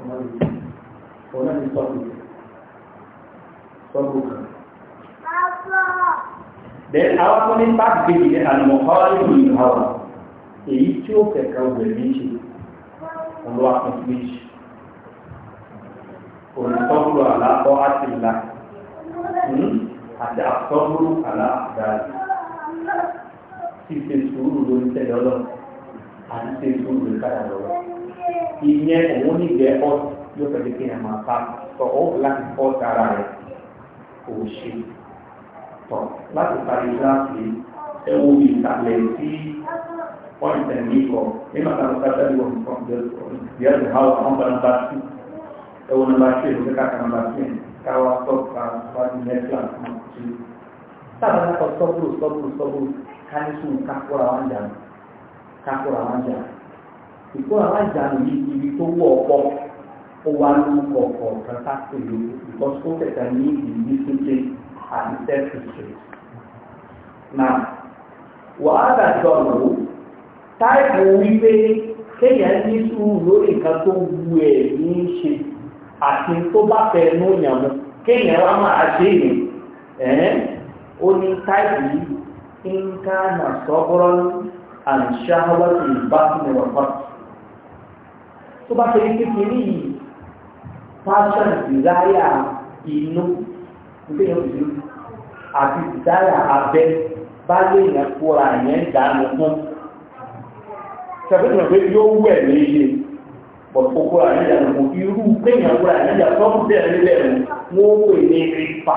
ọmọdé ọ̀nà ní sọ́ọ̀bù sọ́ọ̀bù kan. bẹ́ẹ̀ àwọn tó ní bá gbèdì ní àlùmọ̀ kọ́lá ní ìlú àwọn èyí tí ó kẹ̀kẹ́ wẹ̀ méjì ọlọ́ àpẹẹrẹ méjì olùtọ́gbùrù àlàkọ́ hmm? àti ìlà àti àtọ́gbùrù àlàkọ́ dáadáa tí ṣe sùúrù lórí tẹ̀lé ọlọ́ àti ṣe sùúrù lórí kádà lọ́wọ́. ìyẹn òun nígbẹ́ ọ́ yóò fẹ́ kí ẹ máa ká tọ̀ ọ́ láti fọ́ sára rẹ̀ kò ṣe tọ̀ láti parí láti ẹ wo bí ìsàlẹ̀ sí pọ́ìntẹ̀ ní kọ nínú àtàwọn sábẹ́ ìwọ̀n nǹkan the other house number number two ẹ wo number three ìwé kàkà number ten káwa tọ́ ká wá ní mẹ́tìlá nǹkan two. sábà náà kọ sọ́bùrù sọ́bùrù sọ́bùrù kánísù kákóra wá jà kákóra wá jà ìkóra wá jà ní ibi tó wọ ọ̀pọ̀ ó wá ní kọ̀ọ̀kọ̀ because ó tẹ̀ka ní ìdí sókè àti tẹ́sítì na wàhálà dọ̀nà ó táìpù wípé kéèyàn ní sùúrù lórí nǹkan tó wu ẹ̀ ní í ṣe àti tó in kana sabran an shahawati batni wa fat tó bá ṣe ní kékeré yìí passion desire inú nígbà yẹn kùsùn àti desire abẹ bá lè yẹn kóra yẹn dànù fún sàbẹ̀tì nàgbé yóò wẹ̀ léyè pọ̀pọ̀ kóra yẹn dànù irú kéèyàn yẹn dànù fún bẹ́ẹ̀ lé bẹ́ẹ̀ mú wọ́n wò ní ipa.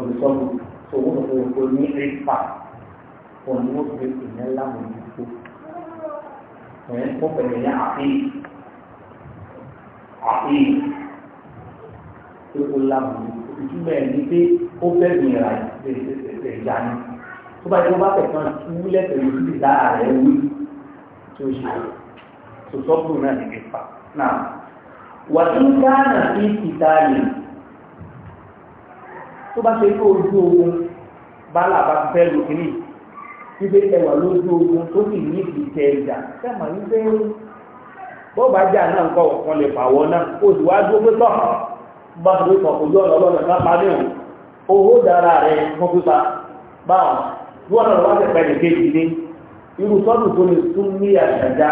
olùsọ́nù tó wọ́n tó wọ́n tó ní rípa wọn ni wọ́n fi ìyẹn láwọn ìdíkó ẹ̀ ń kó pẹ̀lú ní àfi àfi tó tó láwọn ìdíkó ìtumọ̀ ẹ̀ ní pé ó bẹ́ẹ̀ ní ìrà ìjà ni tó bá yẹ kó bá tẹ̀sán tú lẹ́sẹ̀ lójú ìdá rẹ̀ wí tó ṣe tó sọ́kùnrin náà ní rípa náà wàtí ń dáná sí ìtàlẹ̀ tó bá ṣe pé ojú ogun bálà bá fẹ́ lò kínní wípé ẹwà lójú ogun tó sì ní ìtẹ̀ ìjà sẹ́mà wípé bó bá jà náà kọ́ ọ̀kan lè pàwọ́ náà kó o sì wá dúró pé tọ́ bá tó sọ ojú ọ̀nà ọlọ́nà ká pa ní òun owó dára rẹ̀ fún pípa báwọn bí wọ́n náà wá tẹ̀ pẹ̀lú kéjì ní irú sọ́dún tó lè tún ní àṣàjá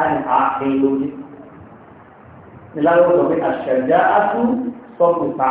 àni àkè lórí nílá pé àṣàjá á tún sọ́kùnta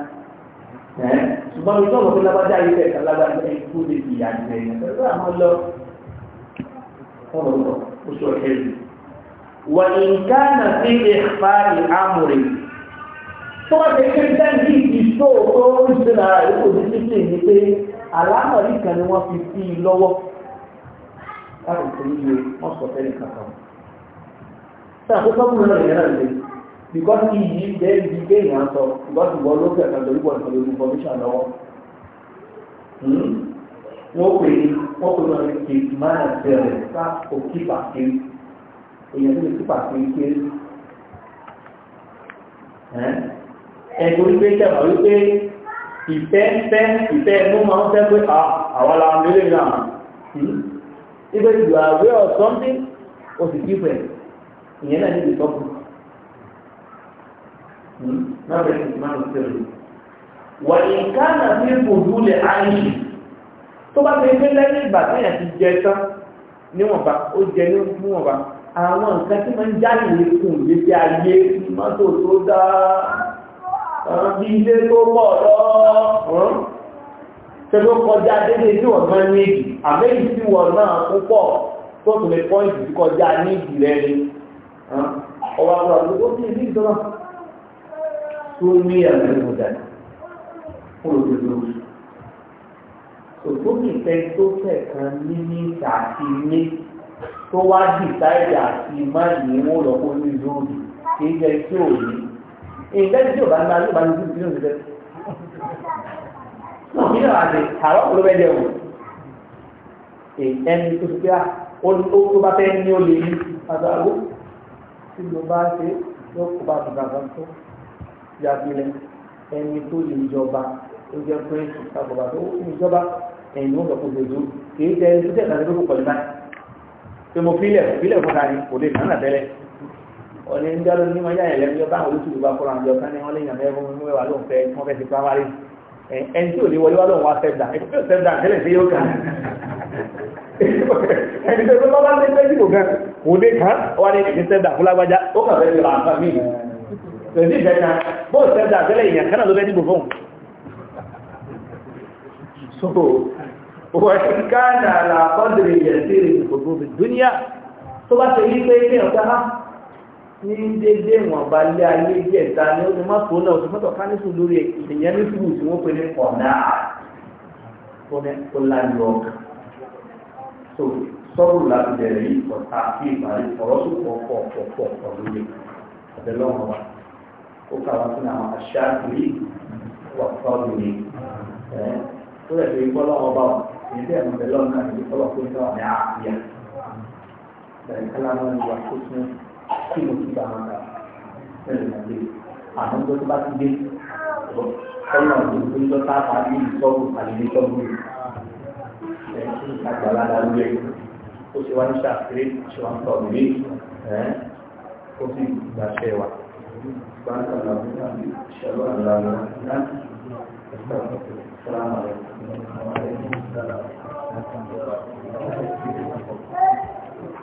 ṣùgbọ́n mi tọ́wọ́ pé lábájá yìí fẹ́ kálábá ní ikú lè fi ìyá jẹ ẹ̀rọ àmọ́ lọ ọ̀rọ̀ oṣù ẹ̀rù wà nǹkan náà sí ìfà ìhámùrè tó wá ṣe pé tẹ́ǹtì ìṣó tó ń ṣe lára ìkó ní títí ní pé àlámọ̀rí kan ni wọ́n fi sí i lọ́wọ́ láti ìpolówó wọn sọ fẹ́ nìkan kan. sáà kó sọ́kùnrin náà yẹn náà lè because iyì ń bẹ́ẹ̀ di kéèyàn answer. because he was ìwọ ló the kan for the information lọ́wọ́ hmm? wọ́n pè é wọ́n pè é kì í máa bẹ̀rẹ̀ sá òkè pàkiri èèyàn tó lè kí pàkiri kéré ẹ̀kọ́ wípé tẹ̀mà wípé ìfẹ́ fẹ́ ìfẹ́ ẹ̀mú máa ń fẹ́ pé àwọn la mẹ́lẹ̀ náà ibẹ̀ ìlú àwẹ́ or something ó sì kí pẹ̀ ìyẹn náà ní ìtọ́kùn náà bẹ̀rẹ̀ ìmáà ń tẹ̀lé wà ìkánà ní bòdú lè áyì tó bá fẹ́ pé lẹ́yìn ìgbà táyà ti jẹ tán níwọ̀nba ó jẹ níwọ̀nba àwọn nǹkan tí máa ń jáde lẹ́kùn létí ayé mọ́tò tó dáa bí ilé tó pọ̀ lọ tẹ́lẹ̀ hmm? kọjá dédé tí wọ́n máa ń ní ìdí àbẹ́yìn tí wọ́n náà púpọ̀ tó tún lè pọ́ìntì kọjá ní ìdí rẹ̀ ni hmm? ọwọ́ àwọn àgbẹ̀kọ́ sí ìdí ìjọba sólíà lóòdà olódodo òtókìtẹ tó kẹ̀kan níní tààtì ní tó wá dì táyà àti máàlì wọn lọ kó ní lóòdì kì í jẹ tí ò ní nǹkan tí ò bá ń bá yóò bá ní bíbí lóòdì lẹ. náà nínú àti àwọn ọ̀pọ̀lọpọ̀ ẹ̀jẹ̀ wò ẹni tó ti pé à ah, bá fẹ́ ní ó ní àgbà tí mo bá ṣe yóò bá bùkà kan tó jábílẹ̀ ẹni tó lè jọba ó jẹ́ prince ìtàkùnbà tó ń jọba ẹ̀yìn ó lọ́kùn dòdò kì í tẹ́lẹ̀ tó tẹ̀lé tó kọ̀ nípa pé mo fílẹ̀ fílẹ̀ fúnra ni kò lè nánà tẹ́lẹ̀ ọ̀nà ń dá lónìí máa yáyẹ̀ lẹ́nu yọba àwọn olùsùn ìgbà fúnra àjọ kan ní wọ́n lè yàn mẹ́fún mẹ́wàá ló ń fẹ́ wọ́n fẹ́ ti primary ẹni tí ò lè wọlé wá lóun wá sẹ́fdà ẹ̀kọ́ sẹ́fdà tẹ́lẹ̀ sí yóò kà ẹni tó lọ́wọ́ bá lé pẹ̀lú ìfẹ́ta bóò sẹ́ta àtẹ́lẹ̀ ìyàn kánà ló bẹ́ dìbò so wọ́n kánà àlàkọ́dìrì yẹ̀ sí ìgbògbò dúníà tó bá ṣe wípé ilé ọ̀tá ní dédé wọn bá lé ayé jẹ́ ìta ní ó ní má tó náà òṣùmọ́tò kánísù lórí ìyẹn ní fúù tí so sọ́rù láti bẹ̀rẹ̀ yìí ọ̀tá sí ìparí ọ̀rọ̀ sùn pọ̀ ó kà wá sínú àwọn aṣáájúrí wà tọ́lù ni tó lè fi gbọ́ lọ́wọ́ bá èyí tẹ̀ mọ̀ pẹ̀lú ọ̀nà àti ìfọwọ́ pé sọ àmì àbíyá bẹ̀rẹ̀ kálá náà wà tó tún kí mo ti bá wọn kà pẹ̀lú ìgbàgbé àwọn tó tó bá ti dé ọ̀nà òdòdó tó ń lọ sáfà ní ìsọ́gbù àlejò sọ́gbù ẹ̀ ń gbàgbà lálẹ́ ó ṣe wá ní ṣàkéré ṣe wá ń tọ̀ nílé ó sì gbàṣẹ wa. بعد الله أشهد أن لا إله إلا أنت أستغفرك السلام عليكم وعليكم السلام
ورحمة الله وبركاته